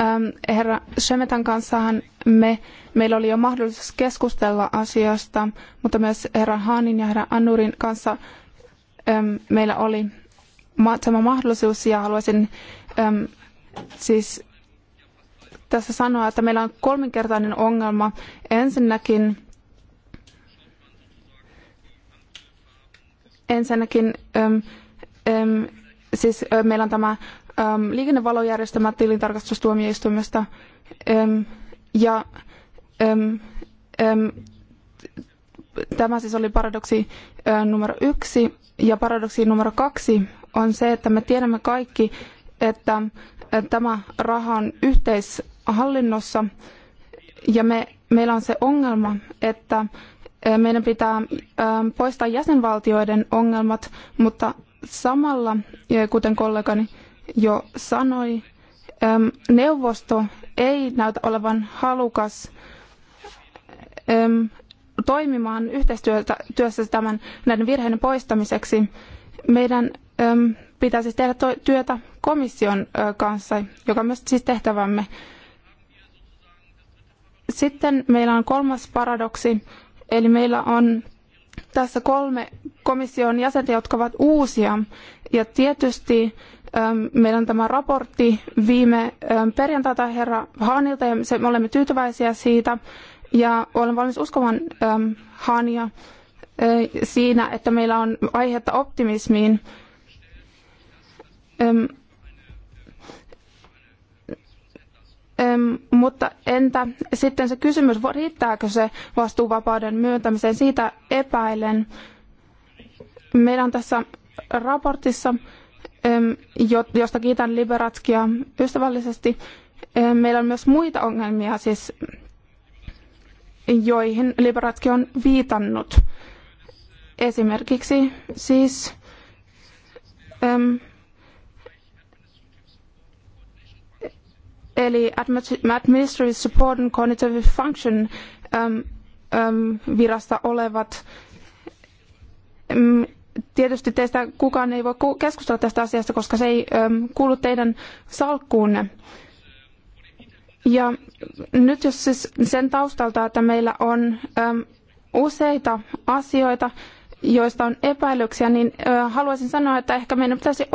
ähm, herra Shemetan kanssahan me, meillä oli jo mahdollisuus keskustella asiasta, mutta myös herra Haanin ja herra Annurin kanssa meillä oli sama mahdollisuus ja haluaisin siis tässä sanoa, että meillä on kolminkertainen ongelma. Ensinnäkin, ensinnäkin äm, äm, siis ä, äh, meillä on tämä äm, liikennevalojärjestelmä tilintarkastustuomioistuimesta äm, ja äm, äm, tämä siis oli paradoksi ä, äh, numero yksi ja paradoksi numero kaksi on se, että me tiedämme kaikki, että äh, tämä raha on yhteis, hallinnossa. Ja me, meillä on se ongelma, että meidän pitää poistaa jäsenvaltioiden ongelmat, mutta samalla, kuten kollegani jo sanoi, neuvosto ei näytä olevan halukas toimimaan yhteistyössä tämän, näiden virheiden poistamiseksi. Meidän pitäisi siis tehdä työtä komission kanssa, joka on myös siis tehtävämme. Sitten meillä on kolmas paradoksi, eli meillä on tässä kolme komission jäsentä, jotka ovat uusia. Ja tietysti ähm, meillä on tämä raportti viime ähm, perjantailta herra Haanilta ja me olemme tyytyväisiä siitä. Ja olen valmis uskomaan ähm, Haania äh, siinä, että meillä on aihetta optimismiin. mutta entä sitten se kysymys, riittääkö se vastuuvapauden myöntämiseen, siitä epäilen. Meidän tässä raportissa, josta kiitän Liberatskia ystävällisesti, meillä on myös muita ongelmia, siis, joihin Liberatski on viitannut. Esimerkiksi siis eli administrative support and cognitive function um, um, virasta olevat. Mm, tietysti teistä kukaan ei voi keskustella tästä asiasta, koska se ei um, kuulu teidän salkkuunne. Ja nyt jos siis sen taustalta, että meillä on useita asioita, joista on epäilyksiä, niin haluaisin sanoa, että ehkä meidän pitäisi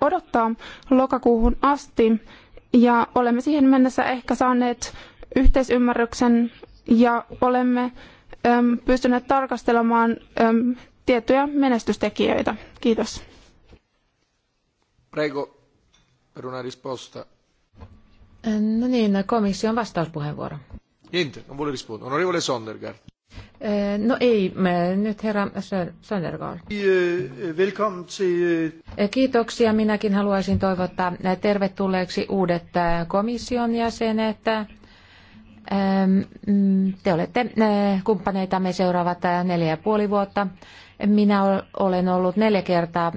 odottaa lokakuuhun asti ja olemme siihen mennessä ehkä saaneet yhteisymmärryksen ja olemme pystyneet tarkastelemaan tiettyjä menestystekijöitä. Kiitos. Prego per una risposta. No niin, komission vastauspuheenvuoro. Niente, non vuole rispondere. Onorevole Sondergaard. Eh, no ei, nyt herra Söndergaard. Eh, eh. Kiitoksia. Minäkin haluaisin toivottaa tervetulleeksi uudet komission jäsenet. Ehm, mm, te olette kumppaneitamme seuraavat neljä ja puoli vuotta. Minä olen ollut neljä kertaa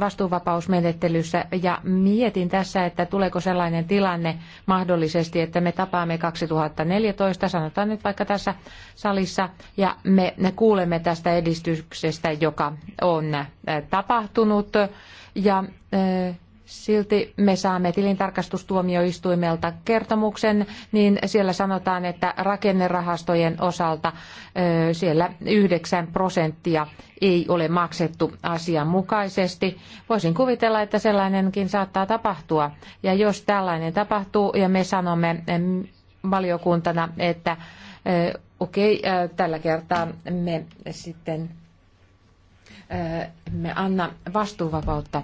vastuuvapausmenettelyssä ja mietin tässä, että tuleeko sellainen tilanne mahdollisesti, että me tapaamme 2014, sanotaan nyt vaikka tässä salissa, ja me kuulemme tästä edistyksestä, joka on äh, tapahtunut, ja äh, Silti me saamme tilintarkastustuomioistuimelta kertomuksen, niin siellä sanotaan, että rakennerahastojen osalta siellä 9 prosenttia ei ole maksettu asianmukaisesti. Voisin kuvitella, että sellainenkin saattaa tapahtua. Ja jos tällainen tapahtuu ja me sanomme valiokuntana, että okei, okay, tällä kertaa me sitten me anna vastuuvapautta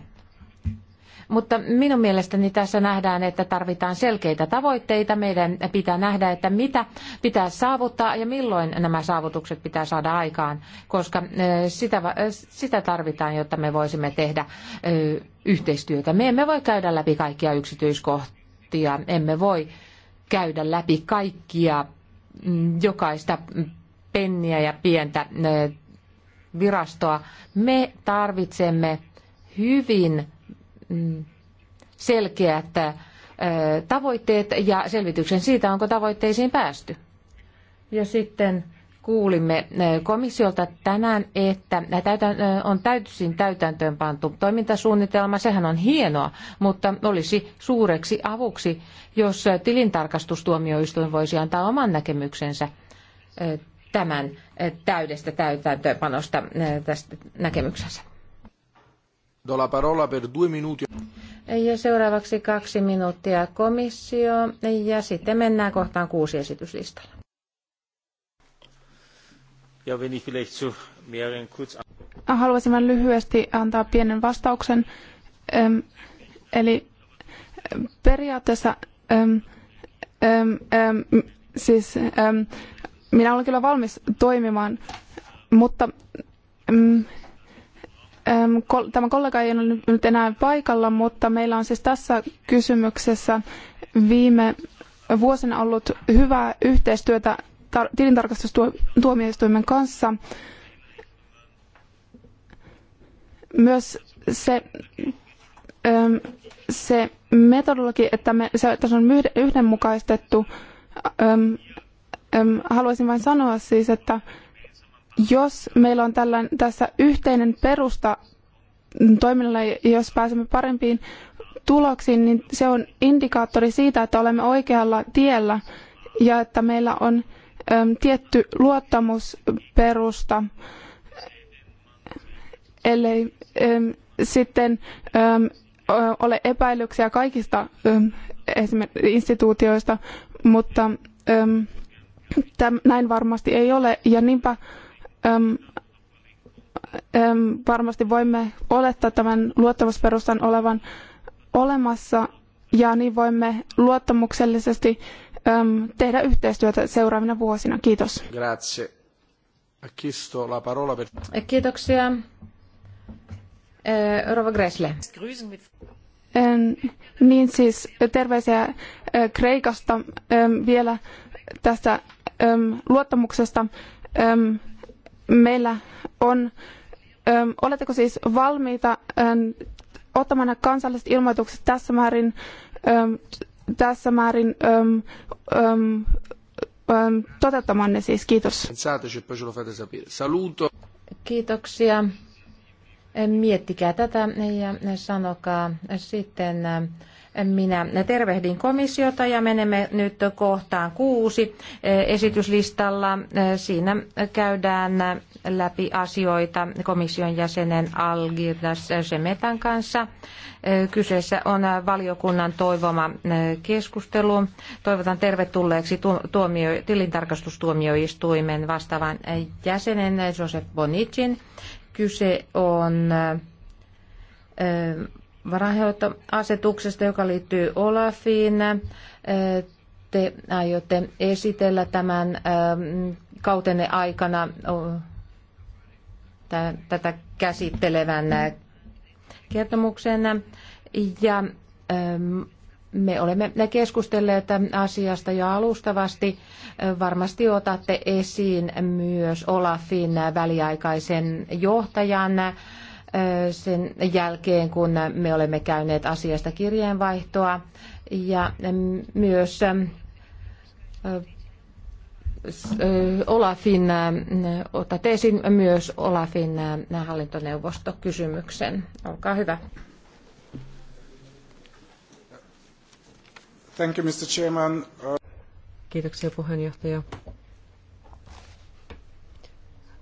mutta minun mielestäni tässä nähdään, että tarvitaan selkeitä tavoitteita. Meidän pitää nähdä, että mitä pitää saavuttaa ja milloin nämä saavutukset pitää saada aikaan, koska sitä, sitä tarvitaan, jotta me voisimme tehdä yhteistyötä. Me emme voi käydä läpi kaikkia yksityiskohtia, emme voi käydä läpi kaikkia mm, jokaista penniä ja pientä virastoa. Me tarvitsemme hyvin Mm, selkeät tavoitteet ja selvityksen siitä, onko tavoitteisiin päästy. Ja sitten kuulimme komissiolta tänään, että on täysin pantu toimintasuunnitelma. Sehän on hienoa, mutta olisi suureksi avuksi, jos tilintarkastustuomioistuin voisi antaa oman näkemyksensä tämän täydestä täytäntöönpanosta tästä näkemyksensä. Do la parola per due minuti. Ja seuraavaksi kaksi minuuttia komissio ja sitten mennään kohtaan kuusi esityslistalla. Ja Haluaisin vain lyhyesti antaa pienen vastauksen. Öm, eli periaatteessa öm, öm, öm, siis öm, minä olen kyllä valmis toimimaan, mutta öm, Tämä kollega ei ole nyt enää paikalla, mutta meillä on siis tässä kysymyksessä viime vuosina ollut hyvää yhteistyötä tilintarkastustuomioistuimen kanssa. Myös se, se metodologi, että me, se, tässä on yhdenmukaistettu, haluaisin vain sanoa siis, että jos meillä on tällainen, tässä yhteinen perusta toiminnalle, jos pääsemme parempiin tuloksiin, niin se on indikaattori siitä, että olemme oikealla tiellä ja että meillä on tietty luottamusperusta, ellei sitten ole epäilyksiä kaikista esimerkiksi instituutioista, mutta näin varmasti ei ole. Ja niinpä Öm, öm, varmasti voimme olettaa tämän luottamusperustan olevan olemassa ja niin voimme luottamuksellisesti öm, tehdä yhteistyötä seuraavina vuosina. Kiitos. Grazie. Kiitoksia. Rova Gressle. Niin siis terveisiä Kreikasta vielä tästä luottamuksesta meillä on, oletteko siis valmiita ottamaan nämä kansalliset ilmoitukset tässä määrin, tässä määrin toteuttamaan ne siis. Kiitos. Kiitoksia. Miettikää tätä ja sanokaa sitten minä tervehdin komissiota ja menemme nyt kohtaan kuusi esityslistalla. Siinä käydään läpi asioita komission jäsenen Algirdas Semetan kanssa. Kyseessä on valiokunnan toivoma keskustelu. Toivotan tervetulleeksi tuomio, tilintarkastustuomioistuimen vastaavan jäsenen Josep Bonicin. Kyse on varainhoitoasetuksesta, joka liittyy Olafiin. Te aiotte esitellä tämän kautenne aikana tätä käsittelevän kertomuksen. Ja me olemme keskustelleet asiasta jo alustavasti. Varmasti otatte esiin myös Olafin väliaikaisen johtajan sen jälkeen, kun me olemme käyneet asiasta kirjeenvaihtoa ja myös Olafin, otat esiin myös Olafin hallintoneuvostokysymyksen. Olkaa hyvä. Thank you, Mr. Chairman. Kiitoksia puheenjohtaja.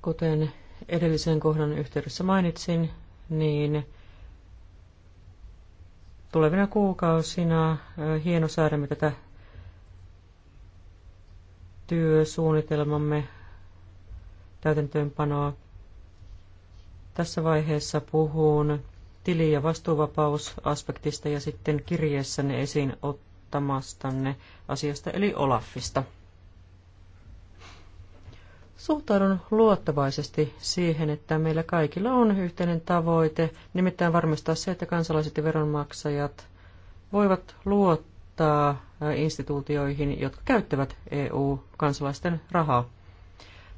Kuten edellisen kohdan yhteydessä mainitsin, niin tulevina kuukausina me tätä työsuunnitelmamme täytäntöönpanoa. Tässä vaiheessa puhun tili- ja vastuuvapausaspektista ja sitten kirjeessänne esiin ottamastanne asiasta eli Olafista. Suhtaudun luottavaisesti siihen, että meillä kaikilla on yhteinen tavoite, nimittäin varmistaa se, että kansalaiset ja veronmaksajat voivat luottaa äh, instituutioihin, jotka käyttävät EU-kansalaisten rahaa.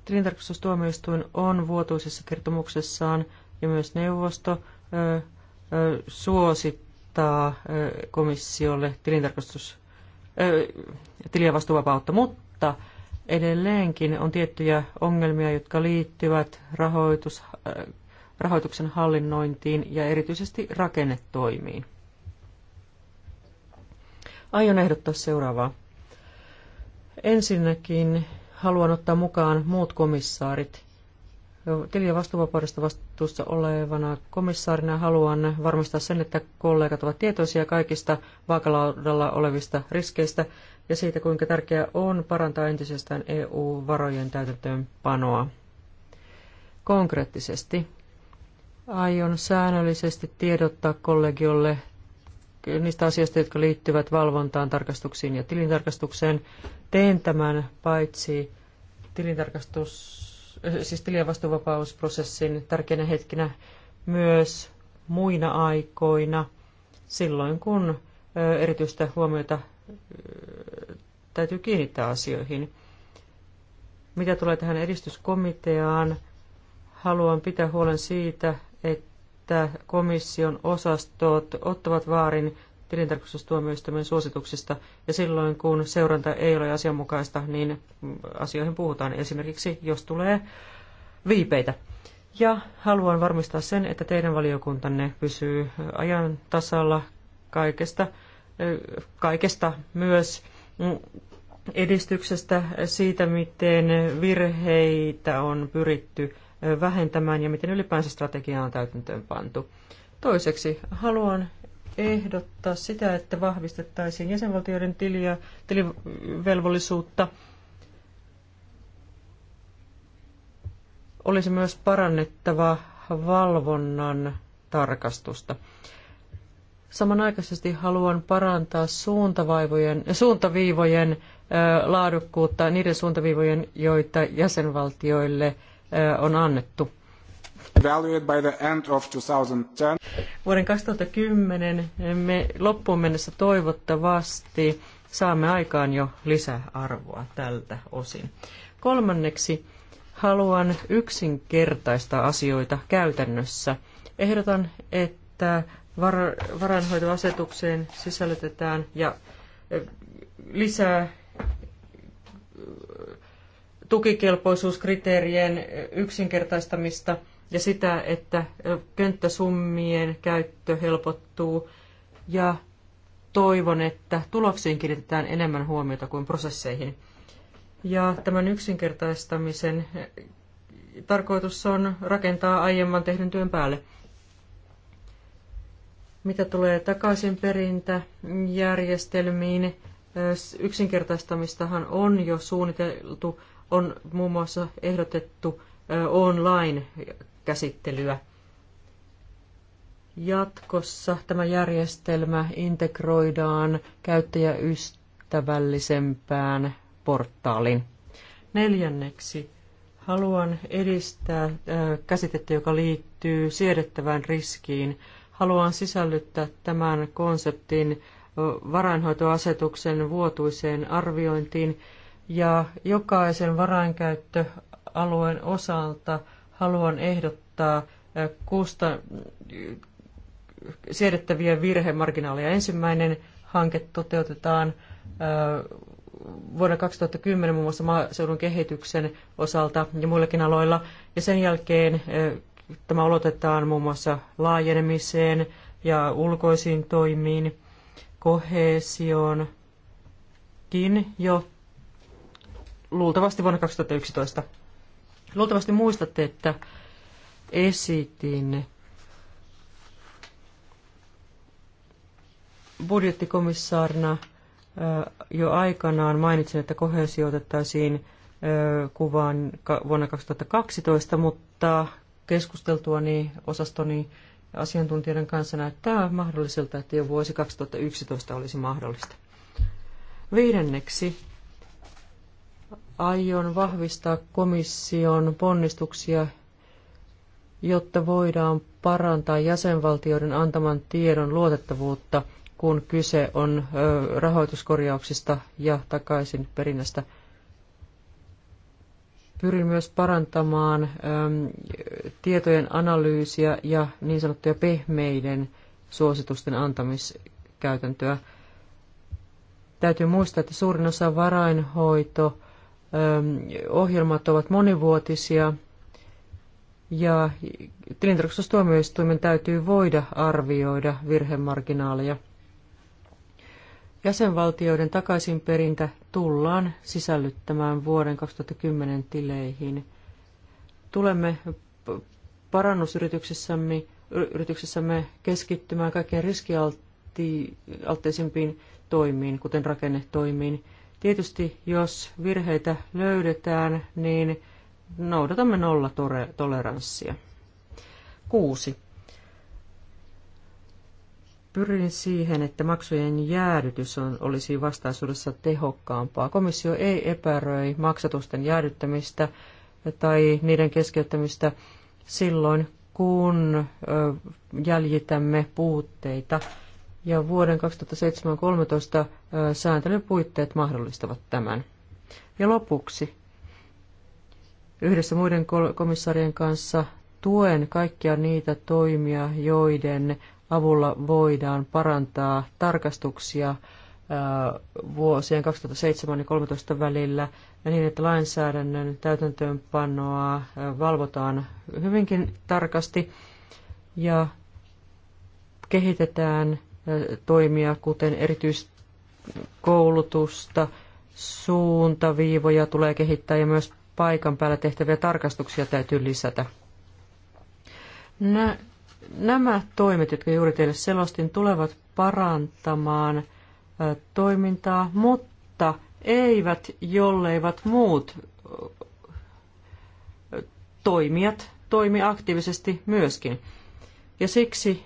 Tilintarkastustuomioistuin on vuotuisessa kertomuksessaan ja myös neuvosto äh, äh, suosittaa komissiolle tilintarkastus, tiliä vastuuvapautta, mutta Edelleenkin on tiettyjä ongelmia, jotka liittyvät rahoitus, äh, rahoituksen hallinnointiin ja erityisesti rakennetoimiin. Aion ehdottaa seuraavaa. Ensinnäkin haluan ottaa mukaan muut komissaarit. Tilia vastuuvapaudesta vastuussa olevana komissaarina haluan varmistaa sen, että kollegat ovat tietoisia kaikista vaakalaudalla olevista riskeistä ja siitä, kuinka tärkeää on parantaa entisestään EU-varojen täytäntöönpanoa. Konkreettisesti aion säännöllisesti tiedottaa kollegiolle niistä asioista, jotka liittyvät valvontaan, tarkastuksiin ja tilintarkastukseen. Teen tämän paitsi tilintarkastus, siis tilien vastuuvapausprosessin tärkeänä hetkinä myös muina aikoina, silloin kun erityistä huomiota täytyy kiinnittää asioihin. Mitä tulee tähän edistyskomiteaan, haluan pitää huolen siitä, että komission osastot ottavat vaarin tilintarkastustuomioistuimen suosituksista, ja silloin kun seuranta ei ole asianmukaista, niin asioihin puhutaan esimerkiksi, jos tulee viipeitä. Ja haluan varmistaa sen, että teidän valiokuntanne pysyy ajan tasalla kaikesta, kaikesta myös edistyksestä, siitä miten virheitä on pyritty vähentämään ja miten ylipäänsä strategiaa on täytäntöön pantu. Toiseksi haluan ehdottaa sitä, että vahvistettaisiin jäsenvaltioiden tiliä, tilivelvollisuutta. Olisi myös parannettava valvonnan tarkastusta. Samanaikaisesti haluan parantaa suuntavaivojen, suuntaviivojen laadukkuutta, niiden suuntaviivojen, joita jäsenvaltioille on annettu. By the end of 2010. Vuoden 2010 me loppuun mennessä toivottavasti saamme aikaan jo lisäarvoa tältä osin. Kolmanneksi haluan yksinkertaistaa asioita käytännössä. Ehdotan, että var- varainhoitoasetukseen sisällytetään ja lisää tukikelpoisuuskriteerien yksinkertaistamista ja sitä, että könttäsummien käyttö helpottuu ja toivon, että tuloksiin kiinnitetään enemmän huomiota kuin prosesseihin. Ja tämän yksinkertaistamisen tarkoitus on rakentaa aiemman tehdyn työn päälle – mitä tulee takaisinperintäjärjestelmiin, yksinkertaistamistahan on jo suunniteltu, on muun muassa ehdotettu online-käsittelyä. Jatkossa tämä järjestelmä integroidaan käyttäjäystävällisempään portaaliin. Neljänneksi haluan edistää käsitettä, joka liittyy siedettävään riskiin – haluan sisällyttää tämän konseptin varainhoitoasetuksen vuotuiseen arviointiin ja jokaisen varainkäyttöalueen osalta haluan ehdottaa kusta, siedettäviä virhemarginaaleja. Ensimmäinen hanke toteutetaan vuonna 2010 muun muassa maaseudun kehityksen osalta ja muillakin aloilla. Ja sen jälkeen Tämä ulotetaan muun muassa laajenemiseen ja ulkoisiin toimiin, kohesioonkin jo luultavasti vuonna 2011. Luultavasti muistatte, että esitin budjettikomissaarina jo aikanaan mainitsin, että kohesio otettaisiin kuvaan vuonna 2012, mutta keskusteltuani niin osastoni asiantuntijoiden kanssa näyttää mahdolliselta, että jo vuosi 2011 olisi mahdollista. Viidenneksi aion vahvistaa komission ponnistuksia, jotta voidaan parantaa jäsenvaltioiden antaman tiedon luotettavuutta, kun kyse on rahoituskorjauksista ja takaisin perinnästä Pyrin myös parantamaan äm, tietojen analyysiä ja niin sanottuja pehmeiden suositusten antamiskäytäntöä. Täytyy muistaa, että suurin osa varainhoito ähm, ohjelmat ovat monivuotisia ja tilintarkastustuomioistuimen täytyy voida arvioida virhemarginaaleja. Jäsenvaltioiden takaisinperintä tullaan sisällyttämään vuoden 2010 tileihin. Tulemme parannusyrityksissämme yrityksessämme keskittymään kaikkein riskialtteisimpiin toimiin, kuten rakennetoimiin. Tietysti jos virheitä löydetään, niin noudatamme nollatoleranssia. Kuusi. Pyrin siihen, että maksujen jäädytys on, olisi vastaisuudessa tehokkaampaa. Komissio ei epäröi maksatusten jäädyttämistä tai niiden keskeyttämistä silloin, kun jäljitämme puutteita. Ja vuoden 2007-2013 sääntelyn puitteet mahdollistavat tämän. Ja lopuksi, yhdessä muiden komissaarien kanssa tuen kaikkia niitä toimia, joiden avulla voidaan parantaa tarkastuksia vuosien 2007 ja 2013 välillä ja niin, että lainsäädännön täytäntöönpanoa valvotaan hyvinkin tarkasti ja kehitetään toimia, kuten erityiskoulutusta, suuntaviivoja tulee kehittää ja myös paikan päällä tehtäviä tarkastuksia täytyy lisätä. Nä, Nämä toimet, jotka juuri teille selostin, tulevat parantamaan toimintaa, mutta eivät, jolleivat muut toimijat toimi aktiivisesti myöskin. Ja siksi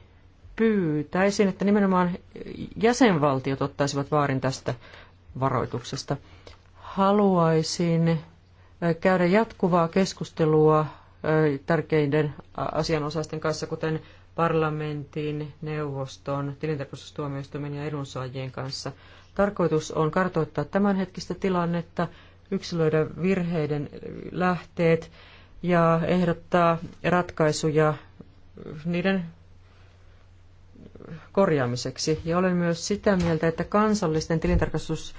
pyytäisin, että nimenomaan jäsenvaltiot ottaisivat vaarin tästä varoituksesta. Haluaisin käydä jatkuvaa keskustelua tärkeiden asianosaisten kanssa, kuten parlamentin, neuvoston, tilintarkastustuomioistuimen ja edunsaajien kanssa. Tarkoitus on kartoittaa tämänhetkistä tilannetta, yksilöidä virheiden lähteet ja ehdottaa ratkaisuja niiden korjaamiseksi. Ja olen myös sitä mieltä, että kansallisten tilintarkastus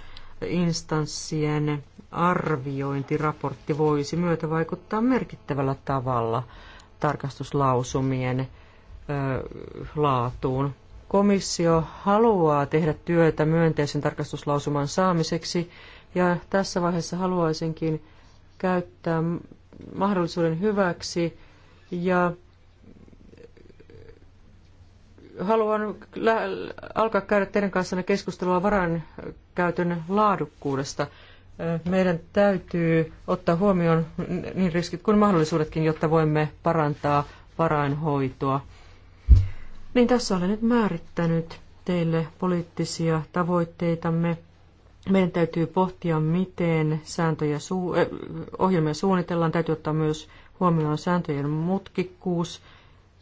instanssien arviointiraportti voisi myötä vaikuttaa merkittävällä tavalla tarkastuslausumien laatuun. Komissio haluaa tehdä työtä myönteisen tarkastuslausuman saamiseksi ja tässä vaiheessa haluaisinkin käyttää mahdollisuuden hyväksi ja haluan alkaa käydä teidän kanssanne keskustelua käytön laadukkuudesta. Meidän täytyy ottaa huomioon niin riskit kuin mahdollisuudetkin, jotta voimme parantaa varainhoitoa. Niin tässä olen nyt määrittänyt teille poliittisia tavoitteitamme. Meidän täytyy pohtia, miten sääntöjä su- eh, ohjelmia suunnitellaan. Täytyy ottaa myös huomioon sääntöjen mutkikkuus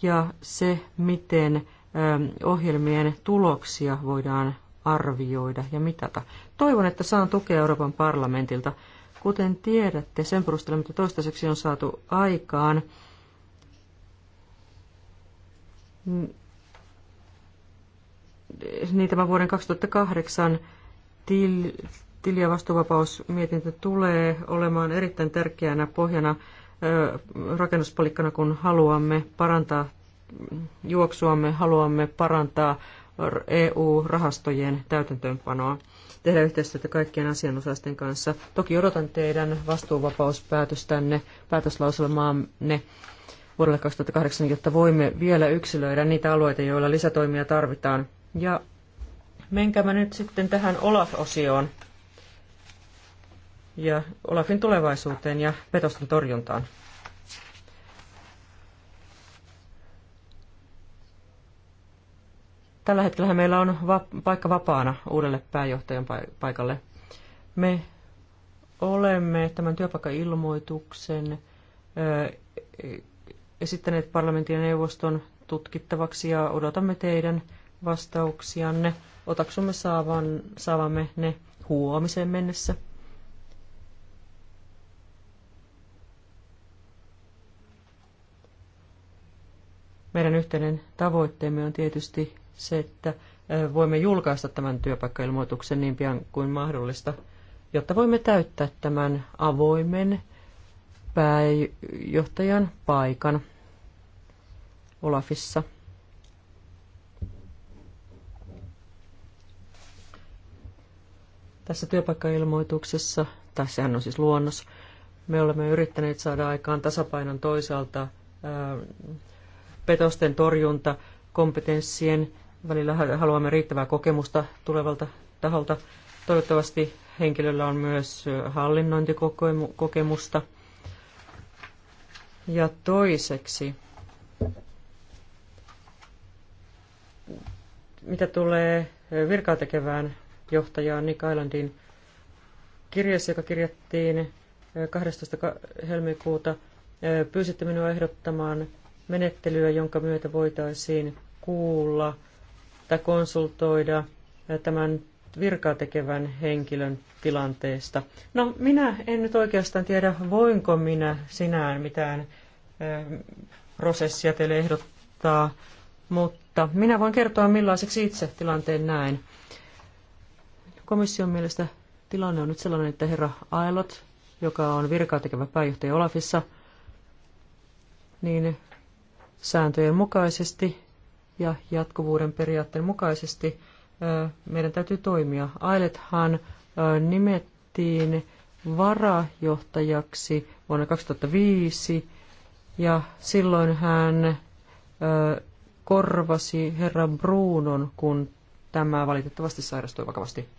ja se, miten ohjelmien tuloksia voidaan arvioida ja mitata. Toivon, että saan tukea Euroopan parlamentilta. Kuten tiedätte, sen perusteella, mitä toistaiseksi on saatu aikaan, niin tämä vuoden 2008 til, tili- ja vastuuvapausmietintö tulee olemaan erittäin tärkeänä pohjana rakennuspalikkana, kun haluamme parantaa juoksuamme haluamme parantaa EU-rahastojen täytäntöönpanoa, tehdä yhteistyötä kaikkien asianosaisten kanssa. Toki odotan teidän vastuuvapauspäätöstänne, päätöslauselmaanne vuodelle 2008, jotta voimme vielä yksilöidä niitä alueita, joilla lisätoimia tarvitaan. Ja menkäämme nyt sitten tähän Olaf-osioon ja Olafin tulevaisuuteen ja petosten torjuntaan. Tällä hetkellä meillä on va- paikka vapaana uudelle pääjohtajan paikalle. Me olemme tämän työpaikkailmoituksen esittäneet parlamentin ja neuvoston tutkittavaksi ja odotamme teidän vastauksianne. Otaksumme saavan, saavamme ne huomiseen mennessä. Meidän yhteinen tavoitteemme on tietysti se, että voimme julkaista tämän työpaikkailmoituksen niin pian kuin mahdollista, jotta voimme täyttää tämän avoimen pääjohtajan paikan Olafissa. Tässä työpaikkailmoituksessa, tai sehän on siis luonnos, me olemme yrittäneet saada aikaan tasapainon toisaalta ää, petosten torjunta kompetenssien Välillä haluamme riittävää kokemusta tulevalta taholta. Toivottavasti henkilöllä on myös hallinnointikokemusta. Ja toiseksi, mitä tulee virkaa tekevään johtajaan Nick Islandin kirjassa, joka kirjattiin 12. helmikuuta, pyysitte minua ehdottamaan menettelyä, jonka myötä voitaisiin kuulla – että konsultoida tämän virkaa tekevän henkilön tilanteesta. No, minä en nyt oikeastaan tiedä, voinko minä sinään mitään ähm, prosessia teille ehdottaa, mutta minä voin kertoa, millaiseksi itse tilanteen näen. Komission mielestä tilanne on nyt sellainen, että herra Ailot, joka on virkaa tekevä pääjohtaja Olafissa, niin sääntöjen mukaisesti ja jatkuvuuden periaatteen mukaisesti meidän täytyy toimia. Ailethan nimettiin varajohtajaksi vuonna 2005 ja silloin hän korvasi herra Brunon, kun tämä valitettavasti sairastui vakavasti.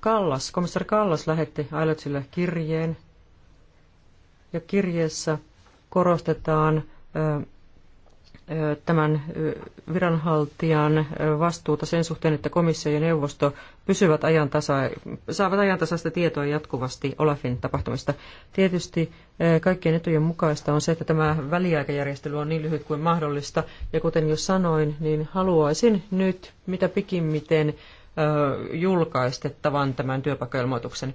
Kallas, komissari Kallas lähetti Ailetsille kirjeen ja kirjeessä korostetaan tämän viranhaltijan vastuuta sen suhteen, että komissio ja neuvosto pysyvät ajantasa, saavat ajantasaista tietoa jatkuvasti Olafin tapahtumista. Tietysti kaikkien etujen mukaista on se, että tämä väliaikajärjestely on niin lyhyt kuin mahdollista. Ja kuten jo sanoin, niin haluaisin nyt mitä pikimmiten julkaistettavan tämän työpaikkailmoituksen.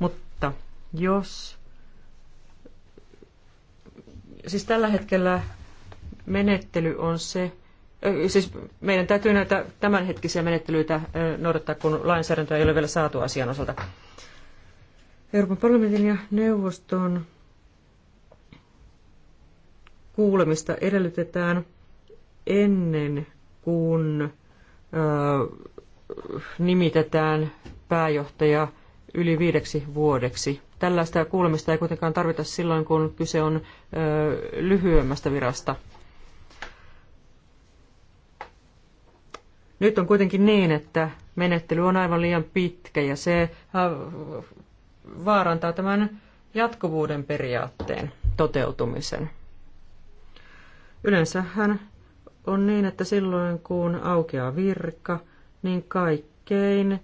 Mutta jos siis tällä hetkellä menettely on se, siis meidän täytyy näitä tämänhetkisiä menettelyitä noudattaa, kun lainsäädäntöä ei ole vielä saatu asian osalta. Euroopan parlamentin ja neuvoston kuulemista edellytetään ennen kuin nimitetään pääjohtaja yli viideksi vuodeksi. Tällaista kuulemista ei kuitenkaan tarvita silloin, kun kyse on lyhyemmästä virasta. Nyt on kuitenkin niin, että menettely on aivan liian pitkä ja se vaarantaa tämän jatkuvuuden periaatteen toteutumisen. Yleensähän on niin, että silloin kun aukeaa virka, niin kaikkein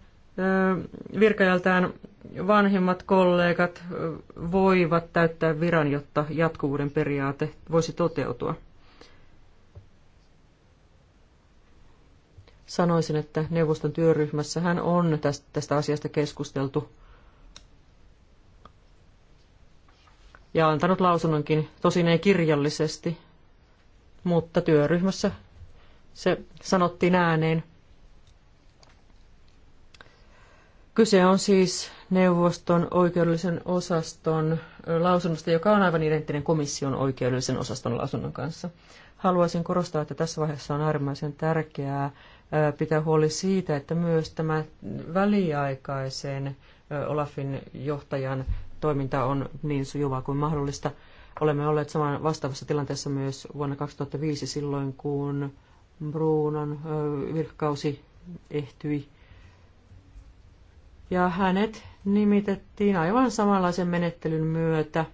virkajältään vanhemmat kollegat voivat täyttää viran, jotta jatkuvuuden periaate voisi toteutua. Sanoisin, että neuvoston työryhmässä hän on tästä, tästä asiasta keskusteltu ja antanut lausunnonkin, tosin ei kirjallisesti, mutta työryhmässä se sanottiin ääneen. Kyse on siis neuvoston oikeudellisen osaston lausunnosta, joka on aivan identtinen komission oikeudellisen osaston lausunnon kanssa. Haluaisin korostaa, että tässä vaiheessa on äärimmäisen tärkeää pitää huoli siitä, että myös tämä väliaikaisen Olafin johtajan toiminta on niin sujuvaa kuin mahdollista. Olemme olleet saman vastaavassa tilanteessa myös vuonna 2005 silloin, kun Bruno'n virkkausi ehtyi ja hänet nimitettiin aivan samanlaisen menettelyn myötä.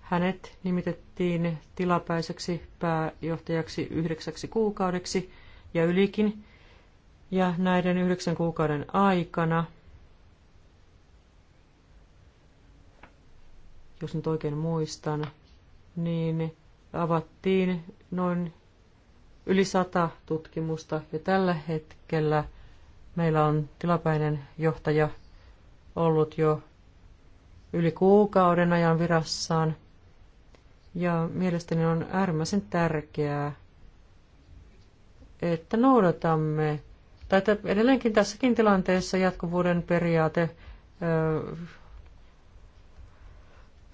Hänet nimitettiin tilapäiseksi pääjohtajaksi yhdeksäksi kuukaudeksi ja ylikin. Ja näiden yhdeksän kuukauden aikana, jos nyt oikein muistan, niin avattiin noin yli sata tutkimusta ja tällä hetkellä – Meillä on tilapäinen johtaja ollut jo yli kuukauden ajan virassaan. Ja mielestäni on äärimmäisen tärkeää, että noudatamme, tai että edelleenkin tässäkin tilanteessa jatkuvuuden periaate öö,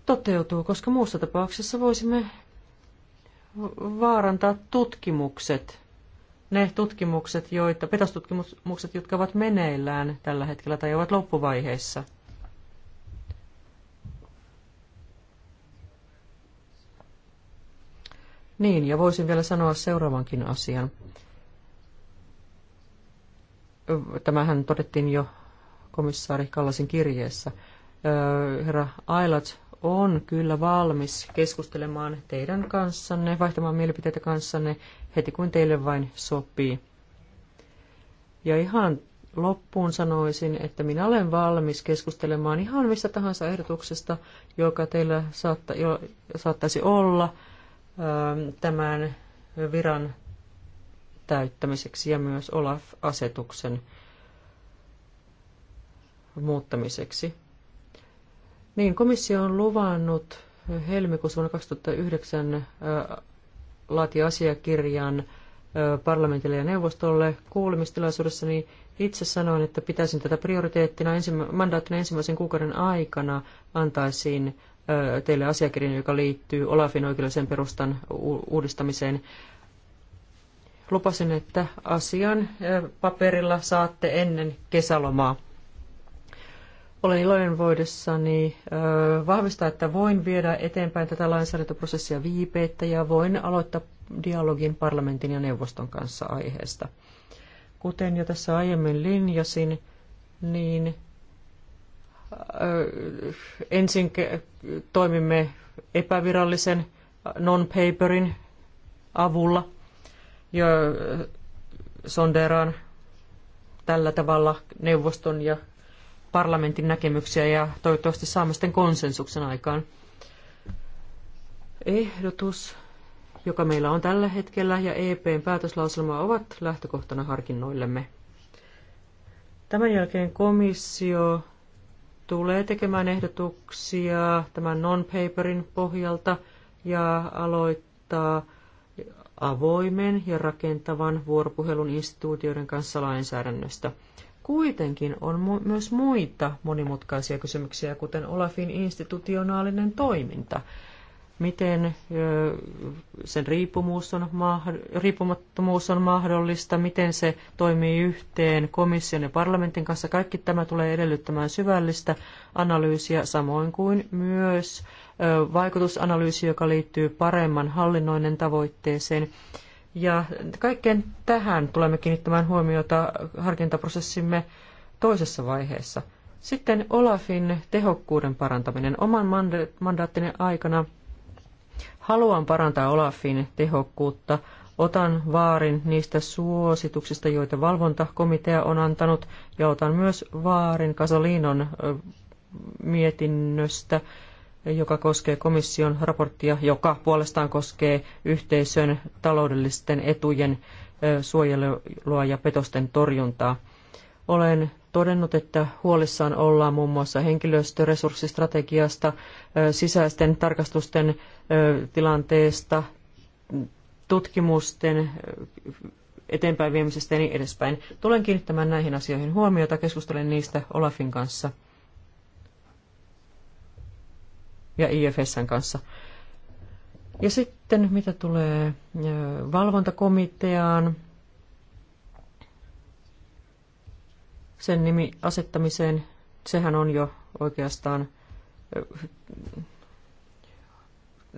toteutuu, koska muussa tapauksessa voisimme vaarantaa tutkimukset ne tutkimukset, joita, petostutkimukset, jotka ovat meneillään tällä hetkellä tai ovat loppuvaiheessa. Niin, ja voisin vielä sanoa seuraavankin asian. Tämähän todettiin jo komissaari Kallasin kirjeessä. Herra Ailat on kyllä valmis keskustelemaan teidän kanssanne, vaihtamaan mielipiteitä kanssanne heti kun teille vain sopii. Ja ihan loppuun sanoisin, että minä olen valmis keskustelemaan ihan mistä tahansa ehdotuksesta, joka teillä saatta, jo, saattaisi olla ähm, tämän viran täyttämiseksi ja myös Olaf-asetuksen muuttamiseksi. Niin, komissio on luvannut helmikuussa vuonna 2009 laati asiakirjan parlamentille ja neuvostolle kuulemistilaisuudessa, niin itse sanoin, että pitäisin tätä prioriteettina ensimmä, mandaattina ensimmäisen kuukauden aikana antaisin teille asiakirjan, joka liittyy Olafin oikeudellisen perustan uudistamiseen. Lupasin, että asian paperilla saatte ennen kesälomaa. Olen iloinen voidessani vahvistaa, että voin viedä eteenpäin tätä lainsäädäntöprosessia viipeettä ja voin aloittaa dialogin parlamentin ja neuvoston kanssa aiheesta. Kuten jo tässä aiemmin linjasin, niin ensin toimimme epävirallisen non-paperin avulla ja sonderaan tällä tavalla neuvoston ja parlamentin näkemyksiä ja toivottavasti saamme sitten konsensuksen aikaan. Ehdotus, joka meillä on tällä hetkellä, ja EPn päätöslauselma ovat lähtökohtana harkinnoillemme. Tämän jälkeen komissio tulee tekemään ehdotuksia tämän non-paperin pohjalta ja aloittaa avoimen ja rakentavan vuoropuhelun instituutioiden kanssa lainsäädännöstä – Kuitenkin on myös muita monimutkaisia kysymyksiä, kuten Olafin institutionaalinen toiminta. Miten sen riippumus on riippumattomuus on mahdollista, miten se toimii yhteen komission ja parlamentin kanssa. Kaikki tämä tulee edellyttämään syvällistä analyysiä, samoin kuin myös vaikutusanalyysi, joka liittyy paremman hallinnoinnin tavoitteeseen. Ja kaikkeen tähän tulemme kiinnittämään huomiota harkintaprosessimme toisessa vaiheessa. Sitten Olafin tehokkuuden parantaminen. Oman mandaattinen aikana haluan parantaa Olafin tehokkuutta. Otan vaarin niistä suosituksista, joita valvontakomitea on antanut, ja otan myös vaarin Kasalinon mietinnöstä, joka koskee komission raporttia, joka puolestaan koskee yhteisön taloudellisten etujen suojelua ja petosten torjuntaa. Olen todennut, että huolissaan ollaan muun muassa henkilöstöresurssistrategiasta, sisäisten tarkastusten tilanteesta, tutkimusten eteenpäin viemisestä ja niin edespäin. Tulen kiinnittämään näihin asioihin huomiota, keskustelen niistä Olafin kanssa – ja IFSn kanssa. Ja sitten mitä tulee valvontakomiteaan, sen nimi asettamiseen, sehän on jo oikeastaan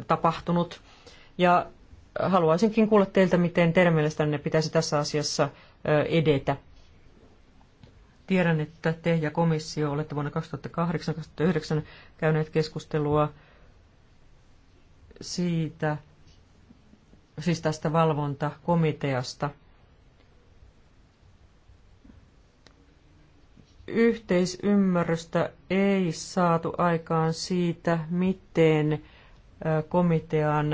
tapahtunut. Ja haluaisinkin kuulla teiltä, miten teidän mielestänne pitäisi tässä asiassa edetä. Tiedän, että te ja komissio olette vuonna 2008-2009 käyneet keskustelua siitä, siis tästä valvontakomiteasta. Yhteisymmärrystä ei saatu aikaan siitä, miten komitean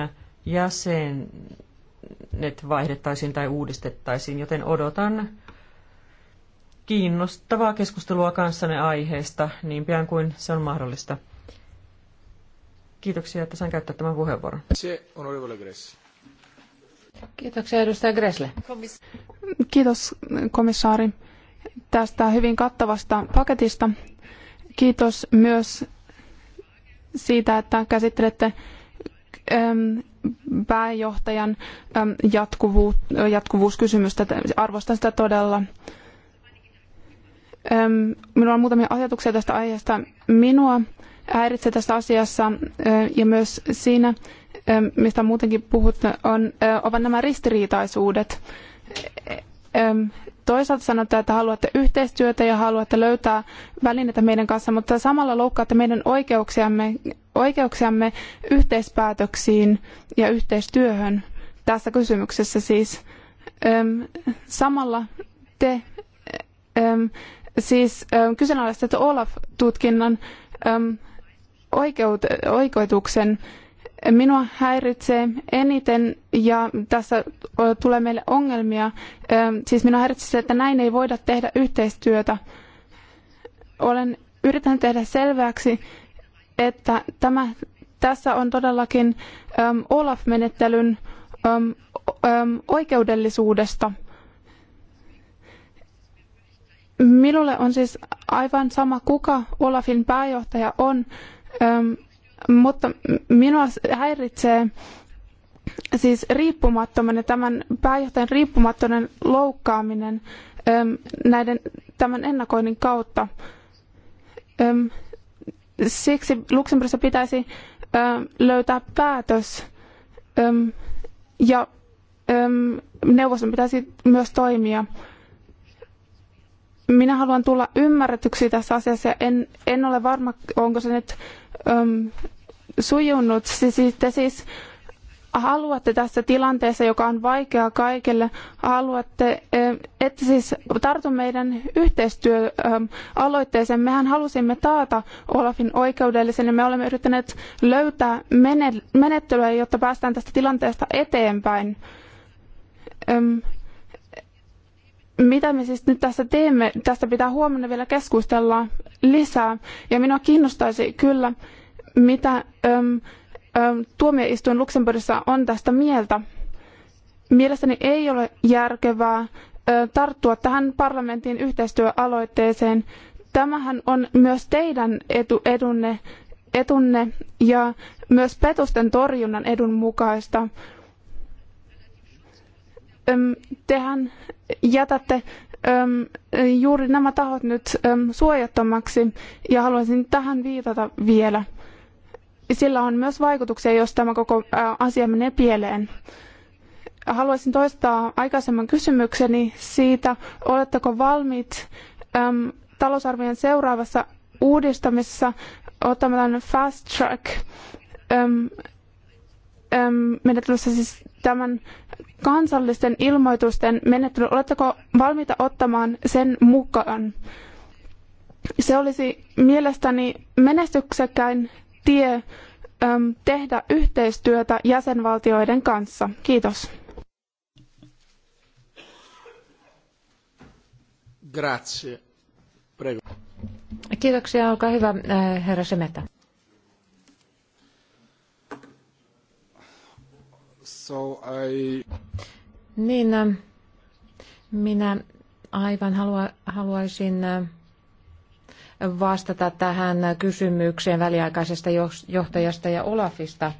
jäsenet vaihdettaisiin tai uudistettaisiin, joten odotan kiinnostavaa keskustelua kanssanne aiheesta niin pian kuin se on mahdollista. Kiitoksia, että sain käyttää tämän puheenvuoron. Se on Kiitoksia edustaja Gressle. Kiitos komissaari tästä hyvin kattavasta paketista. Kiitos myös siitä, että käsittelette ähm, pääjohtajan ähm, jatkuvuuskysymystä. Arvostan sitä todella. Minulla on muutamia ajatuksia tästä aiheesta. Minua häiritsee tässä asiassa ja myös siinä, mistä muutenkin puhut, on, ovat nämä ristiriitaisuudet. Toisaalta sanotaan, että haluatte yhteistyötä ja haluatte löytää välineitä meidän kanssa, mutta samalla loukkaatte meidän oikeuksiamme, oikeuksiamme yhteispäätöksiin ja yhteistyöhön tässä kysymyksessä siis. Samalla te siis äm, kyseenalaistettu Olaf-tutkinnan ähm, oikeut- oikeutuksen. Minua häiritsee eniten ja tässä tulee meille ongelmia. Ähm, siis minua häiritsee se, että näin ei voida tehdä yhteistyötä. Olen yrittänyt tehdä selväksi, että tämä, tässä on todellakin ähm, Olaf-menettelyn oikeudellisuudesta – Minulle on siis aivan sama, kuka Olafin pääjohtaja on, ähm, mutta minua häiritsee siis riippumattoman ja tämän pääjohtajan riippumattoman loukkaaminen ähm, näiden, tämän ennakoinnin kautta. Ähm, siksi Luxemburgissa pitäisi löytää päätös ja neuvoston pitäisi myös toimia minä haluan tulla ymmärretyksi tässä asiassa ja en, en ole varma, onko se nyt äm, sujunut. Siis, te siis haluatte tässä tilanteessa, joka on vaikea kaikille, haluatte, että siis tartu meidän yhteistyöaloitteeseen. Mehän halusimme taata Olafin oikeudellisen ja me olemme yrittäneet löytää menettelyä, jotta päästään tästä tilanteesta eteenpäin mitä me siis nyt tässä teemme, tästä pitää huomenna vielä keskustella lisää. Ja minua kiinnostaisi kyllä, mitä äm, äm, tuomioistuin Luxemburgissa on tästä mieltä. Mielestäni ei ole järkevää tarttua tähän parlamentin yhteistyöaloitteeseen. Tämähän on myös teidän etu, edunne, etunne ja myös petosten torjunnan edun mukaista tehän jätätte juuri nämä tahot nyt suojattomaksi ja haluaisin tähän viitata vielä. Sillä on myös vaikutuksia, jos tämä koko asia menee pieleen. Haluaisin toistaa aikaisemman kysymykseni siitä, oletteko valmiit talousarvion seuraavassa uudistamisessa ottamaan fast track menettelyssä siis tämän kansallisten ilmoitusten menettelyn? Oletteko valmiita ottamaan sen mukaan? Se olisi mielestäni menestyksekkäin tie tehdä yhteistyötä jäsenvaltioiden kanssa. Kiitos. Grazie. Prego. Kiitoksia, olkaa hyvä, äh, herra Semeta. So I... Niin, äh, minä aivan halua, haluaisin äh, vastata tähän kysymykseen väliaikaisesta johtajasta ja Olafista.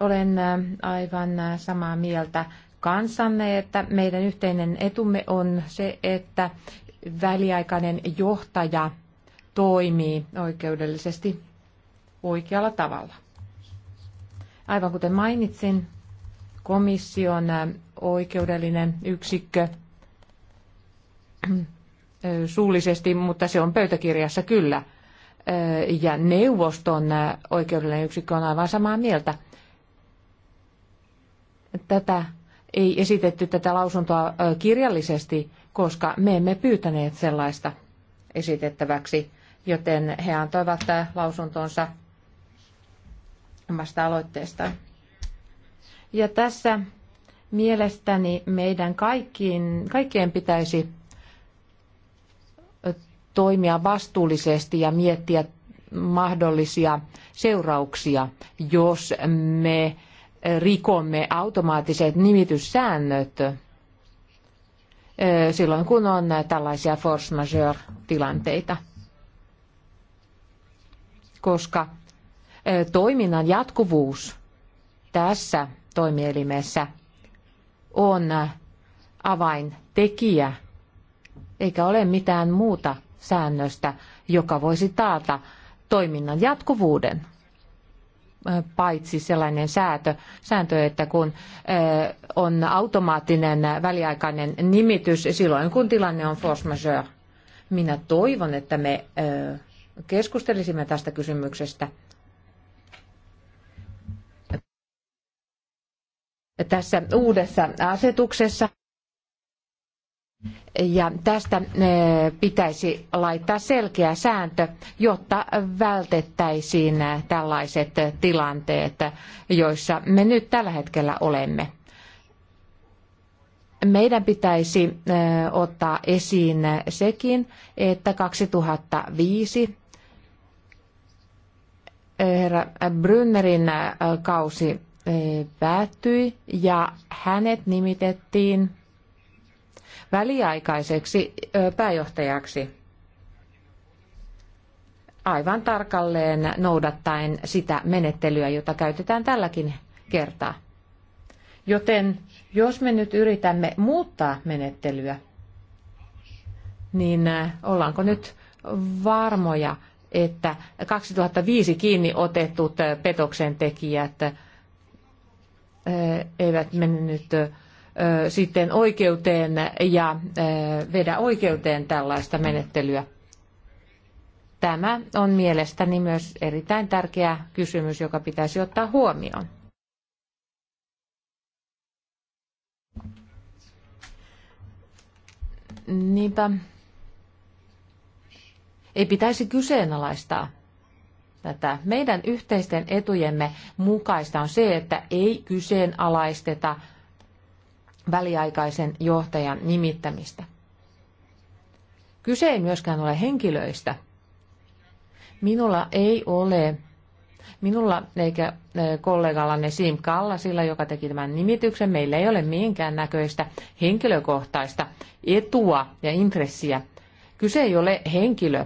Olen äh, aivan samaa mieltä kanssanne, että meidän yhteinen etumme on se, että väliaikainen johtaja toimii oikeudellisesti oikealla tavalla. Aivan kuten mainitsin, komission oikeudellinen yksikkö suullisesti, mutta se on pöytäkirjassa kyllä. Ja neuvoston oikeudellinen yksikkö on aivan samaa mieltä. Tätä ei esitetty tätä lausuntoa kirjallisesti, koska me emme pyytäneet sellaista esitettäväksi, joten he antoivat lausuntonsa omasta aloitteestaan. Ja tässä mielestäni meidän kaikkiin, kaikkien pitäisi toimia vastuullisesti ja miettiä mahdollisia seurauksia, jos me rikomme automaattiset nimityssäännöt silloin, kun on tällaisia force majeure-tilanteita. Koska toiminnan jatkuvuus tässä toimielimessä on avaintekijä, eikä ole mitään muuta säännöstä, joka voisi taata toiminnan jatkuvuuden. Paitsi sellainen säätö, sääntö, että kun on automaattinen väliaikainen nimitys silloin, kun tilanne on force majeure. Minä toivon, että me keskustelisimme tästä kysymyksestä tässä uudessa asetuksessa. Ja tästä eh, pitäisi laittaa selkeä sääntö, jotta vältettäisiin eh, tällaiset tilanteet, joissa me nyt tällä hetkellä olemme. Meidän pitäisi eh, ottaa esiin sekin, että 2005 herra Brynnerin kausi päättyi ja hänet nimitettiin väliaikaiseksi pääjohtajaksi aivan tarkalleen noudattaen sitä menettelyä, jota käytetään tälläkin kertaa. Joten jos me nyt yritämme muuttaa menettelyä, niin ollaanko nyt varmoja, että 2005 kiinni otetut petoksen tekijät Eh, eivät mennyt eh, sitten oikeuteen ja eh, vedä oikeuteen tällaista menettelyä. Tämä on mielestäni myös erittäin tärkeä kysymys, joka pitäisi ottaa huomioon. Niinpä. Ei pitäisi kyseenalaistaa tätä. Meidän yhteisten etujemme mukaista on se, että ei kyseenalaisteta väliaikaisen johtajan nimittämistä. Kyse ei myöskään ole henkilöistä. Minulla ei ole, minulla eikä e, kollegallanne Sim Kallasilla, joka teki tämän nimityksen, meillä ei ole minkään näköistä henkilökohtaista etua ja intressiä. Kyse ei ole henkilö,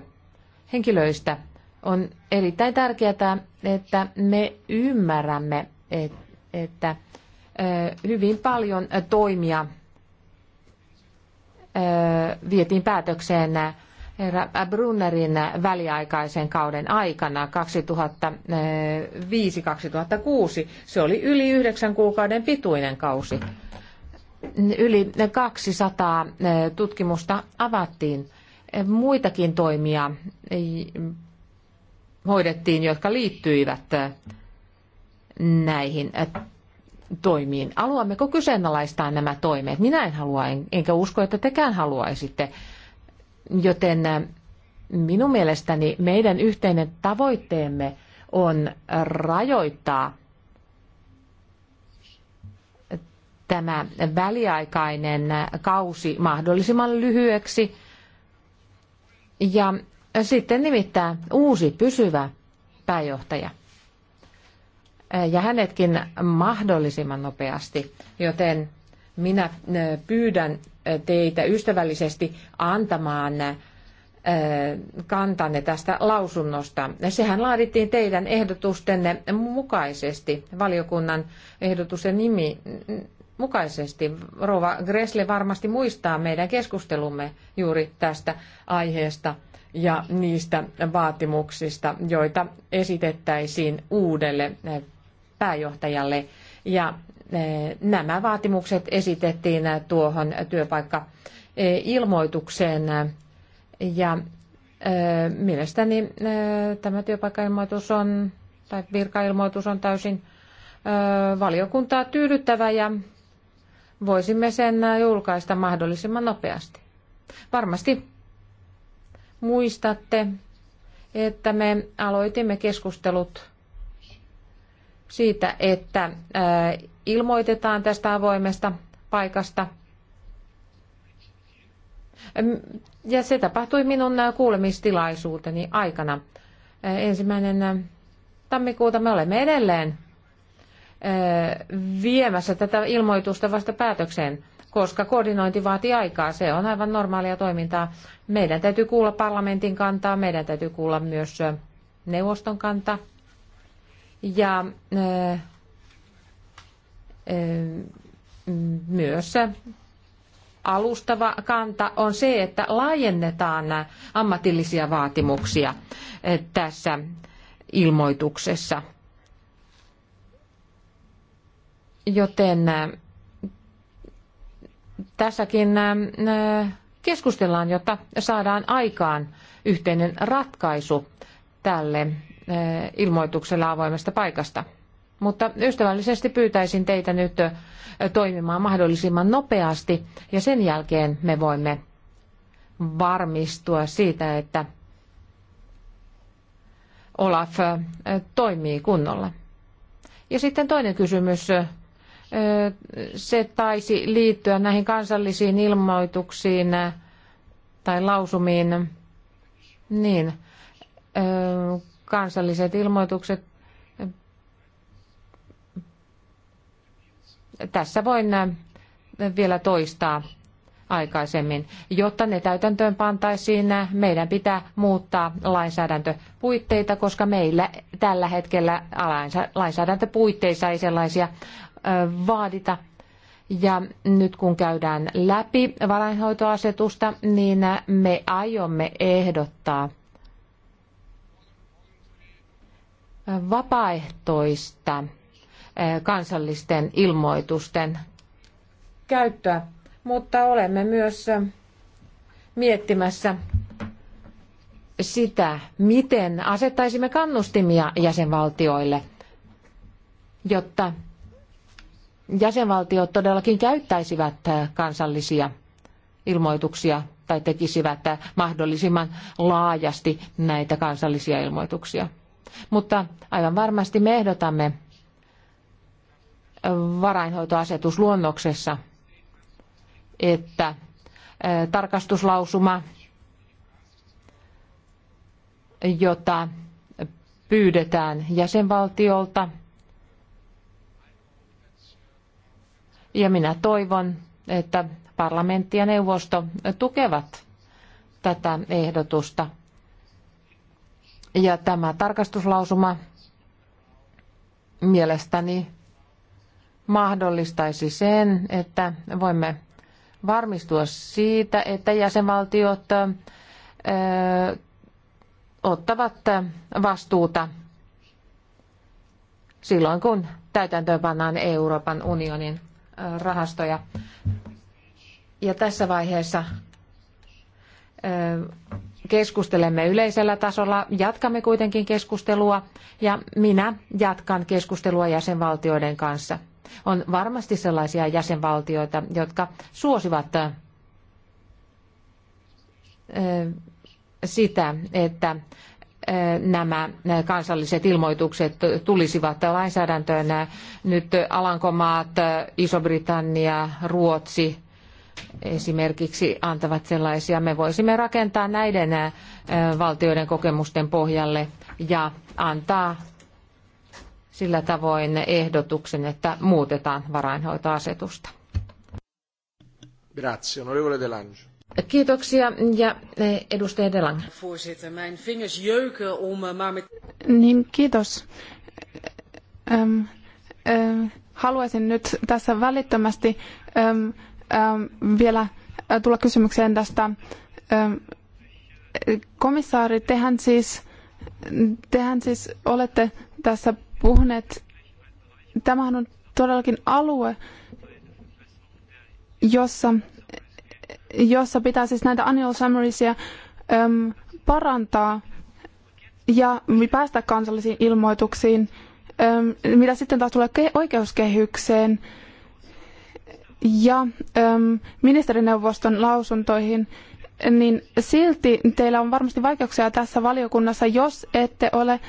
henkilöistä, on erittäin tärkeää, että me ymmärrämme, että hyvin paljon toimia vietiin päätökseen herra Brunnerin väliaikaisen kauden aikana 2005-2006. Se oli yli yhdeksän kuukauden pituinen kausi. Yli 200 tutkimusta avattiin. Muitakin toimia hoidettiin, jotka liittyivät äh, näihin äh, toimiin. Haluammeko kyseenalaistaa nämä toimet? Minä en halua, enkä usko, että tekään haluaisitte. Joten äh, minun mielestäni meidän yhteinen tavoitteemme on rajoittaa tämä väliaikainen kausi mahdollisimman lyhyeksi ja sitten nimittää uusi pysyvä pääjohtaja. Ja hänetkin mahdollisimman nopeasti, joten minä pyydän teitä ystävällisesti antamaan kantanne tästä lausunnosta. Sehän laadittiin teidän ehdotustenne mukaisesti, valiokunnan ehdotusten nimi mukaisesti. Rova Gresle varmasti muistaa meidän keskustelumme juuri tästä aiheesta ja niistä vaatimuksista, joita esitettäisiin uudelle eh, pääjohtajalle. Ja eh, nämä vaatimukset esitettiin eh, tuohon työpaikkailmoitukseen ja mielestäni tämä työpaikkailmoitus on, tai virkailmoitus on täysin valiokuntaa tyydyttävä ja voisimme sen julkaista mahdollisimman nopeasti. Varmasti Muistatte, että me aloitimme keskustelut siitä, että ilmoitetaan tästä avoimesta paikasta. Ja se tapahtui minun kuulemistilaisuuteni aikana. Ensimmäinen tammikuuta me olemme edelleen viemässä tätä ilmoitusta vasta päätökseen koska koordinointi vaatii aikaa. Se on aivan normaalia toimintaa. Meidän täytyy kuulla parlamentin kantaa, meidän täytyy kuulla myös neuvoston kanta. Ja myös alustava kanta on se, että laajennetaan ammatillisia vaatimuksia tässä ilmoituksessa. Joten tässäkin ähm, äh, keskustellaan, jotta saadaan aikaan yhteinen ratkaisu tälle äh, ilmoituksella avoimesta paikasta. Mutta ystävällisesti pyytäisin teitä nyt äh, toimimaan mahdollisimman nopeasti ja sen jälkeen me voimme varmistua siitä, että Olaf toimii kunnolla. Ja sitten toinen kysymys se taisi liittyä näihin kansallisiin ilmoituksiin tai lausumiin. Niin, kansalliset ilmoitukset. Tässä voin vielä toistaa aikaisemmin. Jotta ne täytäntöön pantaisiin, meidän pitää muuttaa lainsäädäntöpuitteita, koska meillä tällä hetkellä lainsäädäntöpuitteissa ei sellaisia vaadita. Ja nyt kun käydään läpi varainhoitoasetusta, niin me aiomme ehdottaa vapaaehtoista kansallisten ilmoitusten käyttöä, mutta olemme myös miettimässä sitä, miten asettaisimme kannustimia jäsenvaltioille, jotta jäsenvaltiot todellakin käyttäisivät kansallisia ilmoituksia tai tekisivät mahdollisimman laajasti näitä kansallisia ilmoituksia. Mutta aivan varmasti me ehdotamme varainhoitoasetusluonnoksessa, että tarkastuslausuma, jota pyydetään jäsenvaltiolta – Ja minä toivon, että parlamentti ja neuvosto tukevat tätä ehdotusta. Ja tämä tarkastuslausuma mielestäni mahdollistaisi sen, että voimme varmistua siitä, että jäsenvaltiot ottavat vastuuta silloin, kun pannaan Euroopan unionin rahastoja. Ja tässä vaiheessa keskustelemme yleisellä tasolla, jatkamme kuitenkin keskustelua ja minä jatkan keskustelua jäsenvaltioiden kanssa. On varmasti sellaisia jäsenvaltioita, jotka suosivat sitä, että nämä kansalliset ilmoitukset tulisivat lainsäädäntöön. Nyt Alankomaat, Iso-Britannia, Ruotsi esimerkiksi antavat sellaisia. Me voisimme rakentaa näiden valtioiden kokemusten pohjalle ja antaa sillä tavoin ehdotuksen, että muutetaan varainhoitoasetusta. Grazie, onorevole Delange. Kiitoksia ja eh, edustaja Delang. Voorzitter, mijn vingers jeuken om eh, maar met... Niin, kiitos. Ähm, ähm, haluaisin nyt tässä välittömästi ähm, ähm, vielä eh, tulla kysymykseen tästä. Ähm, komissaari, tehän siis, tehän siis olette tässä puhuneet, tämähän on todellakin alue, jossa jossa pitää siis näitä annual summariesia ähm, parantaa ja päästä kansallisiin ilmoituksiin, ähm, mitä sitten taas tulee oikeuskehykseen ja ähm, ministerineuvoston lausuntoihin, niin silti teillä on varmasti vaikeuksia tässä valiokunnassa, jos ette ole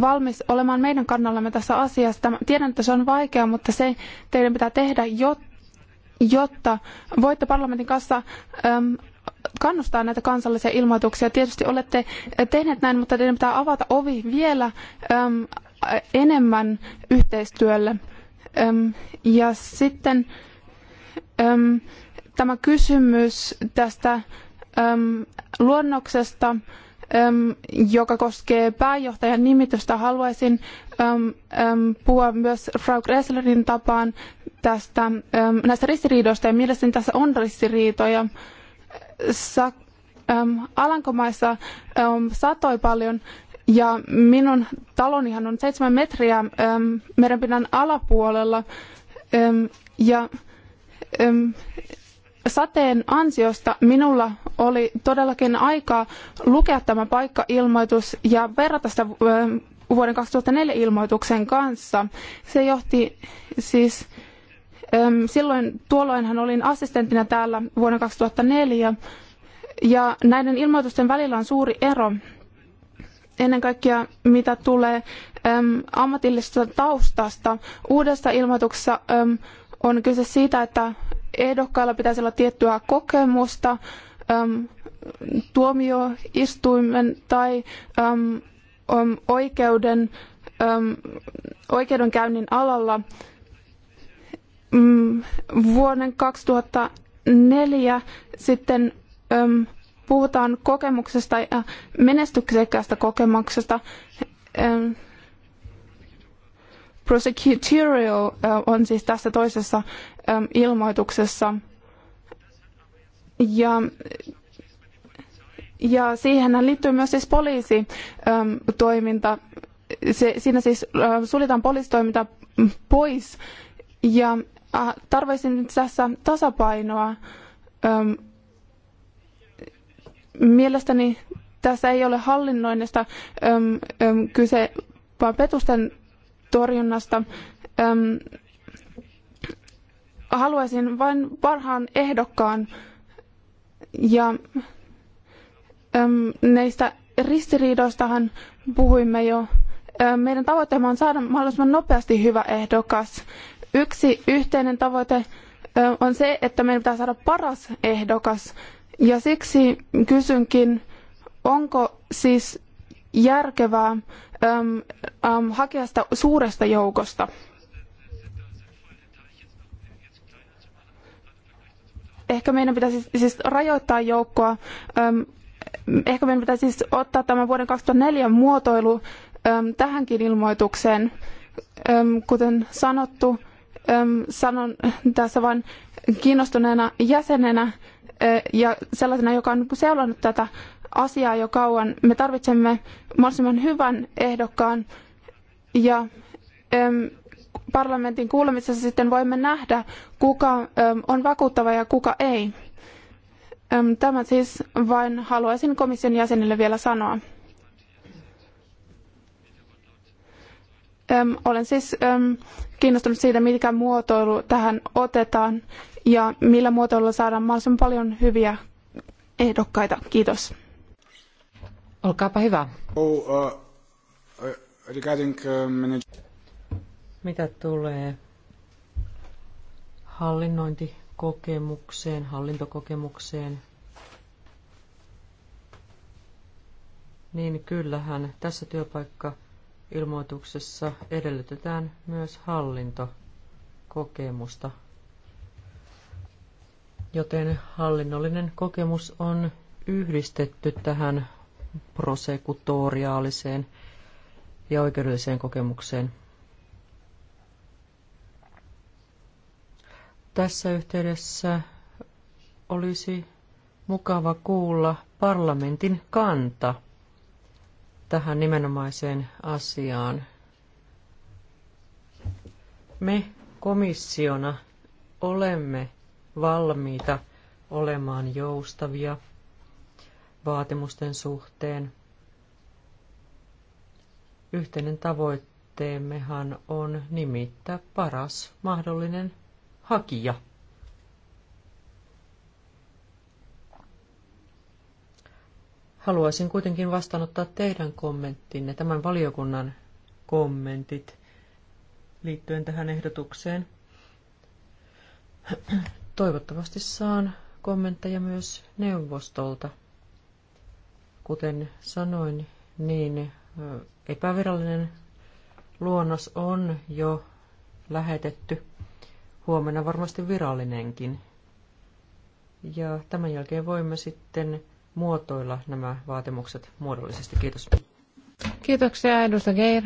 valmis olemaan meidän kannallamme tässä asiassa. Tiedän, että se on vaikeaa, mutta se teidän pitää tehdä, jotta jotta voitte parlamentin kanssa ähm, kannustaa näitä kansallisia ilmoituksia. Tietysti olette tehneet näin, mutta teidän pitää avata ovi vielä ähm, enemmän yhteistyölle. Ähm, ja sitten tämä kysymys tästä luonnoksesta, joka koskee pääjohtajan nimitystä, haluaisin puhua myös Frau Gresslerin tapaan tästä, ähm, näistä ristiriidoista ja mielestäni tässä on ristiriitoja. Sa, ähm, Alankomaissa ähm, satoi paljon ja minun talonihan on seitsemän metriä merenpinnan alapuolella ja sateen ansiosta minulla oli todellakin aikaa lukea tämä paikkailmoitus ja verrata sitä vuoden 2004 ilmoituksen kanssa. Se johti siis Silloin tuolloinhan olin assistenttina täällä vuonna 2004 ja näiden ilmoitusten välillä on suuri ero. Ennen kaikkea mitä tulee ammatillisesta taustasta. Uudessa ilmoituksessa on kyse siitä, että ehdokkailla pitäisi olla tiettyä kokemusta tuomioistuimen tai oikeuden, oikeudenkäynnin alalla. Mm, vuoden 2004 sitten mm, puhutaan kokemuksesta ja menestyksekkäästä kokemuksesta. Mm, prosecutorial äh, on siis tässä toisessa ähm, ilmoituksessa. Ja, ja siihen liittyy myös siis poliisitoiminta. Ähm, Se, siinä siis äh, suljetaan poliisitoiminta pois. Ja tarvitsin tässä tasapainoa. Mielestäni tässä ei ole hallinnoinnista kyse, vaan petusten torjunnasta. Haluaisin vain parhaan ehdokkaan ja näistä ristiriidoistahan puhuimme jo. Meidän tavoitteemme on saada mahdollisimman nopeasti hyvä ehdokas Yksi yhteinen tavoite on se, että meidän pitää saada paras ehdokas. Ja siksi kysynkin, onko siis järkevää äm, äm, hakea sitä suuresta joukosta? Ehkä meidän pitäisi siis rajoittaa joukkoa. Äm, ehkä meidän pitäisi siis ottaa tämä vuoden 2004 muotoilu äm, tähänkin ilmoitukseen. Äm, kuten sanottu, sanon tässä vain kiinnostuneena jäsenenä ja sellaisena, joka on seurannut tätä asiaa jo kauan. Me tarvitsemme mahdollisimman hyvän ehdokkaan ja parlamentin kuulemisessa sitten voimme nähdä, kuka on vakuuttava ja kuka ei. Tämä siis vain haluaisin komission jäsenille vielä sanoa. Öm, olen siis öm, kiinnostunut siitä, mikä muotoilu tähän otetaan ja millä muotoilulla saadaan mahdollisimman paljon hyviä ehdokkaita. Kiitos. Olkaapa hyvä. Oh, uh, uh, uh, Mitä tulee hallinnointikokemukseen, hallintokokemukseen, niin kyllähän tässä työpaikka ilmoituksessa edellytetään myös hallintokokemusta, joten hallinnollinen kokemus on yhdistetty tähän prosekutoriaaliseen ja oikeudelliseen kokemukseen. Tässä yhteydessä olisi mukava kuulla parlamentin kanta tähän nimenomaiseen asiaan. Me komissiona olemme valmiita olemaan joustavia vaatimusten suhteen. Yhteinen tavoitteemmehan on nimittää paras mahdollinen hakija. Haluaisin kuitenkin vastaanottaa teidän kommenttinne, tämän valiokunnan kommentit liittyen tähän ehdotukseen. Toivottavasti saan kommentteja myös neuvostolta. Kuten sanoin, niin epävirallinen luonnos on jo lähetetty. Huomenna varmasti virallinenkin. Ja tämän jälkeen voimme sitten muotoilla nämä vaatimukset muodollisesti. Kiitos. Kiitoksia, edustaja Geir.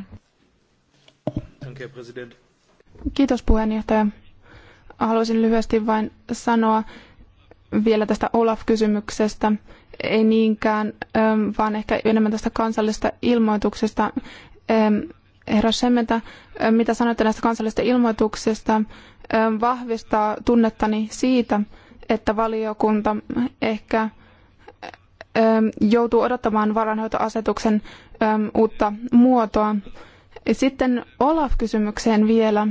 Kiitos puheenjohtaja. Haluaisin lyhyesti vain sanoa vielä tästä Olaf-kysymyksestä. Ei niinkään, ähm, vaan ehkä enemmän tästä kansallisesta ilmoituksesta. Ähm, herra Semmetä, äh, mitä sanoitte näistä kansallisista ilmoituksista, ähm, vahvistaa tunnettani siitä, että valiokunta ehkä joutuu odottamaan varainhoitoasetuksen uutta muotoa. Sitten Olaf-kysymykseen vielä.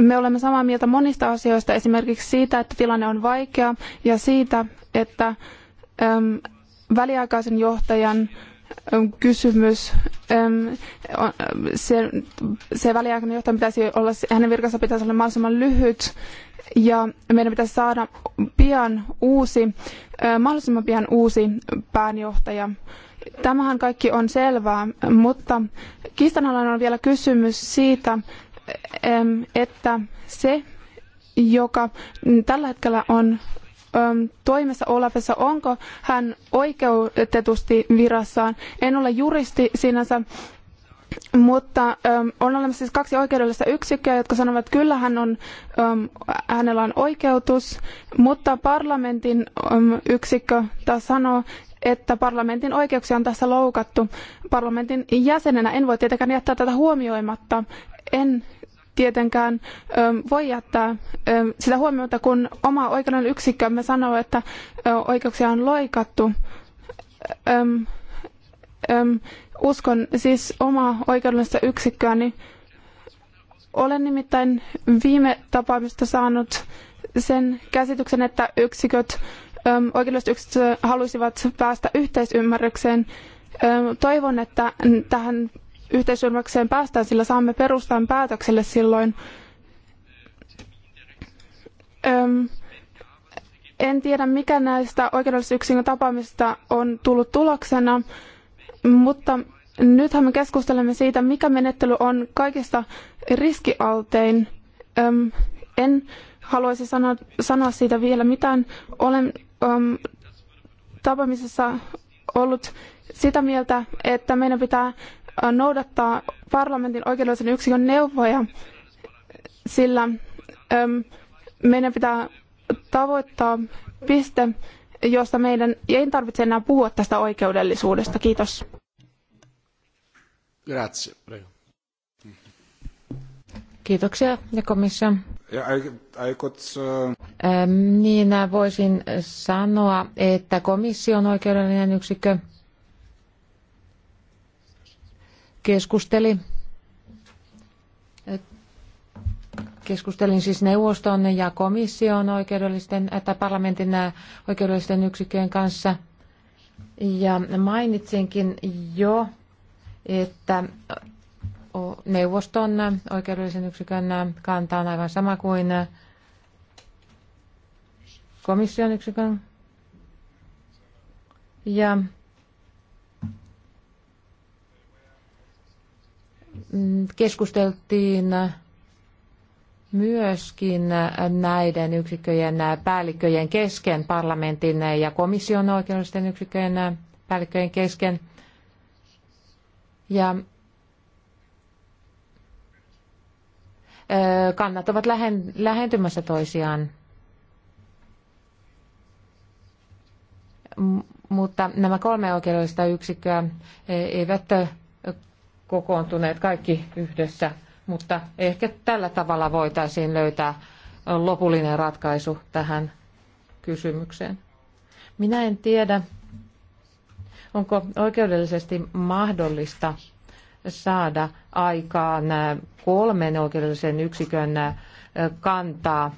Me olemme samaa mieltä monista asioista, esimerkiksi siitä, että tilanne on vaikea ja siitä, että väliaikaisen johtajan kysymys. Se, se väliaikainen johtaja pitäisi olla, hänen virkansa pitäisi olla mahdollisimman lyhyt ja meidän pitäisi saada pian uusi, mahdollisimman pian uusi pääjohtaja. Tämähän kaikki on selvää, mutta kiistanalainen on vielä kysymys siitä, että se, joka tällä hetkellä on toimessa olevessa onko hän oikeutetusti virassaan. En ole juristi sinänsä, mutta on olemassa siis kaksi oikeudellista yksikköä, jotka sanovat, että kyllä hän on, hänellä on oikeutus, mutta parlamentin yksikkö taas sanoo, että parlamentin oikeuksia on tässä loukattu. Parlamentin jäsenenä en voi tietenkään jättää tätä huomioimatta. En tietenkään voi jättää sitä huomiota, kun oma oikeuden yksikkömme sanoo, että oikeuksia on loikattu. Uskon siis omaa oikeudellista yksikköäni. Niin olen nimittäin viime tapaamista saanut sen käsityksen, että yksiköt, oikeudelliset yksiköt haluaisivat päästä yhteisymmärrykseen. Toivon, että tähän yhteisymmärrykseen päästään, sillä saamme perustan päätökselle silloin. Öm, en tiedä, mikä näistä oikeudellisyksikön tapaamista on tullut tuloksena, mutta nythän me keskustelemme siitä, mikä menettely on kaikista riskialtein. Öm, en haluaisi sanoa, sanoa siitä vielä mitään. Olen öm, tapaamisessa ollut sitä mieltä, että meidän pitää noudattaa parlamentin oikeudellisen yksikön neuvoja, sillä meidän pitää tavoittaa piste, josta meidän ei tarvitse enää puhua tästä oikeudellisuudesta. Kiitos. Grazie. Prego. Kiitoksia ja komissio. Uh, niin äh, voisin sanoa, että komission oikeudellinen yksikkö keskusteli. Keskustelin siis neuvoston ja komission oikeudellisten, että parlamentin oikeudellisten yksikköjen kanssa. Ja mainitsinkin jo, että neuvoston oikeudellisen yksikön kanta on aivan sama kuin komission yksikön. Ja Mm, keskusteltiin myöskin näiden yksikköjen päällikköjen kesken, parlamentin ja komission oikeudellisten yksikköjen päällikköjen kesken. Ja kannat ovat lähentymässä toisiaan. mutta nämä kolme oikeudellista yksikköä e, eivät kokoontuneet kaikki yhdessä, mutta ehkä tällä tavalla voitaisiin löytää lopullinen ratkaisu tähän kysymykseen. Minä en tiedä, onko oikeudellisesti mahdollista saada aikaan kolmen oikeudellisen yksikön kantaa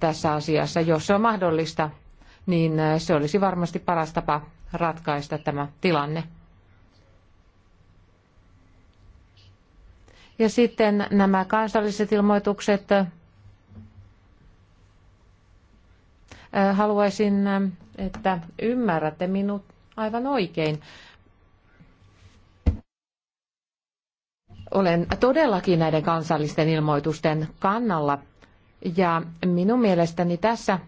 tässä asiassa. Jos se on mahdollista, niin se olisi varmasti paras tapa ratkaista tämä tilanne. Ja sitten nämä kansalliset ilmoitukset. Haluaisin, että ymmärrätte minut aivan oikein. Olen todellakin näiden kansallisten ilmoitusten kannalla. Ja minun mielestäni tässä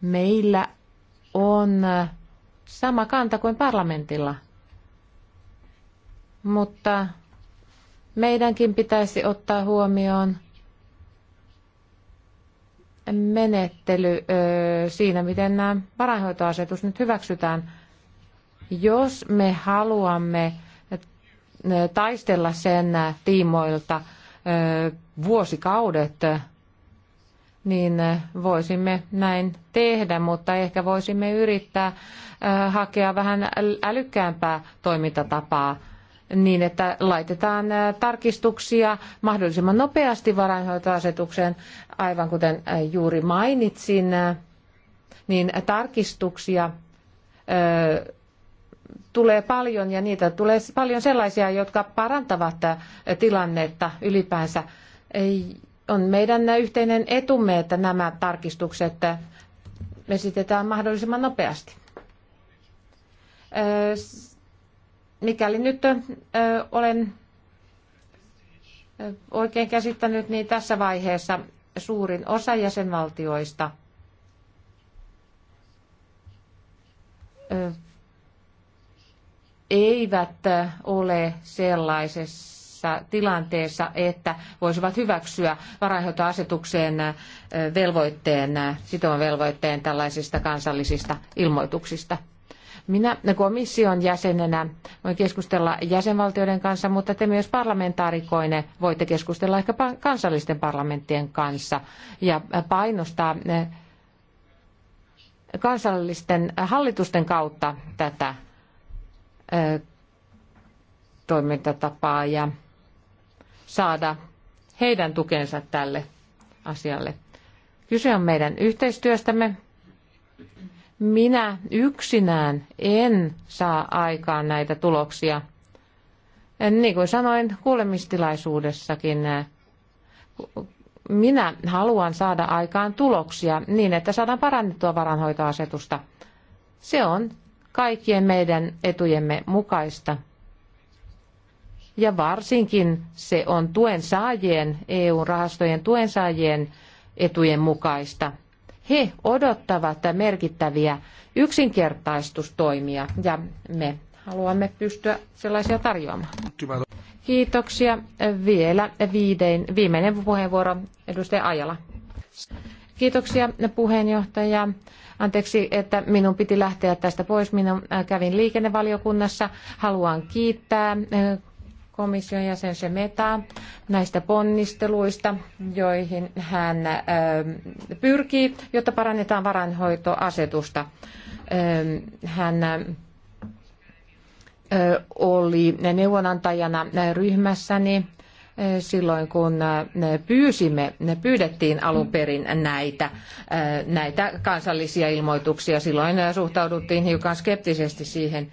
meillä on sama kanta kuin parlamentilla. Mutta meidänkin pitäisi ottaa huomioon menettely siinä, miten nämä varainhoitoasetus nyt hyväksytään. Jos me haluamme taistella sen tiimoilta vuosikaudet, niin voisimme näin tehdä, mutta ehkä voisimme yrittää hakea vähän älykkäämpää toimintatapaa niin, että laitetaan tarkistuksia mahdollisimman nopeasti varainhoitoasetukseen, aivan kuten juuri mainitsin, niin tarkistuksia tulee paljon ja niitä tulee paljon sellaisia, jotka parantavat tilannetta ylipäänsä. On meidän yhteinen etumme, että nämä tarkistukset esitetään mahdollisimman nopeasti mikäli nyt ö, olen oikein käsittänyt, niin tässä vaiheessa suurin osa jäsenvaltioista ö, eivät ole sellaisessa tilanteessa, että voisivat hyväksyä varainhoitoasetukseen velvoitteen, sitovan velvoitteen tällaisista kansallisista ilmoituksista. Minä komission jäsenenä voin keskustella jäsenvaltioiden kanssa, mutta te myös parlamentaarikoine voitte keskustella ehkä kansallisten parlamenttien kanssa ja painostaa eh, kansallisten hallitusten kautta tätä eh, toimintatapaa ja saada heidän tukensa tälle asialle. Kyse on meidän yhteistyöstämme minä yksinään en saa aikaan näitä tuloksia. Niin kuin sanoin kuulemistilaisuudessakin, minä haluan saada aikaan tuloksia niin, että saadaan parannettua varanhoitoasetusta. Se on kaikkien meidän etujemme mukaista. Ja varsinkin se on tuen saajien, EU-rahastojen tuen saajien etujen mukaista. He odottavat merkittäviä yksinkertaistustoimia ja me haluamme pystyä sellaisia tarjoamaan. Kiitoksia. Vielä viidein, viimeinen puheenvuoro, edustaja Ajala. Kiitoksia puheenjohtaja. Anteeksi, että minun piti lähteä tästä pois. Minä äh, kävin liikennevaliokunnassa. Haluan kiittää äh, komission jäsen Semeta näistä ponnisteluista, joihin hän pyrkii, jotta parannetaan varainhoitoasetusta. Hän oli neuvonantajana ryhmässäni silloin, kun pyysimme, pyydettiin alun perin näitä, näitä kansallisia ilmoituksia. Silloin suhtauduttiin hiukan skeptisesti siihen.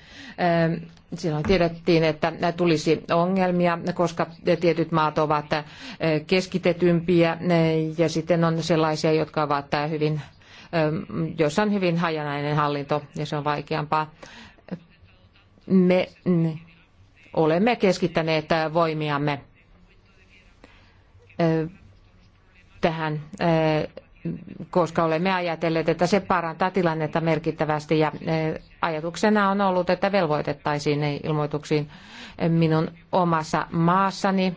Silloin tiedettiin, että tulisi ongelmia, koska tietyt maat ovat keskitetympiä ja sitten on sellaisia, jotka ovat hyvin, joissa on hyvin hajanainen hallinto ja se on vaikeampaa. Me olemme keskittäneet voimiamme tähän, koska olemme ajatelleet, että se parantaa tilannetta merkittävästi ja ajatuksena on ollut, että velvoitettaisiin ilmoituksiin minun omassa maassani,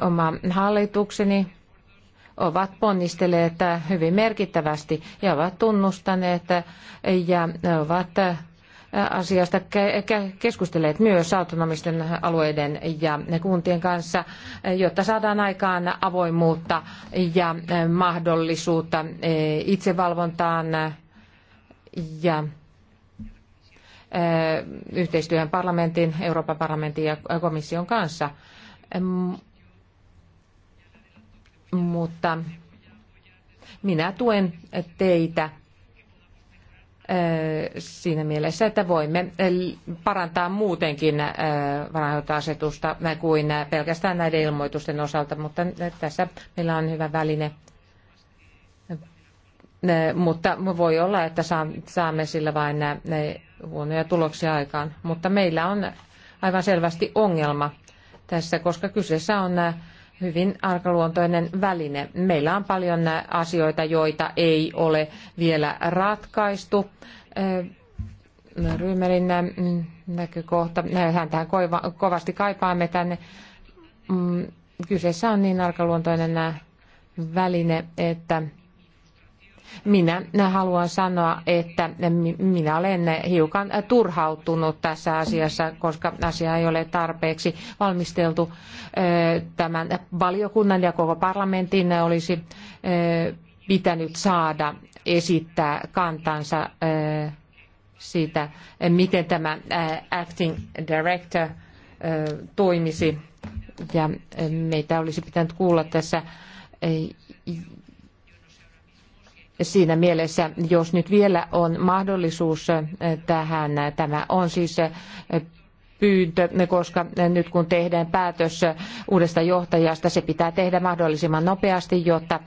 oma hallitukseni ovat ponnistelleet hyvin merkittävästi ja ovat tunnustaneet ja ovat asiasta keskustelleet myös autonomisten alueiden ja kuntien kanssa, jotta saadaan aikaan avoimuutta ja mahdollisuutta e, itsevalvontaan ja e, yhteistyöhön parlamentin, Euroopan parlamentin ja komission kanssa. Mutta minä tuen teitä siinä mielessä, että voimme parantaa muutenkin varainhoitoasetusta kuin pelkästään näiden ilmoitusten osalta, mutta tässä meillä on hyvä väline. Mutta voi olla, että saamme sillä vain huonoja tuloksia aikaan. Mutta meillä on aivan selvästi ongelma tässä, koska kyseessä on hyvin arkaluontoinen väline. Meillä on paljon asioita, joita ei ole vielä ratkaistu. Ryhmelin näkökohta, hän tähän kovasti kaipaamme tänne. Mm, kyseessä on niin arkaluontoinen väline, että minä haluan sanoa, että minä olen hiukan turhautunut tässä asiassa, koska asia ei ole tarpeeksi valmisteltu. Tämän valiokunnan ja koko parlamentin olisi pitänyt saada esittää kantansa siitä, miten tämä acting director toimisi. Ja meitä olisi pitänyt kuulla tässä siinä mielessä, jos nyt vielä on mahdollisuus äh, tähän, äh, tämä on siis äh, pyyntö, koska nyt kun tehdään päätös uudesta johtajasta, se pitää tehdä mahdollisimman nopeasti, jotta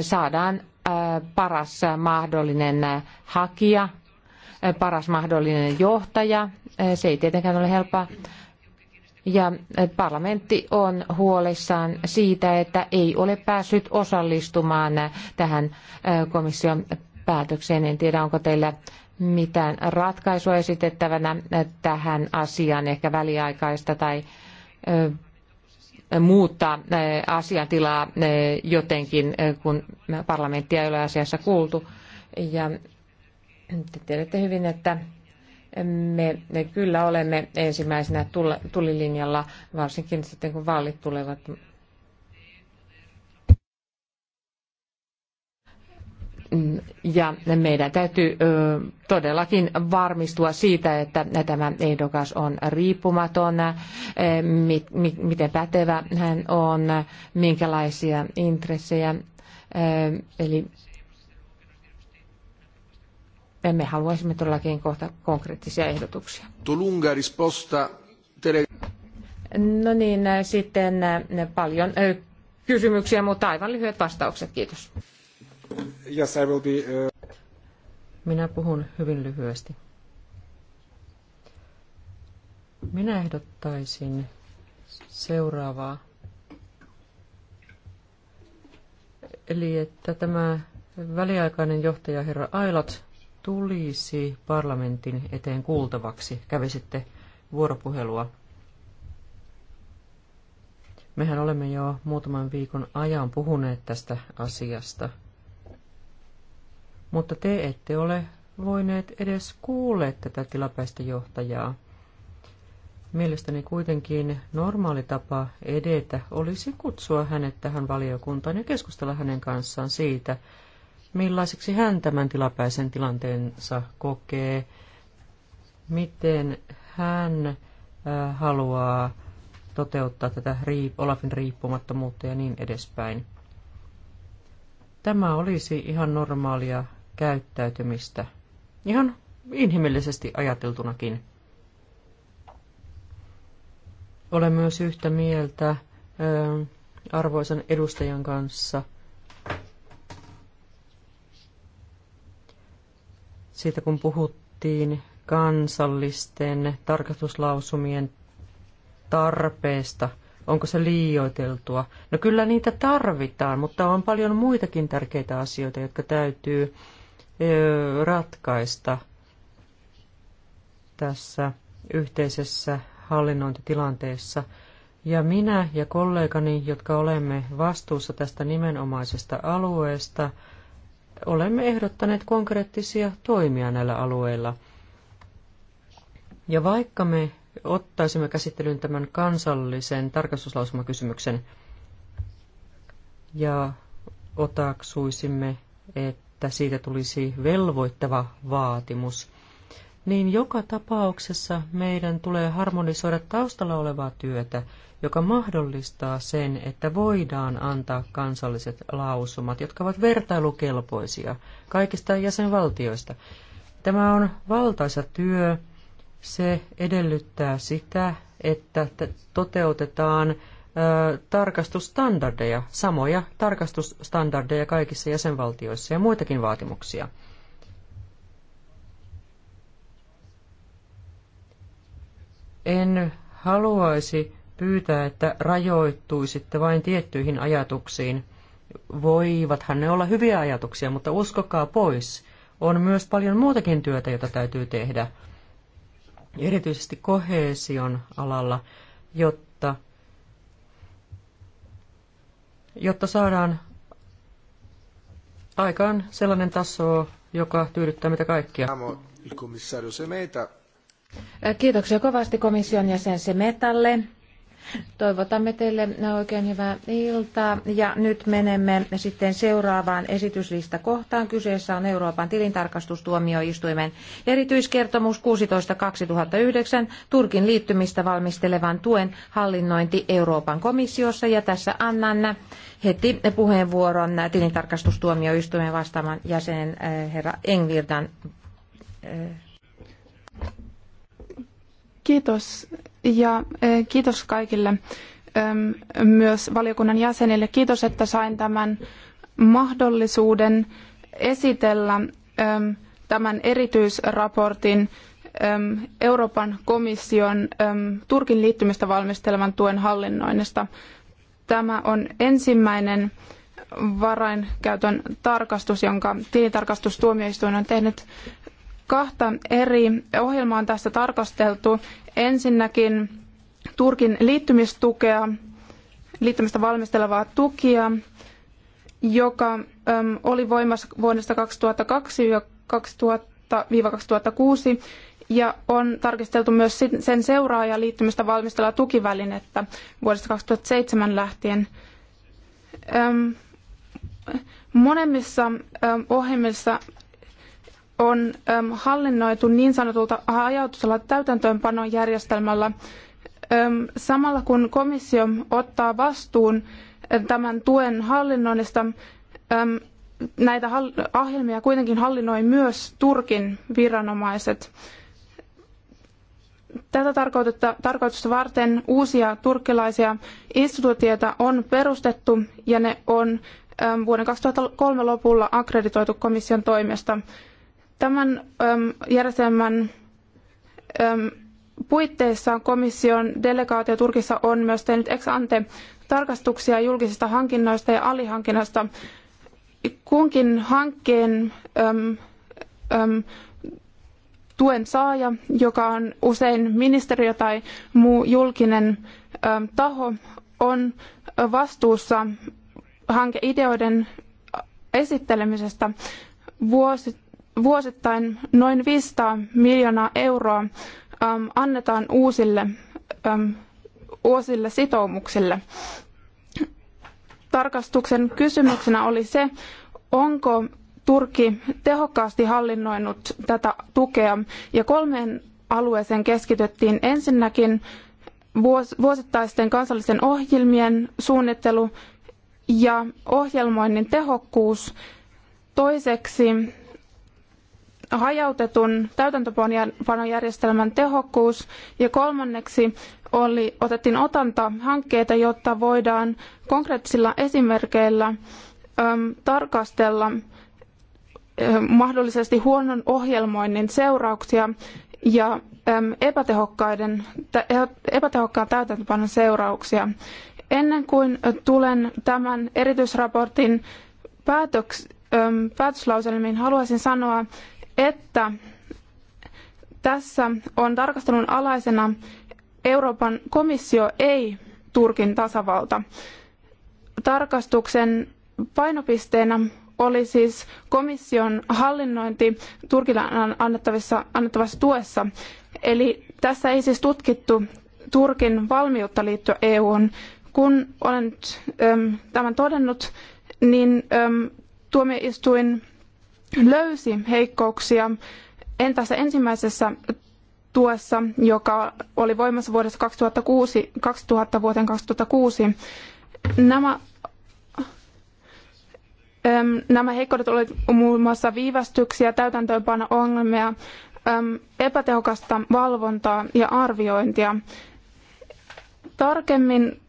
saadaan paras mahdollinen hakija, paras mahdollinen johtaja. Se ei tietenkään ole helppoa, ja parlamentti on huolissaan siitä, että ei ole päässyt osallistumaan tähän komission päätökseen. En tiedä, onko teillä mitään ratkaisua esitettävänä tähän asiaan, ehkä väliaikaista tai muuttaa asiantilaa jotenkin, kun parlamenttia ei ole asiassa kuultu. Ja te tiedätte hyvin, että me kyllä olemme ensimmäisenä tulilinjalla, varsinkin sitten kun vaalit tulevat. Ja meidän täytyy todellakin varmistua siitä, että tämä ehdokas on riippumaton, miten pätevä hän on, minkälaisia intressejä. Eli me haluaisimme todellakin kohta konkreettisia ehdotuksia. Tulunga risposta tele... No niin, äh, sitten äh, paljon äh, kysymyksiä, mutta aivan lyhyet vastaukset. Kiitos. Yes, I will be, uh... Minä puhun hyvin lyhyesti. Minä ehdottaisin seuraavaa. Eli että tämä väliaikainen johtaja herra Ailot tulisi parlamentin eteen kuultavaksi, kävisitte vuoropuhelua. Mehän olemme jo muutaman viikon ajan puhuneet tästä asiasta, mutta te ette ole voineet edes kuulla tätä tilapäistä johtajaa. Mielestäni kuitenkin normaali tapa edetä olisi kutsua hänet tähän valiokuntaan ja keskustella hänen kanssaan siitä, millaiseksi hän tämän tilapäisen tilanteensa kokee, miten hän äh, haluaa toteuttaa tätä Olafin riippumattomuutta ja niin edespäin. Tämä olisi ihan normaalia käyttäytymistä, ihan inhimillisesti ajateltunakin. Olen myös yhtä mieltä äh, arvoisan edustajan kanssa – siitä, kun puhuttiin kansallisten tarkastuslausumien tarpeesta. Onko se liioiteltua? No kyllä niitä tarvitaan, mutta on paljon muitakin tärkeitä asioita, jotka täytyy ratkaista tässä yhteisessä hallinnointitilanteessa. Ja minä ja kollegani, jotka olemme vastuussa tästä nimenomaisesta alueesta, olemme ehdottaneet konkreettisia toimia näillä alueilla. Ja vaikka me ottaisimme käsittelyyn tämän kansallisen tarkastuslausumakysymyksen ja otaksuisimme, että siitä tulisi velvoittava vaatimus, niin joka tapauksessa meidän tulee harmonisoida taustalla olevaa työtä – joka mahdollistaa sen, että voidaan antaa kansalliset lausumat, jotka ovat vertailukelpoisia kaikista jäsenvaltioista. Tämä on valtaisa työ. Se edellyttää sitä, että toteutetaan tarkastusstandardeja, samoja tarkastusstandardeja kaikissa jäsenvaltioissa ja muitakin vaatimuksia. En haluaisi pyytää, että rajoittuisitte vain tiettyihin ajatuksiin. Voivathan ne olla hyviä ajatuksia, mutta uskokaa pois. On myös paljon muutakin työtä, jota täytyy tehdä, erityisesti kohesion alalla, jotta, jotta saadaan aikaan sellainen taso, joka tyydyttää meitä kaikkia. Kiitoksia kovasti komission jäsen Semetalle. Toivotamme teille oikein hyvää iltaa ja nyt menemme sitten seuraavaan esityslistakohtaan. Kyseessä on Euroopan tilintarkastustuomioistuimen erityiskertomus 16.2009 Turkin liittymistä valmistelevan tuen hallinnointi Euroopan komissiossa ja tässä annan heti puheenvuoron tilintarkastustuomioistuimen vastaavan jäsenen eh, herra Engvirdan. Eh. Kiitos ja e, kiitos kaikille e, myös valiokunnan jäsenille. Kiitos, että sain tämän mahdollisuuden esitellä e, tämän erityisraportin Euroopan komission Turkin liittymistä valmistelevan tuen hallinnoinnista. Tämä on ensimmäinen varainkäytön tarkastus, jonka tilintarkastustuomioistuin on tehnyt kahta eri ohjelmaa on tässä tarkasteltu. Ensinnäkin Turkin liittymistukea, liittymistä valmistelevaa tukia, joka oli voimassa vuodesta 2002 ja 2006 ja on tarkisteltu myös sen seuraaja liittymistä valmistelevaa tukivälinettä vuodesta 2007 lähtien. Monemmissa ohjelmissa on hallinnoitu niin sanotulta hajautusella täytäntöönpanojärjestelmällä. samalla kun komissio ottaa vastuun äh, tämän tuen hallinnoinnista, näitä ohjelmia kuitenkin hallinnoi myös Turkin viranomaiset. Tätä tarkoitusta varten uusia turkkilaisia instituutioita on perustettu ja ne on vuoden 2003 lopulla akkreditoitu komission toimesta. Tämän ähm, järjestelmän ähm, puitteissa komission delegaatio Turkissa on myös tehnyt ex ante tarkastuksia julkisista hankinnoista ja alihankinnasta. Kunkin hankkeen ähm, tuen saaja, joka on usein ministeriö tai muu julkinen taho, on vastuussa hankeideoiden esittelemisestä. Vuosi, vuosittain noin 500 miljoonaa euroa ähm, annetaan uusille, ähm, uusille sitoumuksille. Tarkastuksen kysymyksenä oli se, onko Turkki tehokkaasti hallinnoinut tätä tukea ja kolmeen alueeseen keskityttiin ensinnäkin vuosittaisten kansallisten ohjelmien suunnittelu ja ohjelmoinnin tehokkuus, toiseksi hajautetun täytäntöpanojärjestelmän tehokkuus ja kolmanneksi oli, otettiin otanta hankkeita, jotta voidaan konkreettisilla esimerkeillä tarkastella mahdollisesti huonon ohjelmoinnin seurauksia ja epätehokkaiden, eh, epätehokkaan täytäntöpanon seurauksia. Ennen kuin tulen tämän erityisraportin päätöks, päätöslauselmiin, haluaisin sanoa, että tässä on tarkastelun alaisena Euroopan komissio ei Turkin tasavalta. Tarkastuksen painopisteenä oli siis komission hallinnointi Turkille annettavassa annettavassa tuessa. Eli tässä ei siis tutkittu Turkin valmiutta liittyä EUn. Kun olen tämän todennut, niin tuomioistuin löysi heikkouksia. Entäs ensimmäisessä tuessa, joka oli voimassa vuodesta 2006, 2000 vuoteen 2006, nämä Nämä heikkoudet olivat muun muassa viivästyksiä, täytäntöönpano-ongelmia, epätehokasta valvontaa ja arviointia. Tarkemmin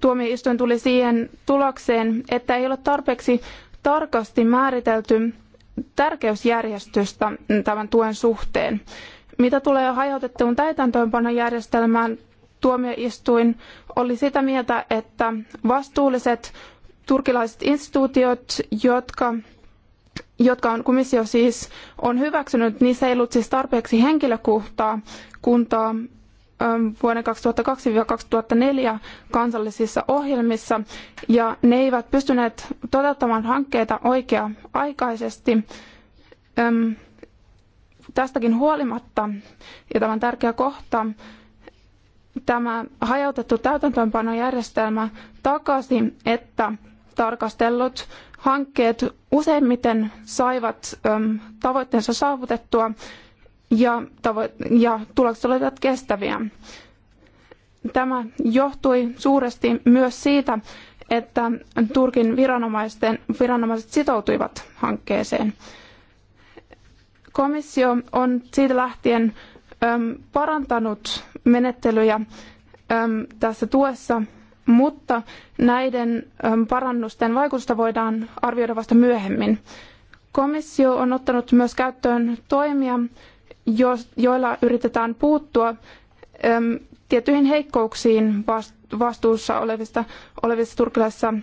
tuomioistuin tuli siihen tulokseen, että ei ole tarpeeksi tarkasti määritelty tärkeysjärjestystä tämän tuen suhteen. Mitä tulee hajautettuun täytäntöönpanojärjestelmään, tuomioistuin oli sitä mieltä, että vastuulliset turkilaiset instituutiot, jotka, jotka on komissio siis on hyväksynyt, niissä ei ollut siis tarpeeksi henkilökuntaa, kuntaa, Ähm, vuoden 2002-2004 kansallisissa ohjelmissa ja ne eivät pystyneet toteuttamaan hankkeita oikea-aikaisesti. Ähm, tästäkin huolimatta, ja tämä on tärkeä kohta, tämä hajautettu täytäntöönpanojärjestelmä takasi, että tarkastellut hankkeet useimmiten saivat ähm, tavoitteensa saavutettua ja, tavo- ja tulokset olivat kestäviä. Tämä johtui suuresti myös siitä, että Turkin viranomaisten, viranomaiset sitoutuivat hankkeeseen. Komissio on siitä lähtien parantanut menettelyjä tässä tuessa, mutta näiden parannusten vaikutusta voidaan arvioida vasta myöhemmin. Komissio on ottanut myös käyttöön toimia, joilla yritetään puuttua äm, tiettyihin heikkouksiin vastuussa olevista, olevissa turkilaisissa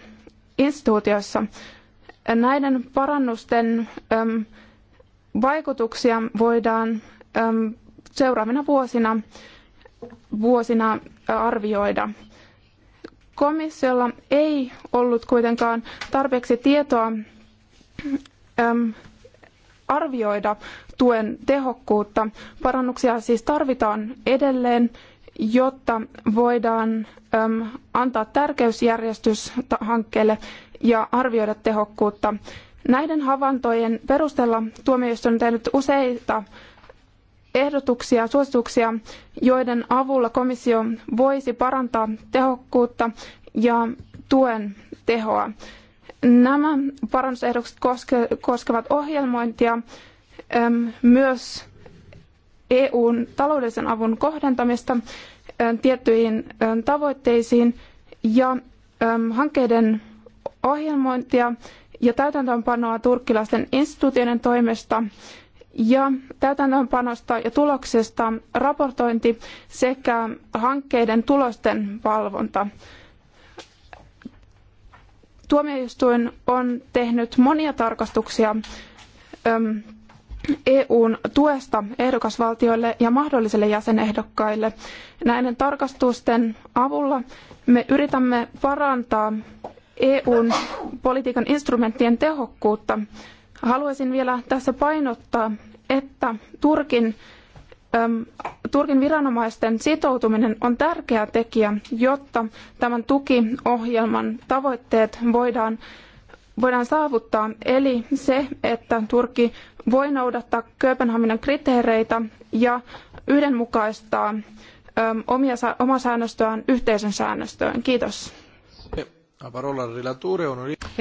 instituutioissa. Näiden parannusten äm, vaikutuksia voidaan äm, seuraavina vuosina, vuosina arvioida. Komissiolla ei ollut kuitenkaan tarpeeksi tietoa äm, arvioida tuen tehokkuutta. Parannuksia siis tarvitaan edelleen, jotta voidaan antaa tärkeysjärjestys hankkeelle ja arvioida tehokkuutta. Näiden havaintojen perusteella tuomioistuin on tehnyt useita ehdotuksia, suosituksia, joiden avulla komissio voisi parantaa tehokkuutta ja tuen tehoa. Nämä parannusehdotukset koskevat ohjelmointia, myös EUn taloudellisen avun kohdentamista tiettyihin tavoitteisiin ja hankkeiden ohjelmointia ja täytäntöönpanoa turkkilaisten instituutioiden toimesta ja täytäntöönpanosta ja tuloksesta raportointi sekä hankkeiden tulosten valvonta. Tuomioistuin on tehnyt monia tarkastuksia EUn tuesta ehdokasvaltioille ja mahdollisille jäsenehdokkaille. Näiden tarkastusten avulla me yritämme parantaa EUn politiikan instrumenttien tehokkuutta. Haluaisin vielä tässä painottaa, että Turkin, äm, Turkin viranomaisten sitoutuminen on tärkeä tekijä, jotta tämän tukiohjelman tavoitteet voidaan voidaan saavuttaa, eli se, että Turkki voi noudattaa Kööpenhaminan kriteereitä ja yhdenmukaistaa ähm, omia, omaa säännöstöään yhteisön säännöstöön. Kiitos.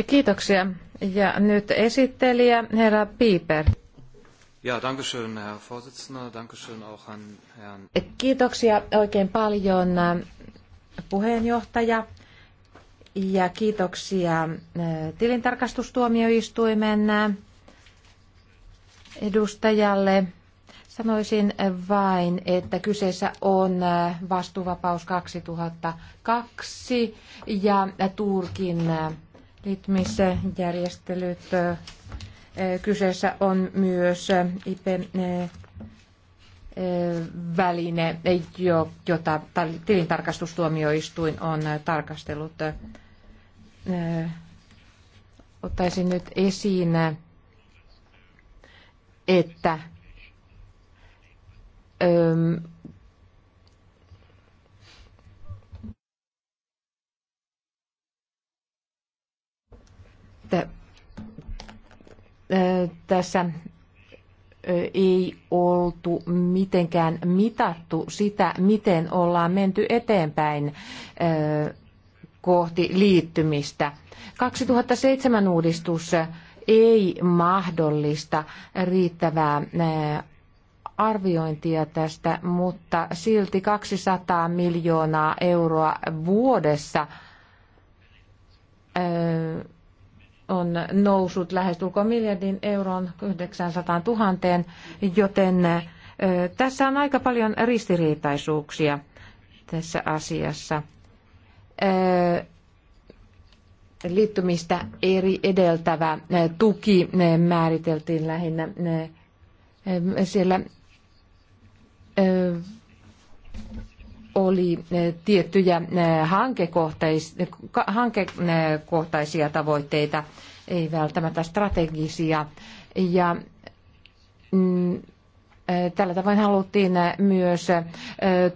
Kiitoksia. Ja nyt esittelijä, herra Piper. Ja, herr Vorsitzender. auch an herrn... Kiitoksia oikein paljon ähm, puheenjohtaja ja kiitoksia äh, tilintarkastustuomioistuimen äh, edustajalle. Sanoisin vain, että kyseessä on äh, vastuuvapaus 2002 ja Turkin äh, järjestelyt äh, Kyseessä on myös IPE väline, jota tilintarkastustuomioistuin on tarkastellut. Ottaisin nyt esiin että että tässä ei oltu mitenkään mitattu sitä, miten ollaan menty eteenpäin kohti liittymistä. 2007 uudistus ei mahdollista riittävää arviointia tästä, mutta silti 200 miljoonaa euroa vuodessa on noussut lähestulkoon miljardin euron 900 000, joten tässä on aika paljon ristiriitaisuuksia tässä asiassa liittymistä eri edeltävä tuki määriteltiin lähinnä siellä oli tiettyjä hankekohtaisia tavoitteita, ei välttämättä strategisia. Ja mm, Tällä tavoin haluttiin myös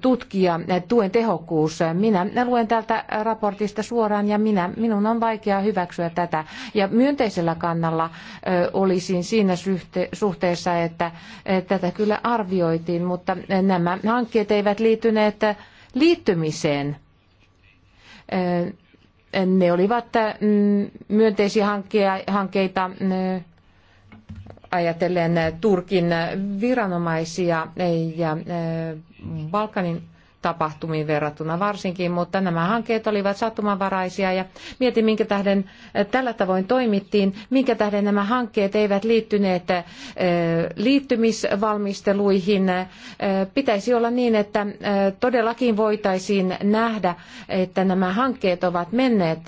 tutkia tuen tehokkuus. Minä luen täältä raportista suoraan ja minä, minun on vaikea hyväksyä tätä. Ja myönteisellä kannalla olisin siinä suhteessa, että tätä kyllä arvioitiin, mutta nämä hankkeet eivät liittyneet liittymiseen ne olivat mm, myönteisiä hankkeita ajatellen Turkin viranomaisia ja eh, Balkanin tapahtumiin verrattuna varsinkin, mutta nämä hankkeet olivat sattumanvaraisia ja mietin, minkä tähden eh, tällä tavoin toimittiin, minkä tähden nämä hankkeet eivät liittyneet eh, liittymisvalmisteluihin. Pitäisi olla niin, että todellakin voitaisiin nähdä, että nämä hankkeet ovat menneet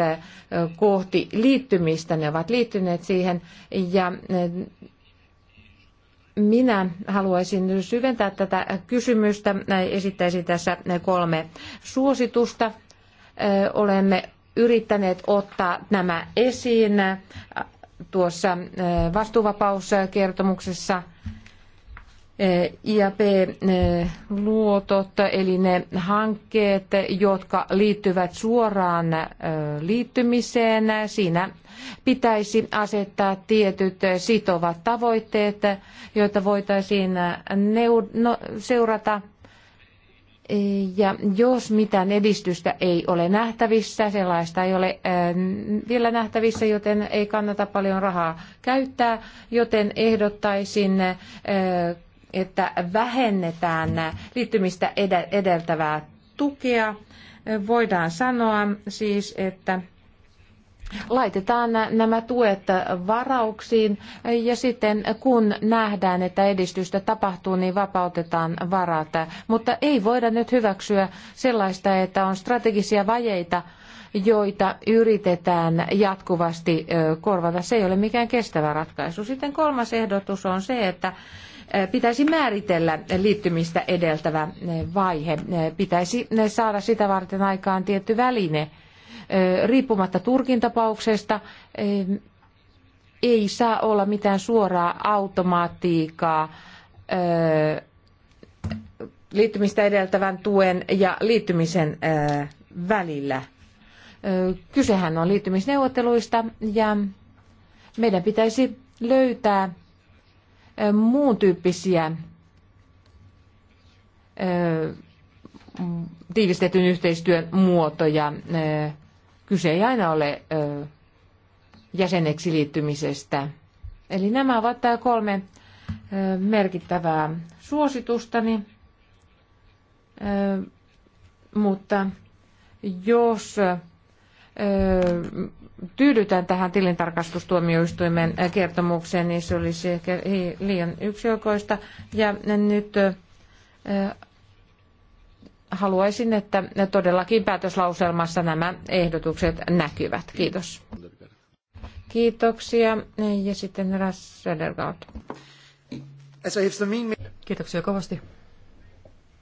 kohti liittymistä, ne ovat liittyneet siihen ja minä haluaisin syventää tätä kysymystä. Esittäisin tässä kolme suositusta. Olemme yrittäneet ottaa nämä esiin tuossa vastuuvapauskertomuksessa. IAP-luotot, eli ne hankkeet, jotka liittyvät suoraan liittymiseen. Siinä pitäisi asettaa tietyt sitovat tavoitteet, joita voitaisiin no, seurata ja jos mitään edistystä ei ole nähtävissä, sellaista ei ole vielä nähtävissä, joten ei kannata paljon rahaa käyttää, joten ehdottaisin, että vähennetään liittymistä edeltävää tukea. Voidaan sanoa siis, että laitetaan nämä tuet varauksiin ja sitten kun nähdään, että edistystä tapahtuu, niin vapautetaan varat. Mutta ei voida nyt hyväksyä sellaista, että on strategisia vajeita, joita yritetään jatkuvasti korvata. Se ei ole mikään kestävä ratkaisu. Sitten kolmas ehdotus on se, että pitäisi määritellä liittymistä edeltävä vaihe. Pitäisi saada sitä varten aikaan tietty väline – riippumatta Turkin tapauksesta ei saa olla mitään suoraa automaattiikkaa liittymistä edeltävän tuen ja liittymisen välillä. Kysehän on liittymisneuvotteluista ja meidän pitäisi löytää muun tyyppisiä tiivistetyn yhteistyön muotoja Kyse ei aina ole jäseneksi liittymisestä. Eli nämä ovat tämä kolme merkittävää suositustani, mutta jos tyydytään tähän tilintarkastustuomioistuimen kertomukseen, niin se olisi liian yksioikoista. Ja nyt haluaisin, että todellakin päätöslauselmassa nämä ehdotukset näkyvät. Kiitos. Kiitoksia. Ja sitten Ras Södergaard. Kiitoksia kovasti,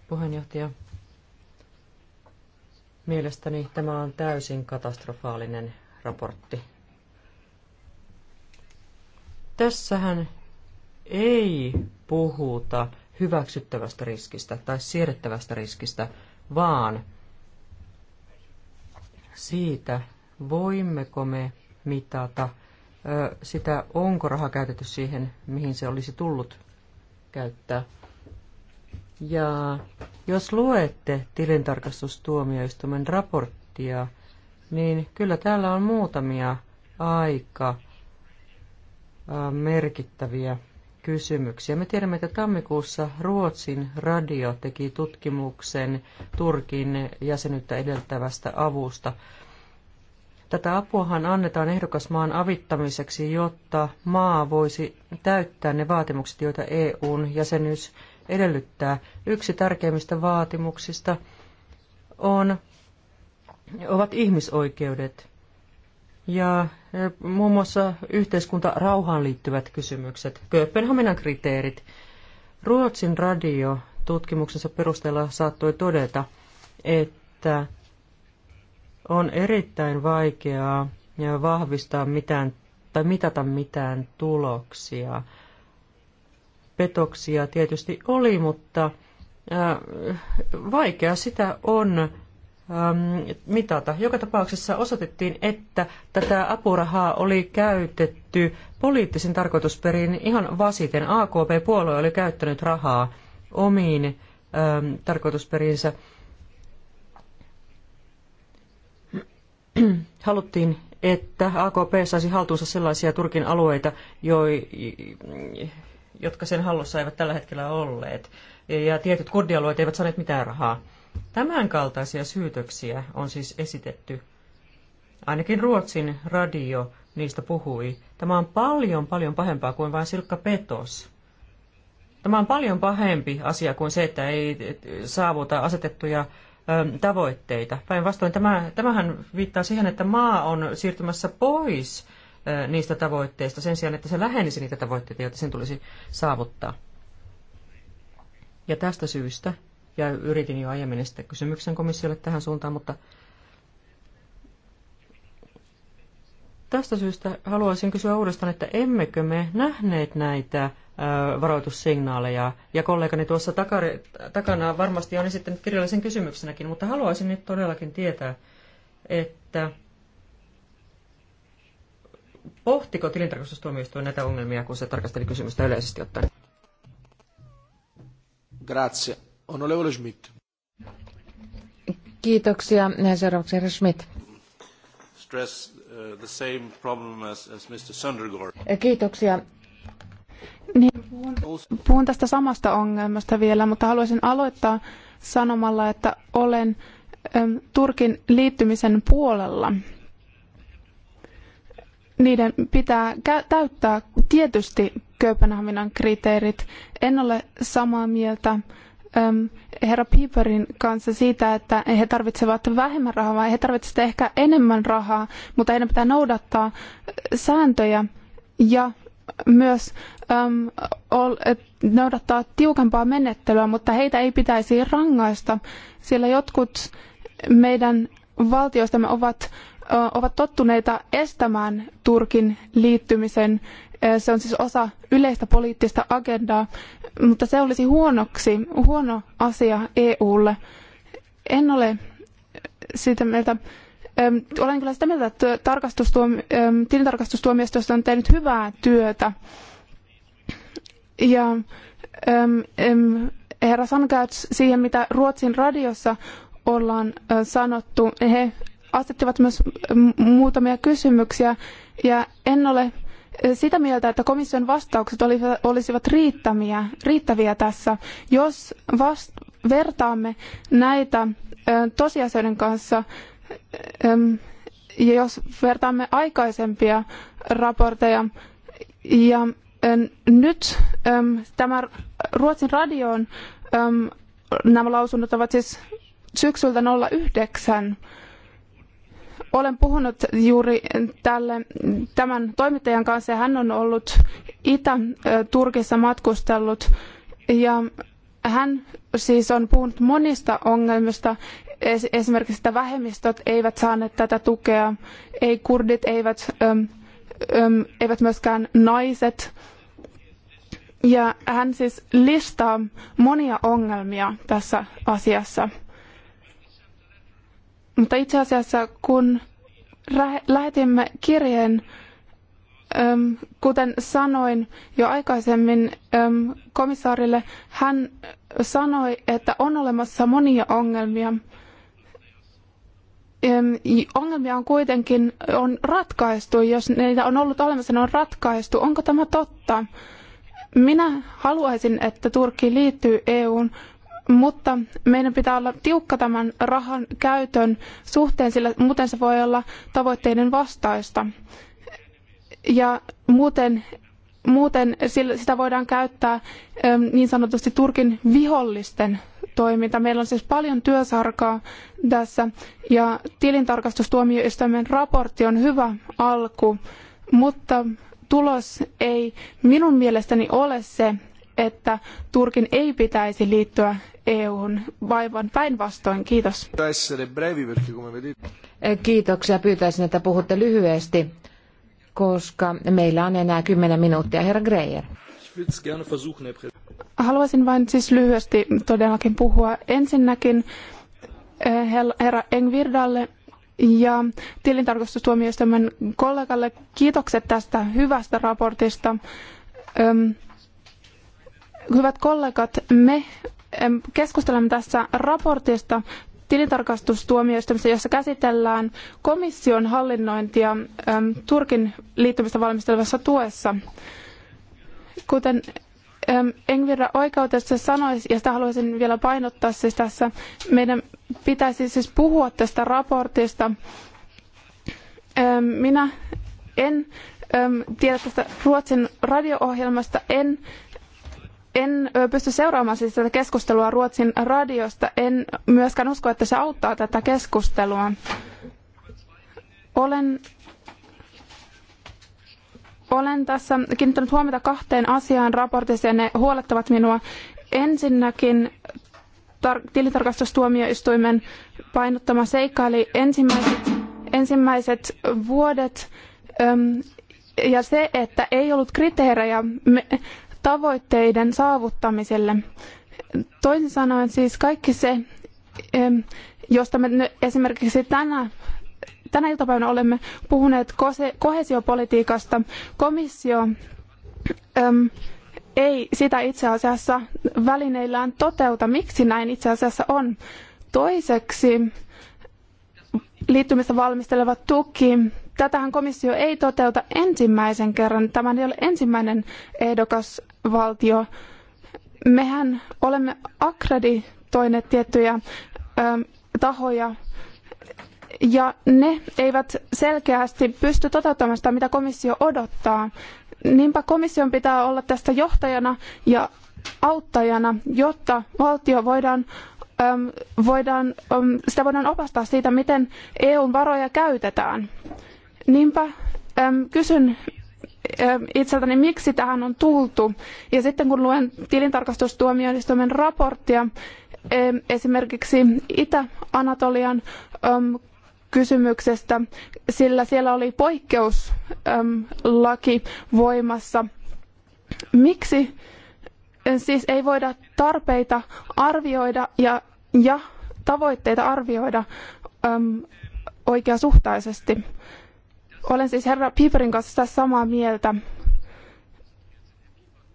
puheenjohtaja. Mielestäni tämä on täysin katastrofaalinen raportti. Tässähän ei puhuta hyväksyttävästä riskistä tai siedettävästä riskistä, vaan siitä, voimmeko me mitata sitä, onko raha käytetty siihen, mihin se olisi tullut käyttää. Ja jos luette tilintarkastustuomioistuimen raporttia, niin kyllä täällä on muutamia aika merkittäviä kysymyksiä. Me tiedämme, että tammikuussa Ruotsin radio teki tutkimuksen Turkin jäsenyyttä edeltävästä avusta. Tätä apuahan annetaan ehdokasmaan avittamiseksi, jotta maa voisi täyttää ne vaatimukset, joita EUn jäsenyys edellyttää. Yksi tärkeimmistä vaatimuksista on, ovat ihmisoikeudet ja e, muun muassa yhteiskuntarauhaan liittyvät kysymykset, Kööpenhaminan kriteerit. Ruotsin radio tutkimuksensa perusteella saattoi todeta, että on erittäin vaikeaa vahvistaa mitään tai mitata mitään tuloksia. Petoksia tietysti oli, mutta vaikea sitä on Ähm, mitata. Joka tapauksessa osoitettiin, että tätä apurahaa oli käytetty poliittisin tarkoitusperin ihan vasiten. AKP-puolue oli käyttänyt rahaa omiin ähm, tarkoitusperinsä. Haluttiin, että AKP saisi haltuunsa sellaisia Turkin alueita, joi, jotka sen hallussa eivät tällä hetkellä olleet. Ja tietyt kurdialueet eivät saaneet mitään rahaa. Tämän kaltaisia syytöksiä on siis esitetty. Ainakin Ruotsin radio niistä puhui. Tämä on paljon, paljon pahempaa kuin vain silkka petos. Tämä on paljon pahempi asia kuin se, että ei saavuta asetettuja ö, tavoitteita. Päinvastoin tämä, tämähän viittaa siihen, että maa on siirtymässä pois ö, niistä tavoitteista sen sijaan, että se lähenisi niitä tavoitteita, joita sen tulisi saavuttaa. Ja tästä syystä ja yritin jo aiemmin sitä kysymyksen komissiolle tähän suuntaan, mutta tästä syystä haluaisin kysyä uudestaan, että emmekö me nähneet näitä varoitussignaaleja. Ja kollegani tuossa takari, takana varmasti on esittänyt kirjallisen kysymyksenäkin, mutta haluaisin nyt todellakin tietää, että pohtiko tilintarkastustuomioistuin näitä ongelmia, kun se tarkasteli kysymystä yleisesti ottaen? Grazie. Onorevole Schmidt. Kiitoksia. Seuraavaksi herra Schmidt. Stress uh, the same problem as, as Mr. Sundergaard. Kiitoksia. Niin, puhun tästä samasta ongelmasta vielä, mutta haluaisin aloittaa sanomalla, että olen Turkin liittymisen puolella. Niiden pitää täyttää tietysti Kööpenhaminan kriteerit. En ole samaa mieltä herra Piperin kanssa siitä, että he tarvitsevat vähemmän rahaa, vai he tarvitsevat ehkä enemmän rahaa, mutta heidän pitää noudattaa sääntöjä ja myös äm, ol, noudattaa tiukempaa menettelyä, mutta heitä ei pitäisi rangaista, sillä jotkut meidän valtioistamme ovat, ö, ovat tottuneita estämään Turkin liittymisen se on siis osa yleistä poliittista agendaa, mutta se olisi huonoksi, huono asia EUlle. En ole sitä mieltä, olen kyllä sitä mieltä, että tilintarkastustuomioistuin on tehnyt hyvää työtä. Ja herra Sankäyts siihen, mitä Ruotsin radiossa ollaan sanottu, he asettivat myös muutamia kysymyksiä. Ja en ole sitä mieltä, että komission vastaukset olisivat riittämiä, riittäviä tässä. Jos vast, vertaamme näitä tosiasioiden kanssa, ja jos vertaamme aikaisempia raportteja, ja nyt tämä Ruotsin radioon nämä lausunnot ovat siis syksyltä 09, olen puhunut juuri tälle, tämän toimittajan kanssa ja hän on ollut Itä-Turkissa matkustellut ja hän siis on puhunut monista ongelmista, esimerkiksi että vähemmistöt eivät saaneet tätä tukea, ei kurdit, eivät, äm, äm, eivät myöskään naiset. Ja hän siis listaa monia ongelmia tässä asiassa. Mutta itse asiassa kun lähetimme kirjeen, kuten sanoin jo aikaisemmin komissaarille, hän sanoi, että on olemassa monia ongelmia. Ongelmia on kuitenkin on ratkaistu, jos niitä on ollut olemassa, ne on ratkaistu. Onko tämä totta? Minä haluaisin, että Turkki liittyy EUn, mutta meidän pitää olla tiukka tämän rahan käytön suhteen, sillä muuten se voi olla tavoitteiden vastaista. Ja muuten, muuten sitä voidaan käyttää ähm, niin sanotusti Turkin vihollisten toiminta. Meillä on siis paljon työsarkaa tässä ja tilintarkastustuomioistuimen raportti on hyvä alku, mutta tulos ei minun mielestäni ole se, että Turkin ei pitäisi liittyä EU:hun, vaivan päinvastoin. Kiitos. Kiitoksia. Pyytäisin, että puhutte lyhyesti, koska meillä on enää kymmenen minuuttia. Herra Greyer. Haluaisin vain siis lyhyesti todellakin puhua ensinnäkin eh, herra Engvirdalle ja tilintarkastustuomioistuimen kollegalle kiitokset tästä hyvästä raportista. Hyvät kollegat, me keskustelemme tässä raportista tilintarkastustuomioistuimessa, jossa käsitellään komission hallinnointia Turkin liittymistä valmistelevassa tuessa. Kuten Engvirra oikeudessa sanoi, ja sitä haluaisin vielä painottaa siis tässä, meidän pitäisi siis puhua tästä raportista. Minä en tiedä tästä Ruotsin radio-ohjelmasta, en en pysty seuraamaan siis tätä keskustelua Ruotsin radiosta. En myöskään usko, että se auttaa tätä keskustelua. Olen, olen tässä kiinnittänyt huomiota kahteen asiaan raportissa ja ne huolettavat minua. Ensinnäkin tar- tilintarkastustuomioistuimen painottama seikka, eli ensimmäiset, ensimmäiset vuodet ja se, että ei ollut kriteerejä. Me, tavoitteiden saavuttamiselle. Toisin sanoen siis kaikki se, josta me esimerkiksi tänä, tänä iltapäivänä olemme puhuneet koheesiopolitiikasta, komissio ei sitä itse asiassa välineillään toteuta. Miksi näin itse asiassa on? Toiseksi liittymistä valmisteleva tuki. Tätähän komissio ei toteuta ensimmäisen kerran. Tämä ei ole ensimmäinen ehdokas valtio. Mehän olemme akkreditoineet tiettyjä tahoja ja ne eivät selkeästi pysty toteuttamaan sitä, mitä komissio odottaa. Niinpä komission pitää olla tästä johtajana ja auttajana, jotta valtio voidaan, voidaan, sitä voidaan opastaa siitä, miten EUn varoja käytetään. Niinpä kysyn, itseltäni, miksi tähän on tultu. Ja sitten kun luen tilintarkastustuomioistuimen raporttia, esimerkiksi Itä-Anatolian kysymyksestä, sillä siellä oli poikkeuslaki voimassa. Miksi siis ei voida tarpeita arvioida ja, ja tavoitteita arvioida äm, oikeasuhtaisesti? Olen siis herra Piperin kanssa tässä samaa mieltä,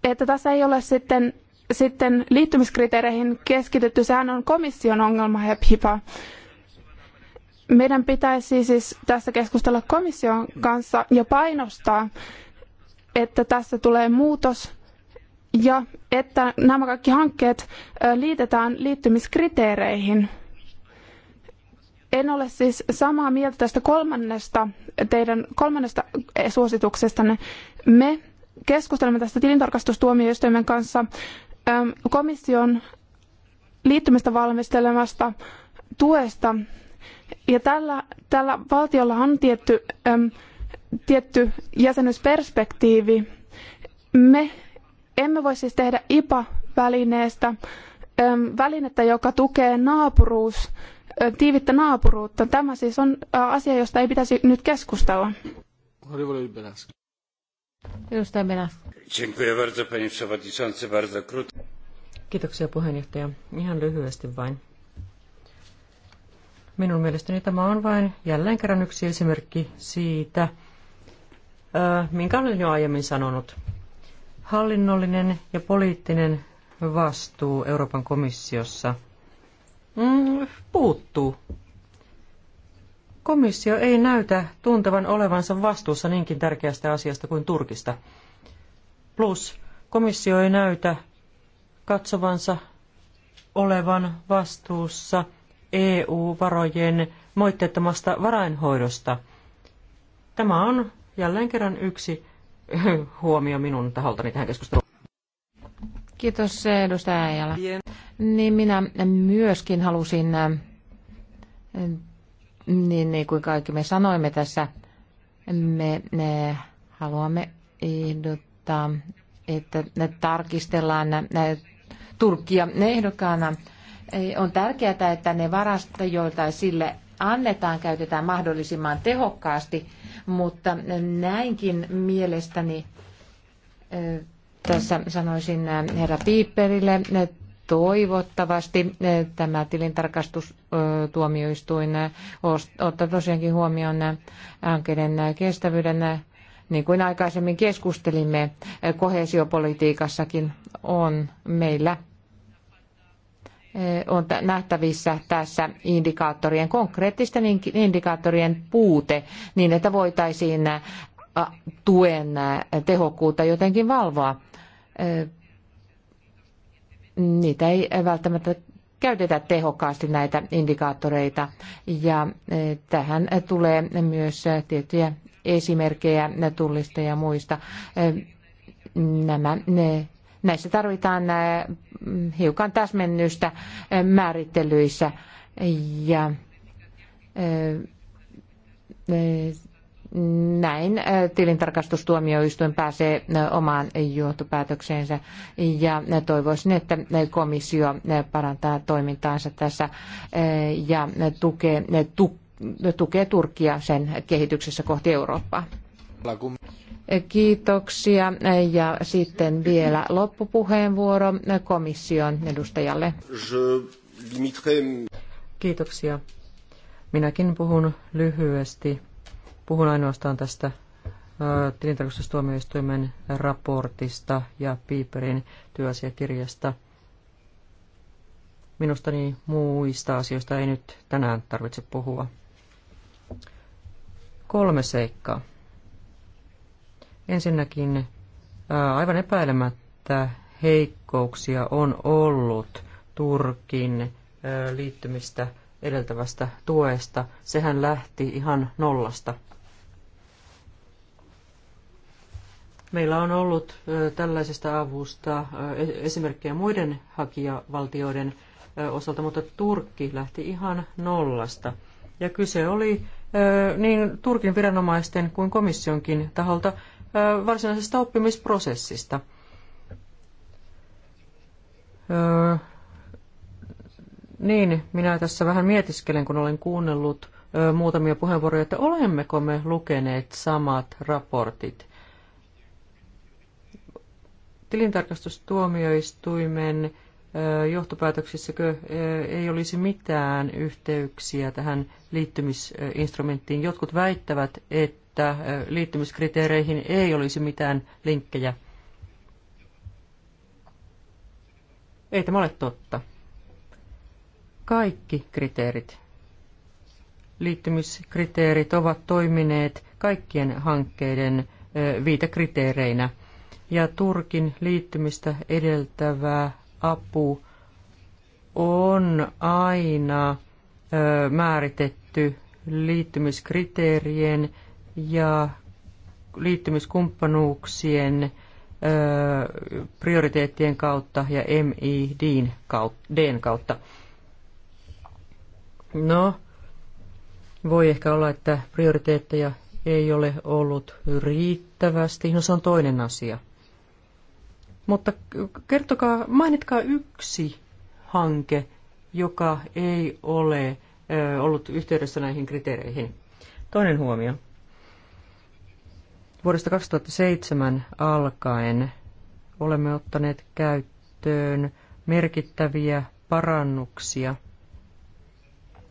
että tässä ei ole sitten, sitten liittymiskriteereihin keskitytty. Sehän on komission ongelma, herra Pipa. Meidän pitäisi siis tässä keskustella komission kanssa ja painostaa, että tässä tulee muutos ja että nämä kaikki hankkeet liitetään liittymiskriteereihin. En ole siis samaa mieltä tästä kolmannesta, teidän kolmannesta eh, suosituksestanne. Me keskustelemme tästä tilintarkastustuomioistuimen kanssa ähm, komission liittymistä valmistelemasta tuesta. Ja tällä, tällä valtiolla on tietty, äm, tietty jäsenyysperspektiivi. Me emme voi siis tehdä IPA-välineestä äm, välinettä, joka tukee naapuruus- tiivittä naapuruutta. Tämä siis on asia, josta ei pitäisi nyt keskustella. Edustaja Belas. Kiitoksia puheenjohtaja. Ihan lyhyesti vain. Minun mielestäni tämä on vain jälleen kerran yksi esimerkki siitä, minkä olen jo aiemmin sanonut. Hallinnollinen ja poliittinen vastuu Euroopan komissiossa – mm, puuttuu. Komissio ei näytä tuntevan olevansa vastuussa niinkin tärkeästä asiasta kuin Turkista. Plus, komissio ei näytä katsovansa olevan vastuussa EU-varojen moitteettomasta varainhoidosta. Tämä on jälleen kerran yksi huomio minun taholtani tähän keskusteluun. Kiitos eh, edustaja Eijala. Niin minä myöskin halusin, eh, niin, niin kuin kaikki me sanoimme tässä, me, ne haluamme ehdottaa, että ne tarkistellaan ne, eh, Turkkia ehdokkaana. On tärkeää, että ne varasta, joilta sille annetaan, käytetään mahdollisimman tehokkaasti, mutta näinkin mielestäni tässä sanoisin äh, herra Piipperille, äh, toivottavasti äh, tämä tilintarkastustuomioistuin ottaa tosiaankin huomioon hankkeiden kestävyyden, niin kuin aikaisemmin keskustelimme, kohesiopolitiikassakin on meillä on nähtävissä tässä indikaattorien, konkreettisten indikaattorien puute, niin että voitaisiin tuen tehokkuutta jotenkin valvoa niitä ei välttämättä käytetä tehokkaasti näitä indikaattoreita. Ja tähän tulee myös tiettyjä esimerkkejä tullista ja muista. Nämä, ne, näissä tarvitaan hiukan täsmennystä määrittelyissä ja näin äh, tilintarkastustuomioistuin pääsee äh, omaan johtopäätökseensä ja äh, toivoisin, että komissio parantaa toimintaansa tässä ja tukee, tu, tukee Turkia sen kehityksessä kohti Eurooppaa. Kiitoksia. Ja sitten vielä loppupuheenvuoro komission edustajalle. Kiitoksia. Minäkin puhun lyhyesti Puhun ainoastaan tästä tilintarkastustuomioistuimen raportista ja Piiperin työasiakirjasta. Minusta niin muista asioista ei nyt tänään tarvitse puhua. Kolme seikkaa. Ensinnäkin aivan epäilemättä heikkouksia on ollut Turkin liittymistä edeltävästä tuesta. Sehän lähti ihan nollasta Meillä on ollut tällaisesta avusta e-, esimerkkejä muiden hakijavaltioiden osalta, mutta Turkki lähti ihan nollasta. Ja kyse oli niin Turkin viranomaisten kuin komissionkin taholta varsinaisesta oppimisprosessista. Niin, minä tässä vähän mietiskelen, kun olen kuunnellut muutamia puheenvuoroja, että olemmeko me lukeneet samat raportit – tilintarkastustuomioistuimen johtopäätöksissäkö ei olisi mitään yhteyksiä tähän liittymisinstrumenttiin. Jotkut väittävät, että liittymiskriteereihin ei olisi mitään linkkejä. Ei tämä ole totta. Kaikki kriteerit, liittymiskriteerit ovat toimineet kaikkien hankkeiden viitekriteereinä – ja Turkin liittymistä edeltävä apu on aina määritetty liittymiskriteerien ja liittymiskumppanuuksien prioriteettien kautta ja MIDn kautta. No, voi ehkä olla, että prioriteetteja ei ole ollut riittävästi. No se on toinen asia. Mutta kertokaa, mainitkaa yksi hanke, joka ei ole ollut yhteydessä näihin kriteereihin. Toinen huomio. Vuodesta 2007 alkaen olemme ottaneet käyttöön merkittäviä parannuksia,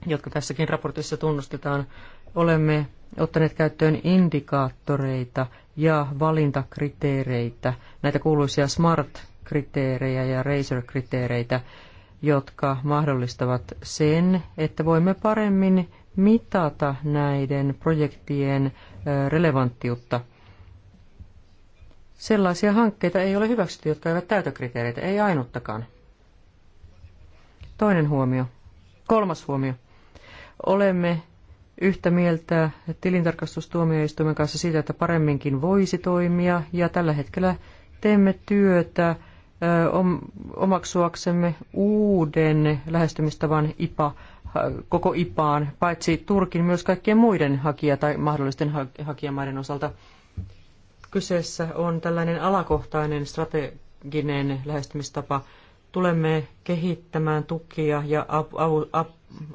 jotka tässäkin raportissa tunnustetaan. Olemme ottaneet käyttöön indikaattoreita, ja valintakriteereitä, näitä kuuluisia SMART-kriteerejä ja RAZOR-kriteereitä, jotka mahdollistavat sen, että voimme paremmin mitata näiden projektien relevanttiutta. Sellaisia hankkeita ei ole hyväksytty, jotka eivät täytä kriteereitä, ei ainuttakaan. Toinen huomio. Kolmas huomio. Olemme yhtä mieltä tilintarkastustuomioistuimen kanssa siitä, että paremminkin voisi toimia ja tällä hetkellä teemme työtä omaksuaksemme uuden lähestymistavan IPA, koko IPAan, paitsi Turkin myös kaikkien muiden hakija- tai mahdollisten hakijamaiden osalta. Kyseessä on tällainen alakohtainen strateginen lähestymistapa. Tulemme kehittämään tukia ja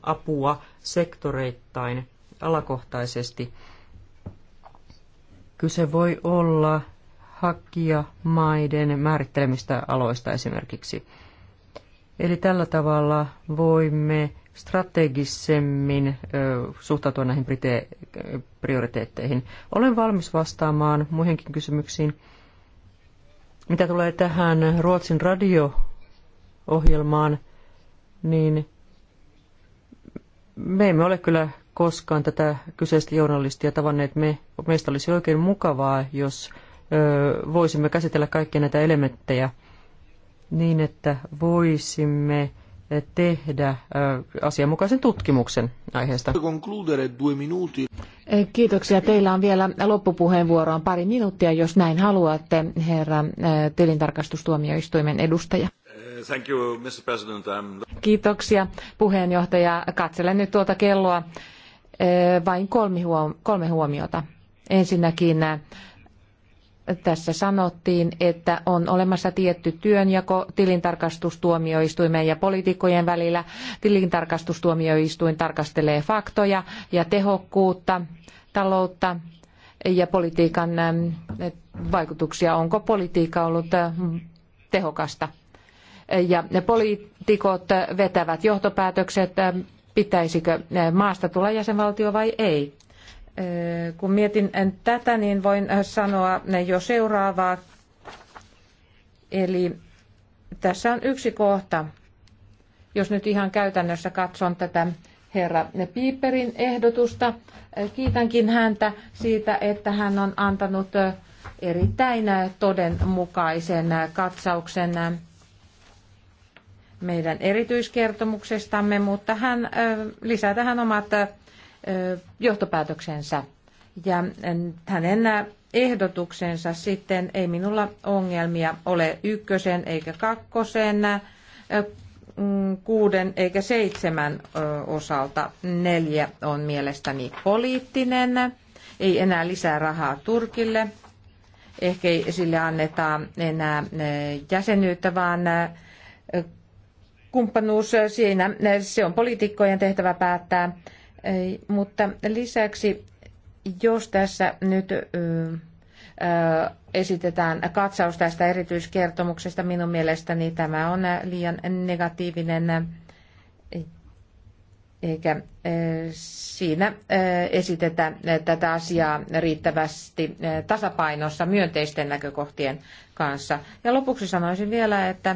apua sektoreittain alakohtaisesti. Kyse voi olla hakijamaiden määrittelemistä aloista esimerkiksi. Eli tällä tavalla voimme strategisemmin suhtautua näihin prioriteetteihin. Olen valmis vastaamaan muihinkin kysymyksiin. Mitä tulee tähän Ruotsin radio-ohjelmaan, niin me emme ole kyllä koskaan tätä kyseistä journalistia tavanneet. Me, meistä olisi oikein mukavaa, jos ö, voisimme käsitellä kaikkia näitä elementtejä niin, että voisimme tehdä asianmukaisen tutkimuksen aiheesta. Kiitoksia. Teillä on vielä loppupuheenvuoroon pari minuuttia, jos näin haluatte, herra tilintarkastustuomioistuimen edustaja. Thank you, Mr. President. Kiitoksia puheenjohtaja. Katselen nyt tuota kelloa vain kolme huomiota. Ensinnäkin tässä sanottiin, että on olemassa tietty työnjako tilintarkastustuomioistuimen ja poliitikkojen välillä. Tilintarkastustuomioistuin tarkastelee faktoja ja tehokkuutta, taloutta ja politiikan vaikutuksia. Onko politiikka ollut tehokasta? Ja poliitikot vetävät johtopäätökset pitäisikö eh, maasta tulla jäsenvaltio vai ei. Eh, kun mietin tätä, niin voin eh, sanoa jo seuraavaa. Eli tässä on yksi kohta, jos nyt ihan käytännössä katson tätä herra Piiperin ehdotusta. Kiitänkin häntä siitä, että hän on antanut erittäin todenmukaisen katsauksen meidän erityiskertomuksestamme, mutta hän lisää tähän omat johtopäätöksensä. Ja hänen ehdotuksensa sitten ei minulla ongelmia ole ykkösen eikä kakkosen, mm, kuuden eikä seitsemän osalta. Neljä on mielestäni poliittinen, ei enää lisää rahaa Turkille, ehkä ei sille anneta enää jäsenyyttä, vaan kumppanuus, siinä se on poliitikkojen tehtävä päättää, mutta lisäksi jos tässä nyt esitetään katsaus tästä erityiskertomuksesta, minun mielestäni tämä on liian negatiivinen eikä siinä esitetä tätä asiaa riittävästi tasapainossa myönteisten näkökohtien kanssa. Ja lopuksi sanoisin vielä, että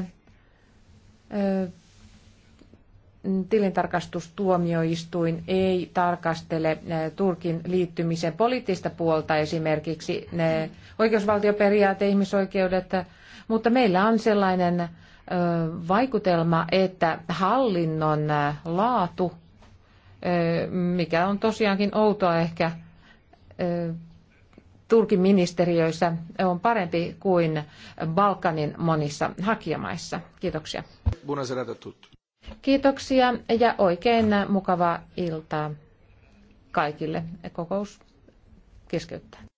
tilintarkastustuomioistuin ei tarkastele eh, Turkin liittymisen poliittista puolta, esimerkiksi ne eh, oikeusvaltioperiaate, ihmisoikeudet, mutta meillä on sellainen eh, vaikutelma, että hallinnon laatu, mikä on tosiaankin outoa ehkä Turkin ministeriöissä, on parempi kuin Balkanin monissa hakijamaissa. Kiitoksia. Kiitoksia ja oikein mukavaa iltaa kaikille. Kokous keskeyttää.